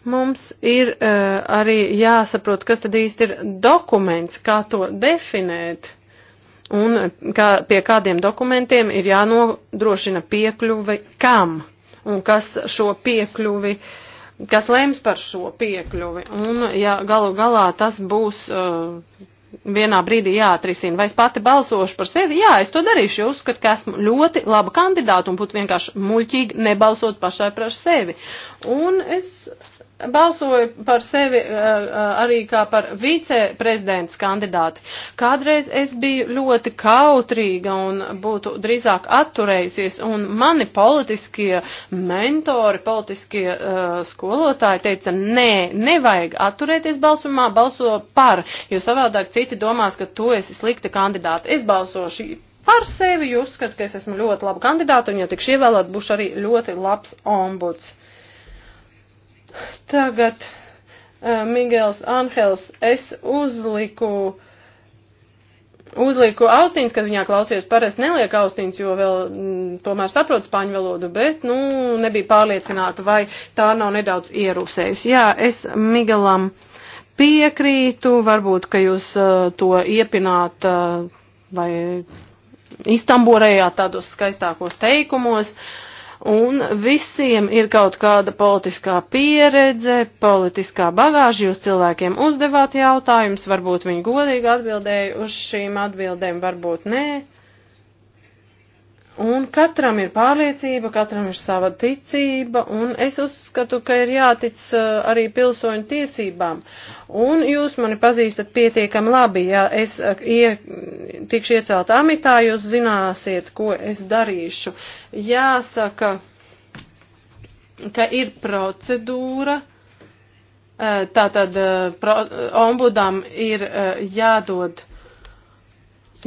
Mums ir uh, arī jāsaka, jāsaprot, kas tad īsti ir dokuments, kā to definēt un kā, pie kādiem dokumentiem ir jānodrošina piekļuvi kam un kas šo piekļuvi uh, kas lems par šo piekļuvi. Un, ja galu galā tas būs uh, vienā brīdī jāatrisina, vai es pati balsošu par sevi, jā, es to darīšu, jo uzskatu, ka esmu ļoti laba kandidāta un būtu vienkārši muļķīgi nebalsot pašai par sevi. Un es balsoju par sevi eh, eh, arī kā par viceprezidents kandidāti. Kādreiz es biju ļoti kautrīga un būtu drīzāk atturējusies, un mani politiskie mentori, politiskie uh, skolotāji teica, nē, nevajag atturēties balsumā, balso par, jo savādāk citi domās, ka tu esi slikta kandidāta. Es balsošu par sevi, uzskatu, ka es esmu ļoti laba kandidāta, un ja tikšu ievēlēt, būšu arī ļoti labs ombuds. Tagad uh, Miguels Anhels, es uzliku. Uzliku austiņas, kad viņā klausījos, parasti neliek austiņas, jo vēl m, mm, tomēr saprotu spāņu valodu, bet, nu, nebija pārliecināta, vai tā nav nedaudz ierūsējusi. Jā, es Miguelam piekrītu, varbūt, ka jūs uh, to iepināt uh, vai istamborējāt tādos skaistākos teikumos. Uh, un visiem ir kaut kāda politiskā pieredze, politiskā bagāža, jūs cilvēkiem uzdevāt jautājumus, varbūt viņi godīgi atbildēja uz šīm atbildēm, varbūt nē. Un katram ir pārliecība, katram ir sava ticība, un es uzskatu, ka ir jātic eh, arī pilsoņu tiesībām. Un jūs mani pazīstat pietiekami labi, ja es eh, ie, tikšu iecelt amitā, jūs zināsiet, ko es darīšu. Jāsaka, ka ir procedūra. Eh, tātad ombudam ir jādod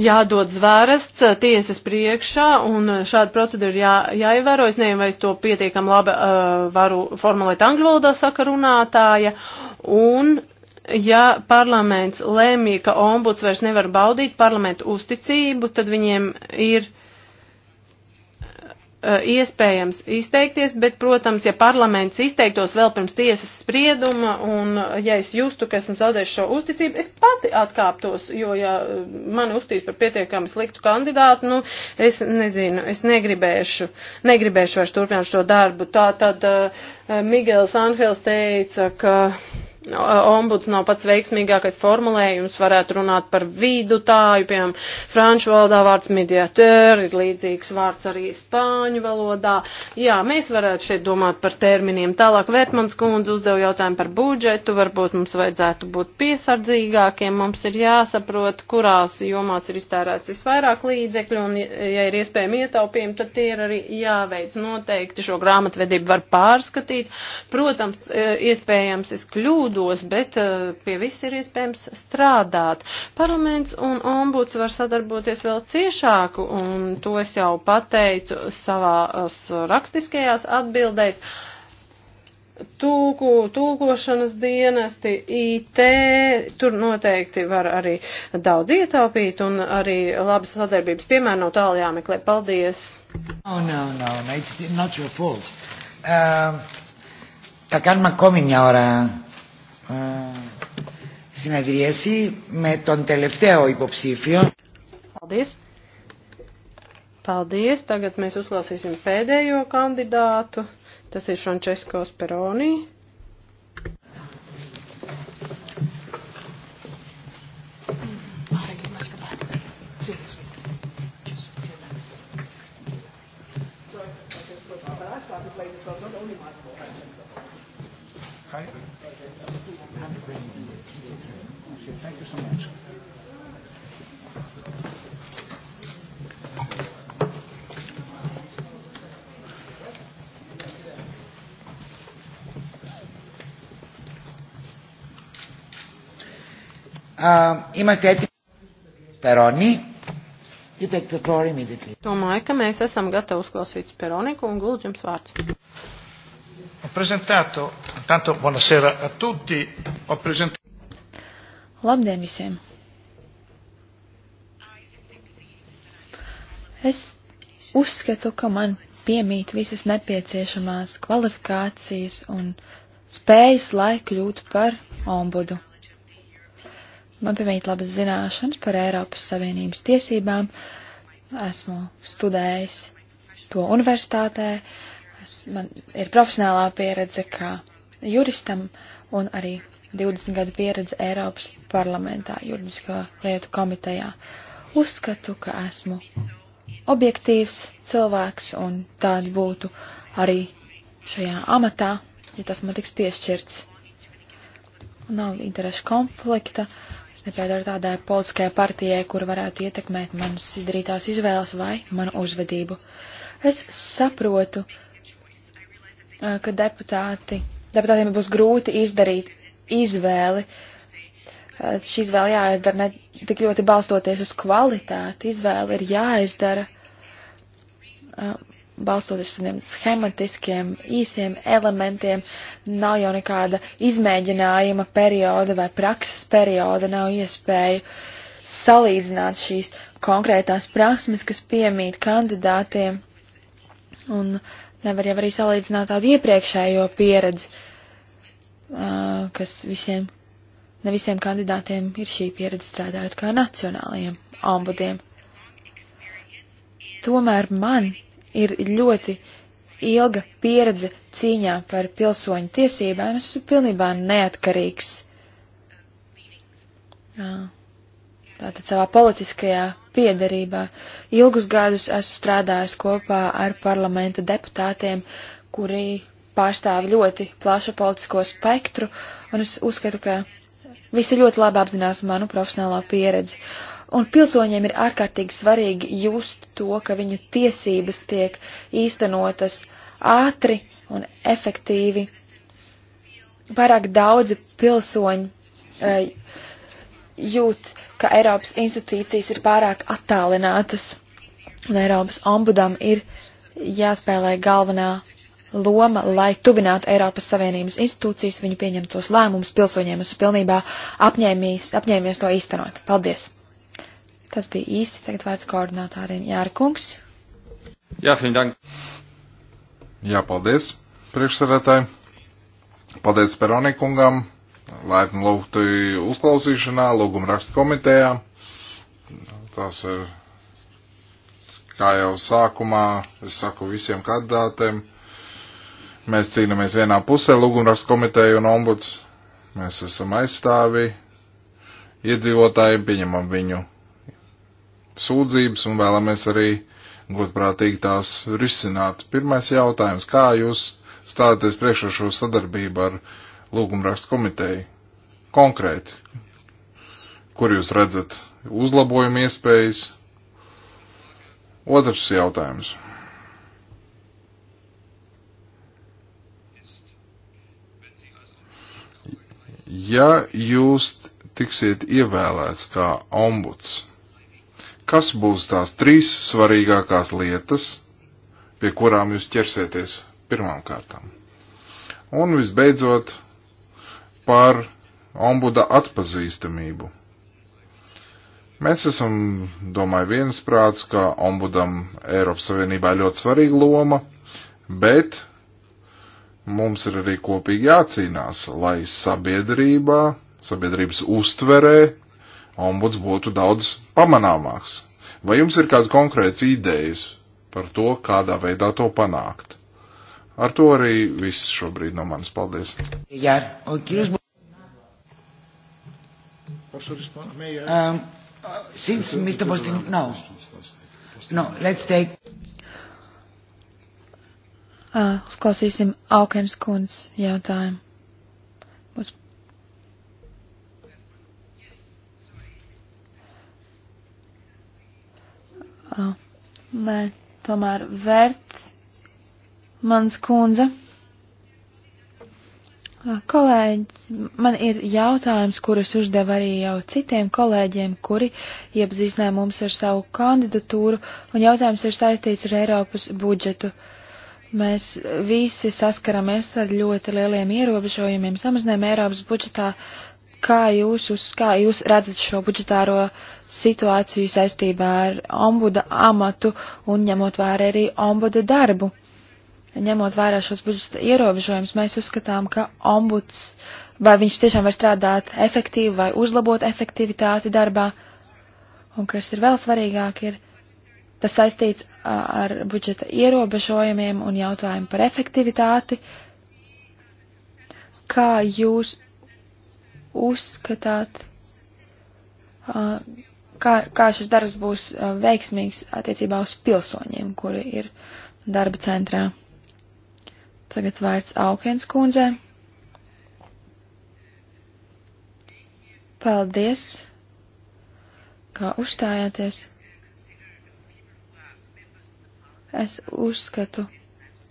jādod zvērsts eh, tiesas priekšā, un eh, šāda procedūra jā, jāievēro. Es nezinu, vai es to pietiekam labi uh, varu formulēt angļu valodā, saka runātāja. Un ja parlaments lēmīja, ka ombuds vairs nevar baudīt parlamentu uzticību, tad viņiem ir Eh, iespējams izteikties, bet, protams, ja parlaments izteiktos vēl pirms tiesas sprieduma un eh, ja es justu, ka esmu zaudējis šo uzticību, es pati atkāptos, jo, ja eh, mani uztīs par pietiekami sliktu kandidātu, nu, es nezinu, es negribēšu, negribēšu vairs turpināt šo darbu. Tā tad uh, Migels Anhels teica, ka. Uh, ombuds nav pats veiksmīgākais formulējums, varētu runāt par vidutāju, piemēram, franču valodā vārds mediateur, ir līdzīgs vārds arī spāņu valodā. Jā, mēs varētu šeit domāt par terminiem. Tālāk Vērtmans kundze uzdeva jautājumu par budžetu, varbūt mums vajadzētu būt piesardzīgākiem, mums ir jāsaprot, kurās jomās ir iztērēts visvairāk līdzekļu, un ja ir iespējami ietaupījumi, tad tie ir arī jāveic noteikti, šo grāmatvedību var pārskatīt. Protams, e, iespējams, es kļūdu, kļūdos, bet eh, pie viss ir iespējams strādāt. Parlaments un ombuds var sadarboties vēl ciešāku, un to es jau pateicu savās rakstiskajās atbildēs. Tūku, tūkošanas dienesti, IT, tur noteikti var arī daudz ietaupīt un arī labas sadarbības piemēra no tālu jāmeklē. Paldies! Oh, no, no, no, it's not your fault. Um... Θα κάνουμε ακόμη μια ώρα συνεδρίαση με τον τελευταίο υποψήφιο. Paldies. Paldies. Tagad mēs uzklausīsim pēdējo kandidātu. Tas ir Francesco Speroni. Um, είμαστε έτοιμοι. Περώνει. You take the floor immediately. Domāju, ka mēs esam gatavi uzklausīt Speroniku un lūdzu jums vārds. Ho presentato, tanto buonasera a tutti, ho presentato... Labdien visiem! Es uzskatu, ka man piemīt visas nepieciešamās kvalifikācijas un spējas, lai kļūtu par ombudu. Man piemīt labas zināšanas par Eiropas Savienības tiesībām. Esmu studējis to universitātē. Es, man ir profesionālā pieredze kā juristam un arī 20 gadu pieredze Eiropas parlamentā, juridiskā lietu komitejā. Uzskatu, ka esmu objektīvs cilvēks un tāds būtu arī šajā amatā, ja tas man tiks piešķirts nav interešu konflikta. Es nepiedaru tādai politiskajai partijai, kur varētu ietekmēt manas izdarītās izvēles vai manu uzvedību. Es saprotu, ka deputāti, deputātiem būs grūti izdarīt izvēli. Šī izvēle jāizdara ne tik ļoti balstoties uz kvalitāti, izvēle ir jāizdara balstoties uz tādiem schematiskiem, īsiem elementiem, nav jau nekāda izmēģinājuma perioda vai prakses perioda, nav iespēju salīdzināt šīs konkrētās prasmes, kas piemīt kandidātiem, un nevar jau arī salīdzināt tādu iepriekšējo pieredzi, kas visiem, ne visiem kandidātiem ir šī pieredze strādājot kā nacionālajiem ombudiem. Tomēr man ir ļoti ilga pieredze cīņā par pilsoņu tiesībām. Es esmu pilnībā neatkarīgs. Tātad savā politiskajā piedarībā ilgus gadus esmu strādājis kopā ar parlamenta deputātiem, kuri pārstāv ļoti plašu politisko spektru, un es uzskatu, ka visi ļoti labi apzinās manu profesionālo pieredzi. Un pilsoņiem ir ārkārtīgi svarīgi just to, ka viņu tiesības tiek īstenotas ātri un efektīvi. Pārāk daudzi pilsoņi e, jūt, ka Eiropas institūcijas ir pārāk attālinātas, un Eiropas ombudam ir jāspēlē galvenā loma, lai tuvinātu Eiropas Savienības institūcijas viņu pieņemtos lēmumus pilsoņiem. Es pilnībā apņēmies, apņēmies to īstenot. Paldies! Tas bija īsti tagad vārds koordinātāriem Jārkungs. Jā, Findank. Jā, paldies, priekšsarētāji. Paldies Peronikungam, laipni lūgtu uzklausīšanā, lūguma rakstu komitejā. Tas ir, kā jau sākumā, es saku visiem kandidātiem, mēs cīnāmies vienā pusē, lūguma rakstu komiteja un ombuds. Mēs esam aizstāvi iedzīvotājiem, pieņemam viņu sūdzības un vēlamies arī godprātīgi tās risināt. Pirmais jautājums, kā jūs stāties priekšā šo sadarbību ar lūgumrakstu komiteju? Konkrēti, kur jūs redzat uzlabojumu iespējas? Otrs jautājums. Ja jūs tiksiet ievēlēts kā ombuds, Kas būs tās trīs svarīgākās lietas, pie kurām jūs ķersieties pirmām kārtām? Un visbeidzot, par ombuda atpazīstamību. Mēs esam, domāju, viensprāts, ka ombudam Eiropas Savienībā ļoti svarīga loma, bet mums ir arī kopīgi jācīnās, lai sabiedrībā, sabiedrības uztverē ombuds būtu daudz pamanāmāks. Vai jums ir kāds konkrēts idejas par to, kādā veidā to panākt? Ar to arī viss šobrīd no manis. Paldies. Jā, un Kirus. Eh? Um, uh, since Mr. Bostin, no. No, let's take. Uh, uzklausīsim Aukens kundzes jautājumu. kā. Nē, tomēr vērt mans kundze. Kolēģi, man ir jautājums, kurus uzdev arī jau citiem kolēģiem, kuri iepazīstināja mums ar savu kandidatūru, un jautājums ir saistīts ar Eiropas budžetu. Mēs visi saskaramies ar ļoti lieliem ierobežojumiem, samazinājumiem Eiropas budžetā, kā jūs, uz, kā jūs redzat šo budžetāro situāciju saistībā ar ombuda amatu un ņemot vērā arī ombuda darbu? Ņemot vērā šos budžeta ierobežojumus, mēs uzskatām, ka ombuds, vai viņš tiešām var strādāt efektīvi vai uzlabot efektivitāti darbā, un kas ir vēl svarīgāk, ir tas saistīts ar budžeta ierobežojumiem un jautājumu par efektivitāti. Kā jūs uzskatāt, kā, kā šis darbs būs veiksmīgs attiecībā uz pilsoņiem, kuri ir darba centrā. Tagad vārds Aukens kundzē. Paldies, kā uzstājāties. Es uzskatu,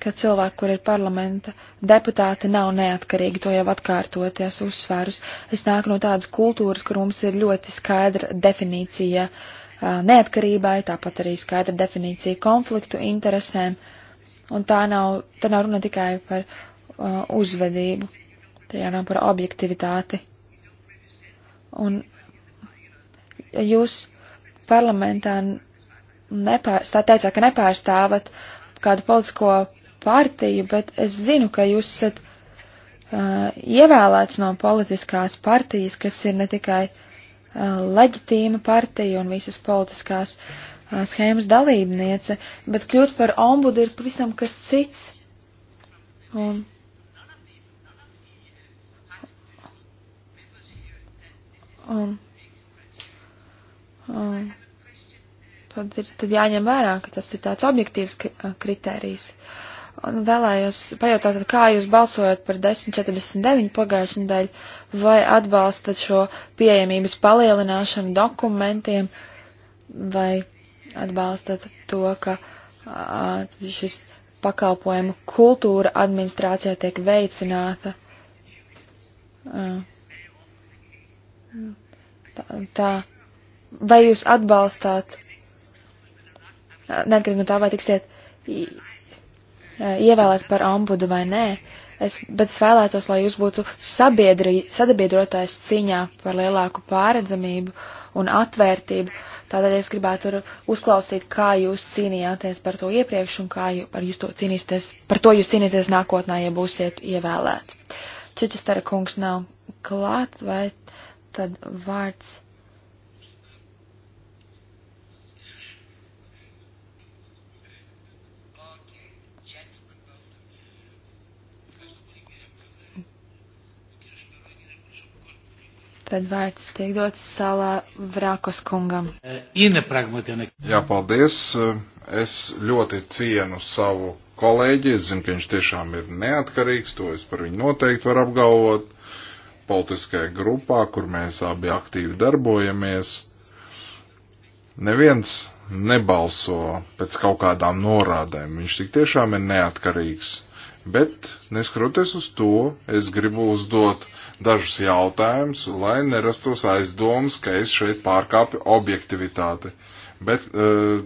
ka cilvēki, kur ir parlamenta deputāti, nav neatkarīgi, to jau atkārtoties uzsvērus. Es nāku no tādas kultūras, kur mums ir ļoti skaidra definīcija uh, neatkarībai, tāpat arī skaidra definīcija konfliktu interesēm, un tā nav, tā nav runa tikai par uh, uzvedību, tā jārunā par objektivitāti. Un jūs parlamentā nepār, tā teicāt, ka nepārstāvat kādu politisko partiju, bet es zinu, ka jūs esat uh, ievēlēts no politiskās partijas, kas ir ne tikai uh, leģitīma partija un visas politiskās uh, schēmas dalībniece, bet kļūt par ombudu ir pavisam kas cits. Un Un, un tad ir tad jāņem vērā, ka tas ir tāds objektīvs kritērijs. Uh, Un vēlējos pajautāt, kā jūs balsojat par 1049 pagājušajā nedēļu, vai atbalstat šo pieejamības palielināšanu dokumentiem, vai atbalstat to, ka a, šis pakalpojumu kultūra administrācijā tiek veicināta. A, tā, vai jūs atbalstāt, neatkarīgi no tā, vai tiksiet Eh, ievēlēt par ombudu vai nē, es, bet es vēlētos, lai jūs būtu sabiedri, sadabiedrotājs cīņā par lielāku pāredzamību un atvērtību. Tādēļ es gribētu uzklausīt, kā jūs cīnījāties par to iepriekš un kā jūs, jūs to cīnīsieties, par to jūs cīnīsieties nākotnē, ja būsiet ievēlēti. Čičestara kungs nav klāt, vai tad vārds Tad vārds tiek dots salā Vrākos kungam. Eh, Jā, paldies. Es ļoti cienu savu kolēģi. Es zinu, ka viņš tiešām ir neatkarīgs. To es par viņu noteikti varu apgalvot. Politiskajā grupā, kur mēs abi aktīvi darbojamies, neviens nebalso pēc kaut kādām norādēm. Viņš tik tiešām ir neatkarīgs. Bet, neskroties uz to, es gribu uzdot dažus jautājumus, lai nerastos aizdomas, ka es šeit pārkāpju objektivitāti. Bet uh,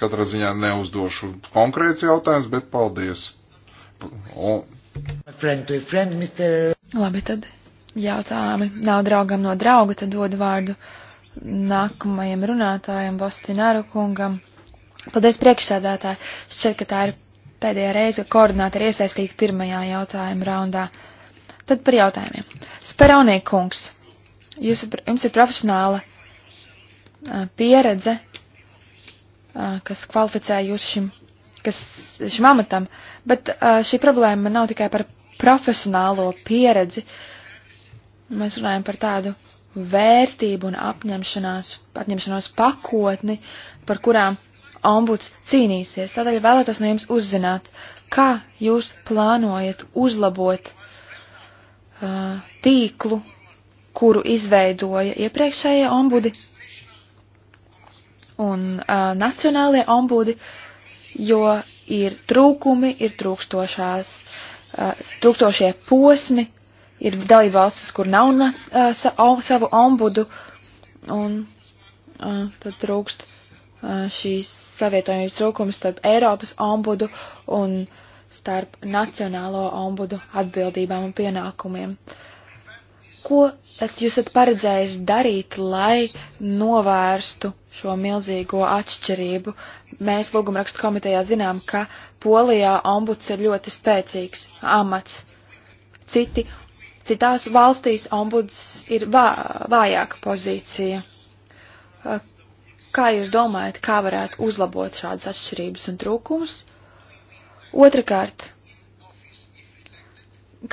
katrā ziņā neuzdošu konkrēts jautājums, bet paldies. O... Friend to friend, mister. Labi, tad jautājumi nav draugam no drauga, tad dodu vārdu nākamajam runātājam, Bostināru kungam. Paldies priekšsādātāji. Šķiet, ka tā ir pēdējā reize, ka koordinātori iesaistīti pirmajā jautājuma raundā. Uh, Tad par jautājumiem. Speronī kungs, jūs, jums ir profesionāla uh, pieredze, uh, kas kvalificē jūs šim, kas, šim amatam, bet uh, šī problēma nav tikai par profesionālo pieredzi. Mēs runājam par tādu vērtību un apņemšanās, apņemšanos pakotni, par kurām ombuds cīnīsies. Tādēļ vēlētos no jums uzzināt, kā jūs plānojat uzlabot uh, tīklu, kuru izveidoja iepriekšējie ombudi un uh, nacionālie ombudi, jo ir trūkumi, ir trūkstošās, uh, trūkstošie posmi, ir dalībvalstis, kur nav uh, sa, o, savu ombudu, un uh, tad trūkst uh, šīs savietojums trūkums starp Eiropas ombudu un uh, starp nacionālo ombudu atbildībām un pienākumiem. Ko es jūs esat paredzējis darīt, lai novērstu šo milzīgo atšķirību? Mēs lūgumrakstu komitejā zinām, ka Polijā ombuds ir ļoti spēcīgs amats. Citi, citās valstīs ombuds ir vā, vājāka pozīcija. Kā jūs domājat, kā varētu uzlabot šādas atšķirības un trūkumus? Otrakārt,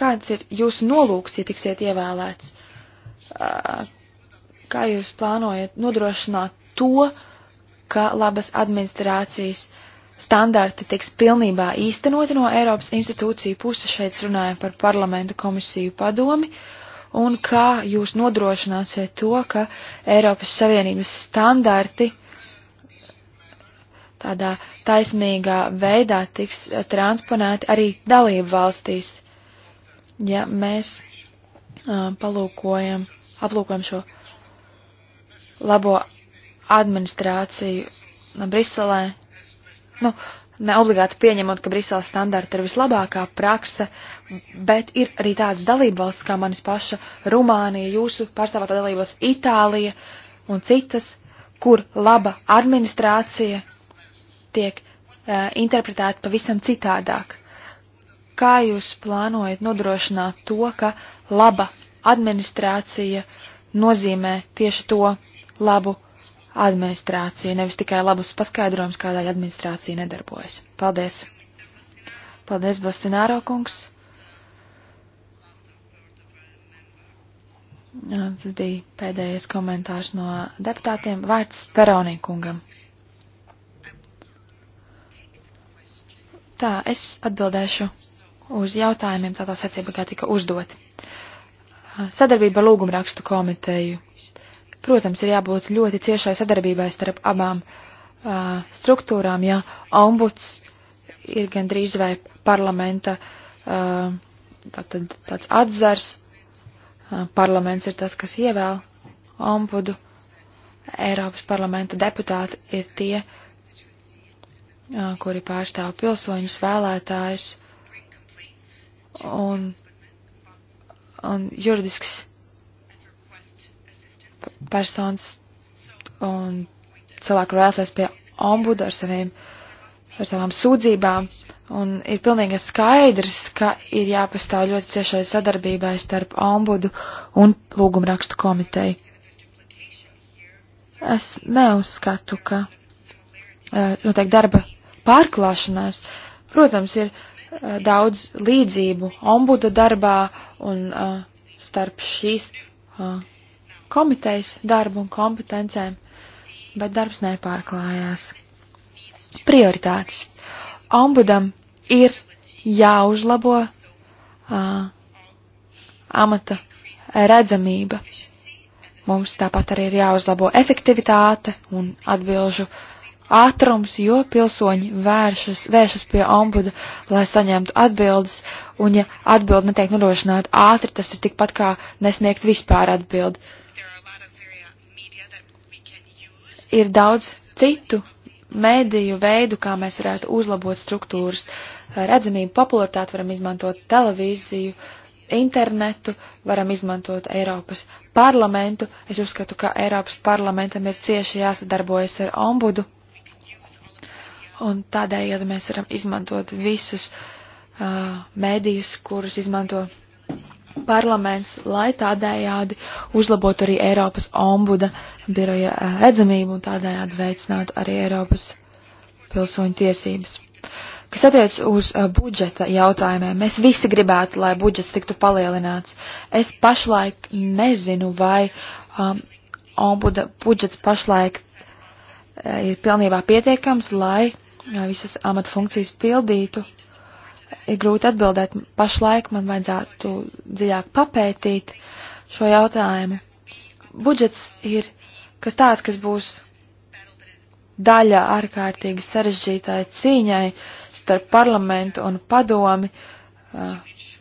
kāds ir jūsu nolūks, ja tiksiet ievēlēts? Kā jūs plānojat nodrošināt to, ka labas administrācijas standarti tiks pilnībā īstenoti no Eiropas institūciju puses, šeit runājam par parlamentu komisiju padomi, un kā jūs nodrošināsiet to, ka Eiropas Savienības standarti uh, tādā taisnīgā veidā tiks transponēti arī dalību valstīs. Ja mēs uh, palūkojam, aplūkojam šo labo administrāciju Briselē, nu, ne obligāti pieņemot, ka Briseles standarta ir vislabākā prakse, bet ir arī tādas dalībvalsts kā manis paša Rumānija, jūsu pārstāvotā dalībvalsts Itālija un citas, kur laba administrācija tiek uh, eh, interpretēti pavisam citādāk. Kā jūs plānojat nodrošināt to, ka laba administrācija nozīmē tieši to labu administrāciju, nevis tikai labus paskaidrojums, kādēļ administrācija nedarbojas? Paldies! Paldies, Bostināro kungs! Tas bija pēdējais komentārs no deputātiem. Vārds Peronī kungam. Tā, es atbildēšu uz jautājumiem tādā secībā, kā tika uzdot. Sadarbība ar lūgumrakstu komiteju. Protams, ir jābūt ļoti ciešai sadarbībai starp abām uh, struktūrām, ja ombuds ir gandrīz vai parlamenta uh, tātad, tāds atzars. Uh, parlaments ir tas, kas ievēl ombudu. Eiropas parlamenta deputāti ir tie, uh, kuri pārstāv pilsoņus, vēlētājus un, un juridisks personas un cilvēku vēlēsies pie ombuda ar, saviem, ar savām sūdzībām. Un ir pilnīgi skaidrs, ka ir jāpastāv ļoti ciešai sadarbībai starp ombudu un lūgumrakstu komiteju. Es neuzskatu, ka noteikti darba pārklāšanās. Protams, ir uh, daudz līdzību ombuda darbā un uh, starp šīs uh, komitejas darbu un kompetencēm, bet darbs nepārklājās. Prioritātes. Ombudam ir jāuzlabo uh, amata redzamība. Mums tāpat arī ir jāuzlabo efektivitāte un atbilžu uh, ātrums, jo pilsoņi vēršas, vēršas pie ombuda, lai saņemtu atbildes, un ja atbildi netiek nodrošināta ātri, tas ir tikpat kā nesniegt vispār atbildi. Ir daudz citu mēdīju veidu, kā mēs varētu uzlabot struktūras redzamību, popularitāti, varam izmantot televīziju, internetu, varam izmantot Eiropas parlamentu. Es uzskatu, ka Eiropas parlamentam ir cieši jāsadarbojas ar ombudu Un tādējādi mēs varam izmantot visus uh, mēdījus, kurus izmanto parlaments, lai tādējādi uzlabotu arī Eiropas ombuda biroja uh, redzamību un tādējādi veicinātu arī Eiropas pilsoņu tiesības. Kas attiec uz uh, budžeta jautājumiem, mēs visi gribētu, lai budžets tiktu palielināts. Es pašlaik nezinu, vai um, ombuda budžets pašlaik uh, ir pilnībā pietiekams, lai visas amatfunkcijas pildītu. Ir grūti atbildēt, pašlaik man vajadzētu dziļāk papētīt šo jautājumu. Budžets ir kas tāds, kas būs daļa ārkārtīgi sarežģītāji cīņai starp parlamentu un padomi,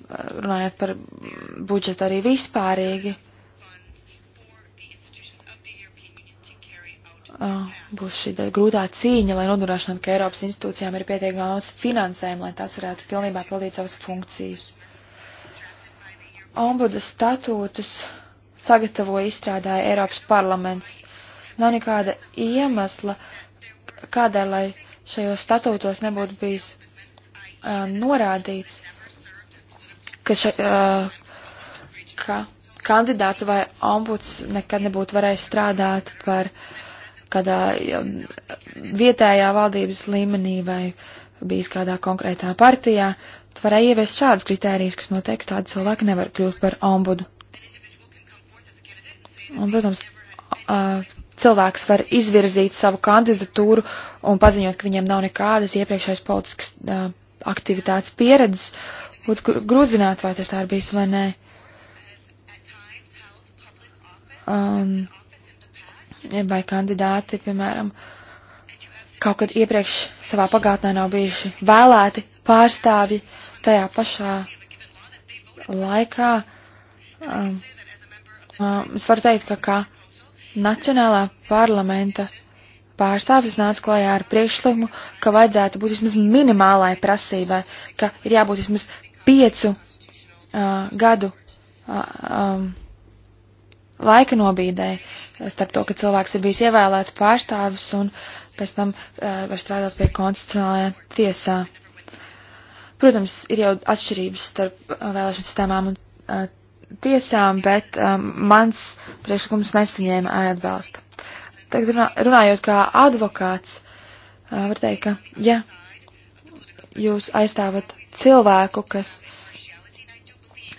runājot par budžetu arī vispārīgi. būs šī grūtā cīņa, lai nodrošinātu, ka Eiropas institūcijām ir pietiekami daudz finansējumu, lai tās varētu pilnībā pildīt savas funkcijas. Ombuda statūtus sagatavoja izstrādāja Eiropas parlaments. Nav nekāda iemesla, kādēļ, lai šajos statūtos nebūtu bijis uh, norādīts, ka, še, uh, ka kandidāts vai ombuds nekad nebūtu varējis strādāt par uh, kādā um, vietējā valdības līmenī vai bijis kādā konkrētā partijā, varēja ieviest šādus kritērijus, kas noteikti tādi cilvēki nevar kļūt par ombudu. Un, protams, cilvēks var izvirzīt savu kandidatūru un paziņot, ka viņam nav nekādas iepriekšējas politiskas aktivitātes pieredzes, būtu grūti zināt, vai tas tā ir bijis vai nē. Un, vai kandidāti, piemēram, kaut kad iepriekš savā pagātnē nav bijuši vēlēti pārstāvji tajā pašā laikā. Um, um, es varu teikt, ka kā Nacionālā parlamenta pārstāvis nāca klajā ar priekšlikumu, ka vajadzētu būt vismaz minimālai prasībai, ka ir jābūt vismaz piecu uh, gadu. Uh, um, laika nobīdē, starp to, ka cilvēks ir bijis ievēlēts pārstāvis un pēc tam uh, var strādāt pie konstitucionālajā tiesā. Protams, ir jau atšķirības starp eh, vēlēšanu sistēmām un uh, tiesām, bet um, mans priekšlikums nesaņēma atbalstu. Tagad runā, runājot kā advokāts, uh, var teikt, ka ja jūs aizstāvat cilvēku, kas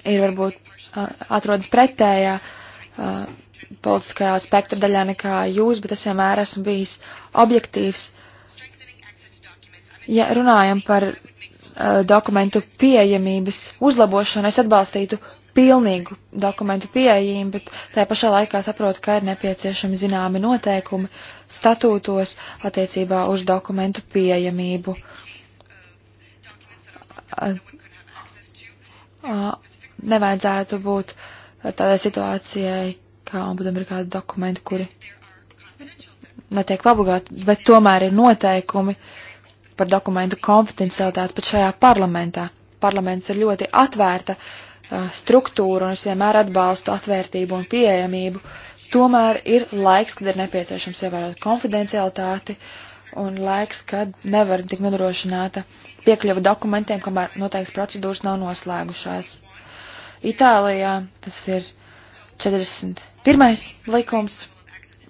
ir varbūt atrodas pretējā uh, uh, politiskajā spektra daļā nekā jūs, bet es vienmēr esmu bijis objektīvs. Ja runājam par uh, dokumentu pieejamības uzlabošanu, es atbalstītu pilnīgu dokumentu pieejamību, bet tajā pašā laikā saprotu, ka ir nepieciešami zināmi noteikumi statūtos attiecībā uz dokumentu pieejamību. Uh, uh, nevajadzētu būt uh, tādai situācijai, kā būtam ir kādi dokumenti, kuri netiek pabugāti, bet tomēr ir noteikumi par dokumentu konfidencialitāti pat šajā parlamentā. Parlaments ir ļoti atvērta uh, struktūra un es vienmēr atbalstu atvērtību un pieejamību. Tomēr ir laiks, kad ir nepieciešams ievērot konfidencialitāti un laiks, kad nevar tik nodrošināta piekļuva dokumentiem, kamēr noteikts procedūras nav noslēgušās. Itālijā tas ir 41. likums,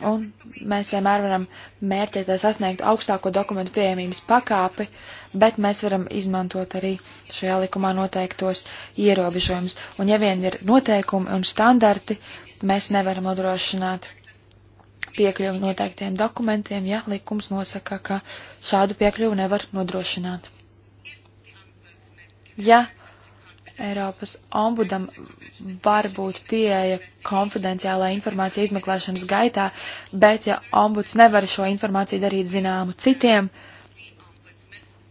un mēs vienmēr varam mērķēt, lai sasniegtu augstāko dokumentu pieejamības pakāpi, bet mēs varam izmantot arī šajā likumā noteiktos ierobežojumus. Un ja vien ir noteikumi un standarti, mēs nevaram nodrošināt piekļuvi noteiktiem dokumentiem, ja likums nosaka, ka šādu piekļuvi nevar nodrošināt. Ja Eiropas ombudam var būt pieeja konfidenciālai informācija izmeklēšanas gaitā, bet ja ombuds nevar šo informāciju darīt zināmu citiem,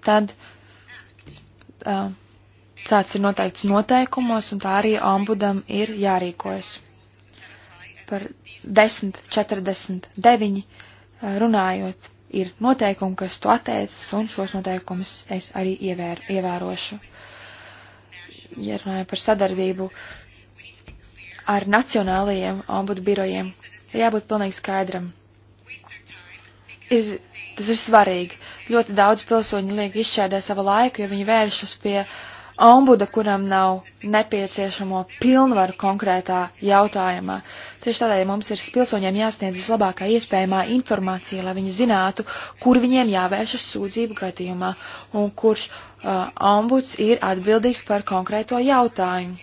tad uh, tāds ir noteikts noteikumos, un tā arī ombudam ir jārīkojas. Par 10.49 runājot, ir noteikumi, kas to atteic, un šos noteikumus es arī ievēr, ievērošu. Uh, ja runājam par sadarbību ar nacionālajiem ombudu birojiem, ir jābūt pilnīgi skaidram. Ir, tas ir svarīgi. Ļoti daudz pilsoņu liek izšķērdē savu laiku, jo viņi vēršas pie uh, ombuda, kuram nav nepieciešamo pilnvaru konkrētā jautājumā. Tieši tādēļ mums ir pilsoņiem jāsniedz vislabākā iespējamā informācija, lai viņi zinātu, kur viņiem jāvēršas sūdzību gadījumā un kurš uh, ombuds ir atbildīgs par konkrēto jautājumu,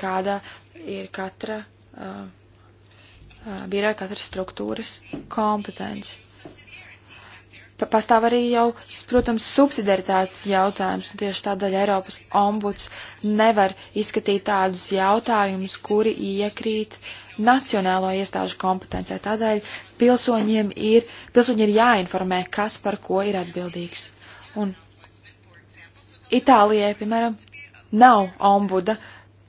kāda ir katra uh, uh, biroja, katras struktūras kompetence pastāv arī jau, protams, subsidiaritātes jautājums, un tieši tādēļ Eiropas ombuds nevar izskatīt tādus jautājumus, kuri iekrīt nacionālo iestāžu kompetencē. Tādēļ pilsoņiem ir, pilsoņi ir jāinformē, kas par ko ir atbildīgs. Un Itālijai, piemēram, nav ombuda,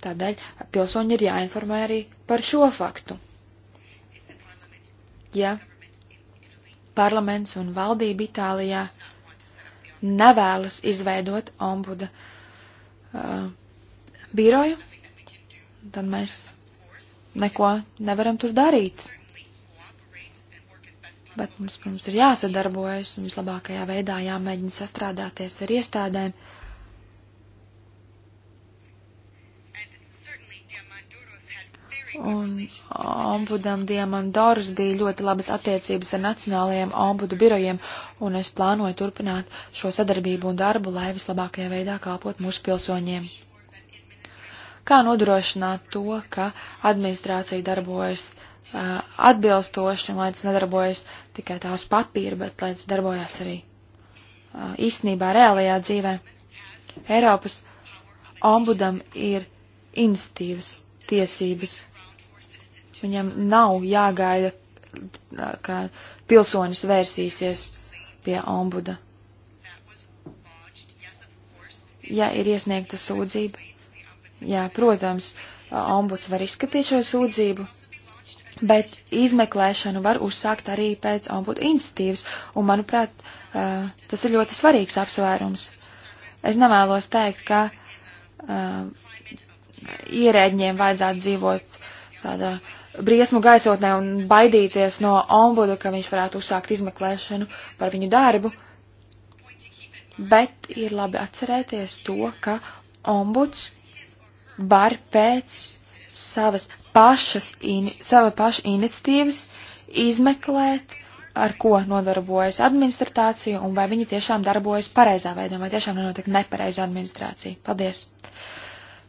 tādēļ pilsoņi ir jāinformē arī par šo faktu. Yeah. Ja parlaments un valdība Itālijā nevēlas izveidot ombuda uh, biroju, tad mēs neko nevaram tur darīt. Bet mums, mums ir jāsadarbojas un vislabākajā veidā jāmēģina sastrādāties ar iestādēm, uh, Un ombudam Diamandorus bija ļoti labas attiecības ar nacionālajiem ombudu birojiem, un es plānoju turpināt šo sadarbību un darbu, lai vislabākajā veidā kalpot mūsu pilsoņiem. Kā nodrošināt to, ka administrācija darbojas uh, atbilstoši, un lai tas nedarbojas tikai tā uz papīra, bet lai tas darbojas arī uh, īstenībā reālajā dzīvē? Eiropas ombudam ir institīvas tiesības Viņam nav jāgaida, ka pilsonis vērsīsies pie ombuda. Ja ir iesniegta sūdzība, jā, protams, ombuds var izskatīt šo sūdzību, bet izmeklēšanu var uzsākt arī pēc ombudu institīvas, un, manuprāt, tas ir ļoti svarīgs apsvērums. Es nevēlos teikt, ka uh, ierēģiem vajadzētu dzīvot tādā uh, briesmu gaisotnē un baidīties no ombuda, ka viņš varētu uzsākt izmeklēšanu par viņu darbu. Bet ir labi atcerēties to, ka ombuds var pēc savas pašas, in, sava paša iniciatīvas izmeklēt, ar ko nodarbojas administrācija un vai viņi tiešām darbojas pareizā veidā, vai tiešām nenotiek nepareiza administrācija. Paldies!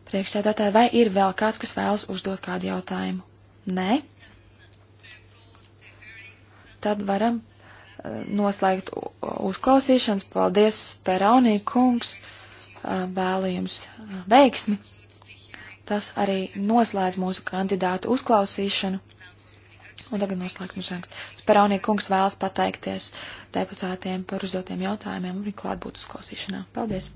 Priekšsēdētāji, vai ir vēl kāds, kas vēlas uzdot kādu jautājumu? Nē? Tad varam eh, noslēgt uzklausīšanas. Paldies, Peraunī kungs, eh, vēlu jums eh, veiksmi. Tas arī noslēdz mūsu kandidātu uzklausīšanu. Un tagad noslēgsim sarakstu. Speraunī kungs vēlas pateikties deputātiem par uzdotiem jautājumiem un klātbūt uzklausīšanā. Paldies!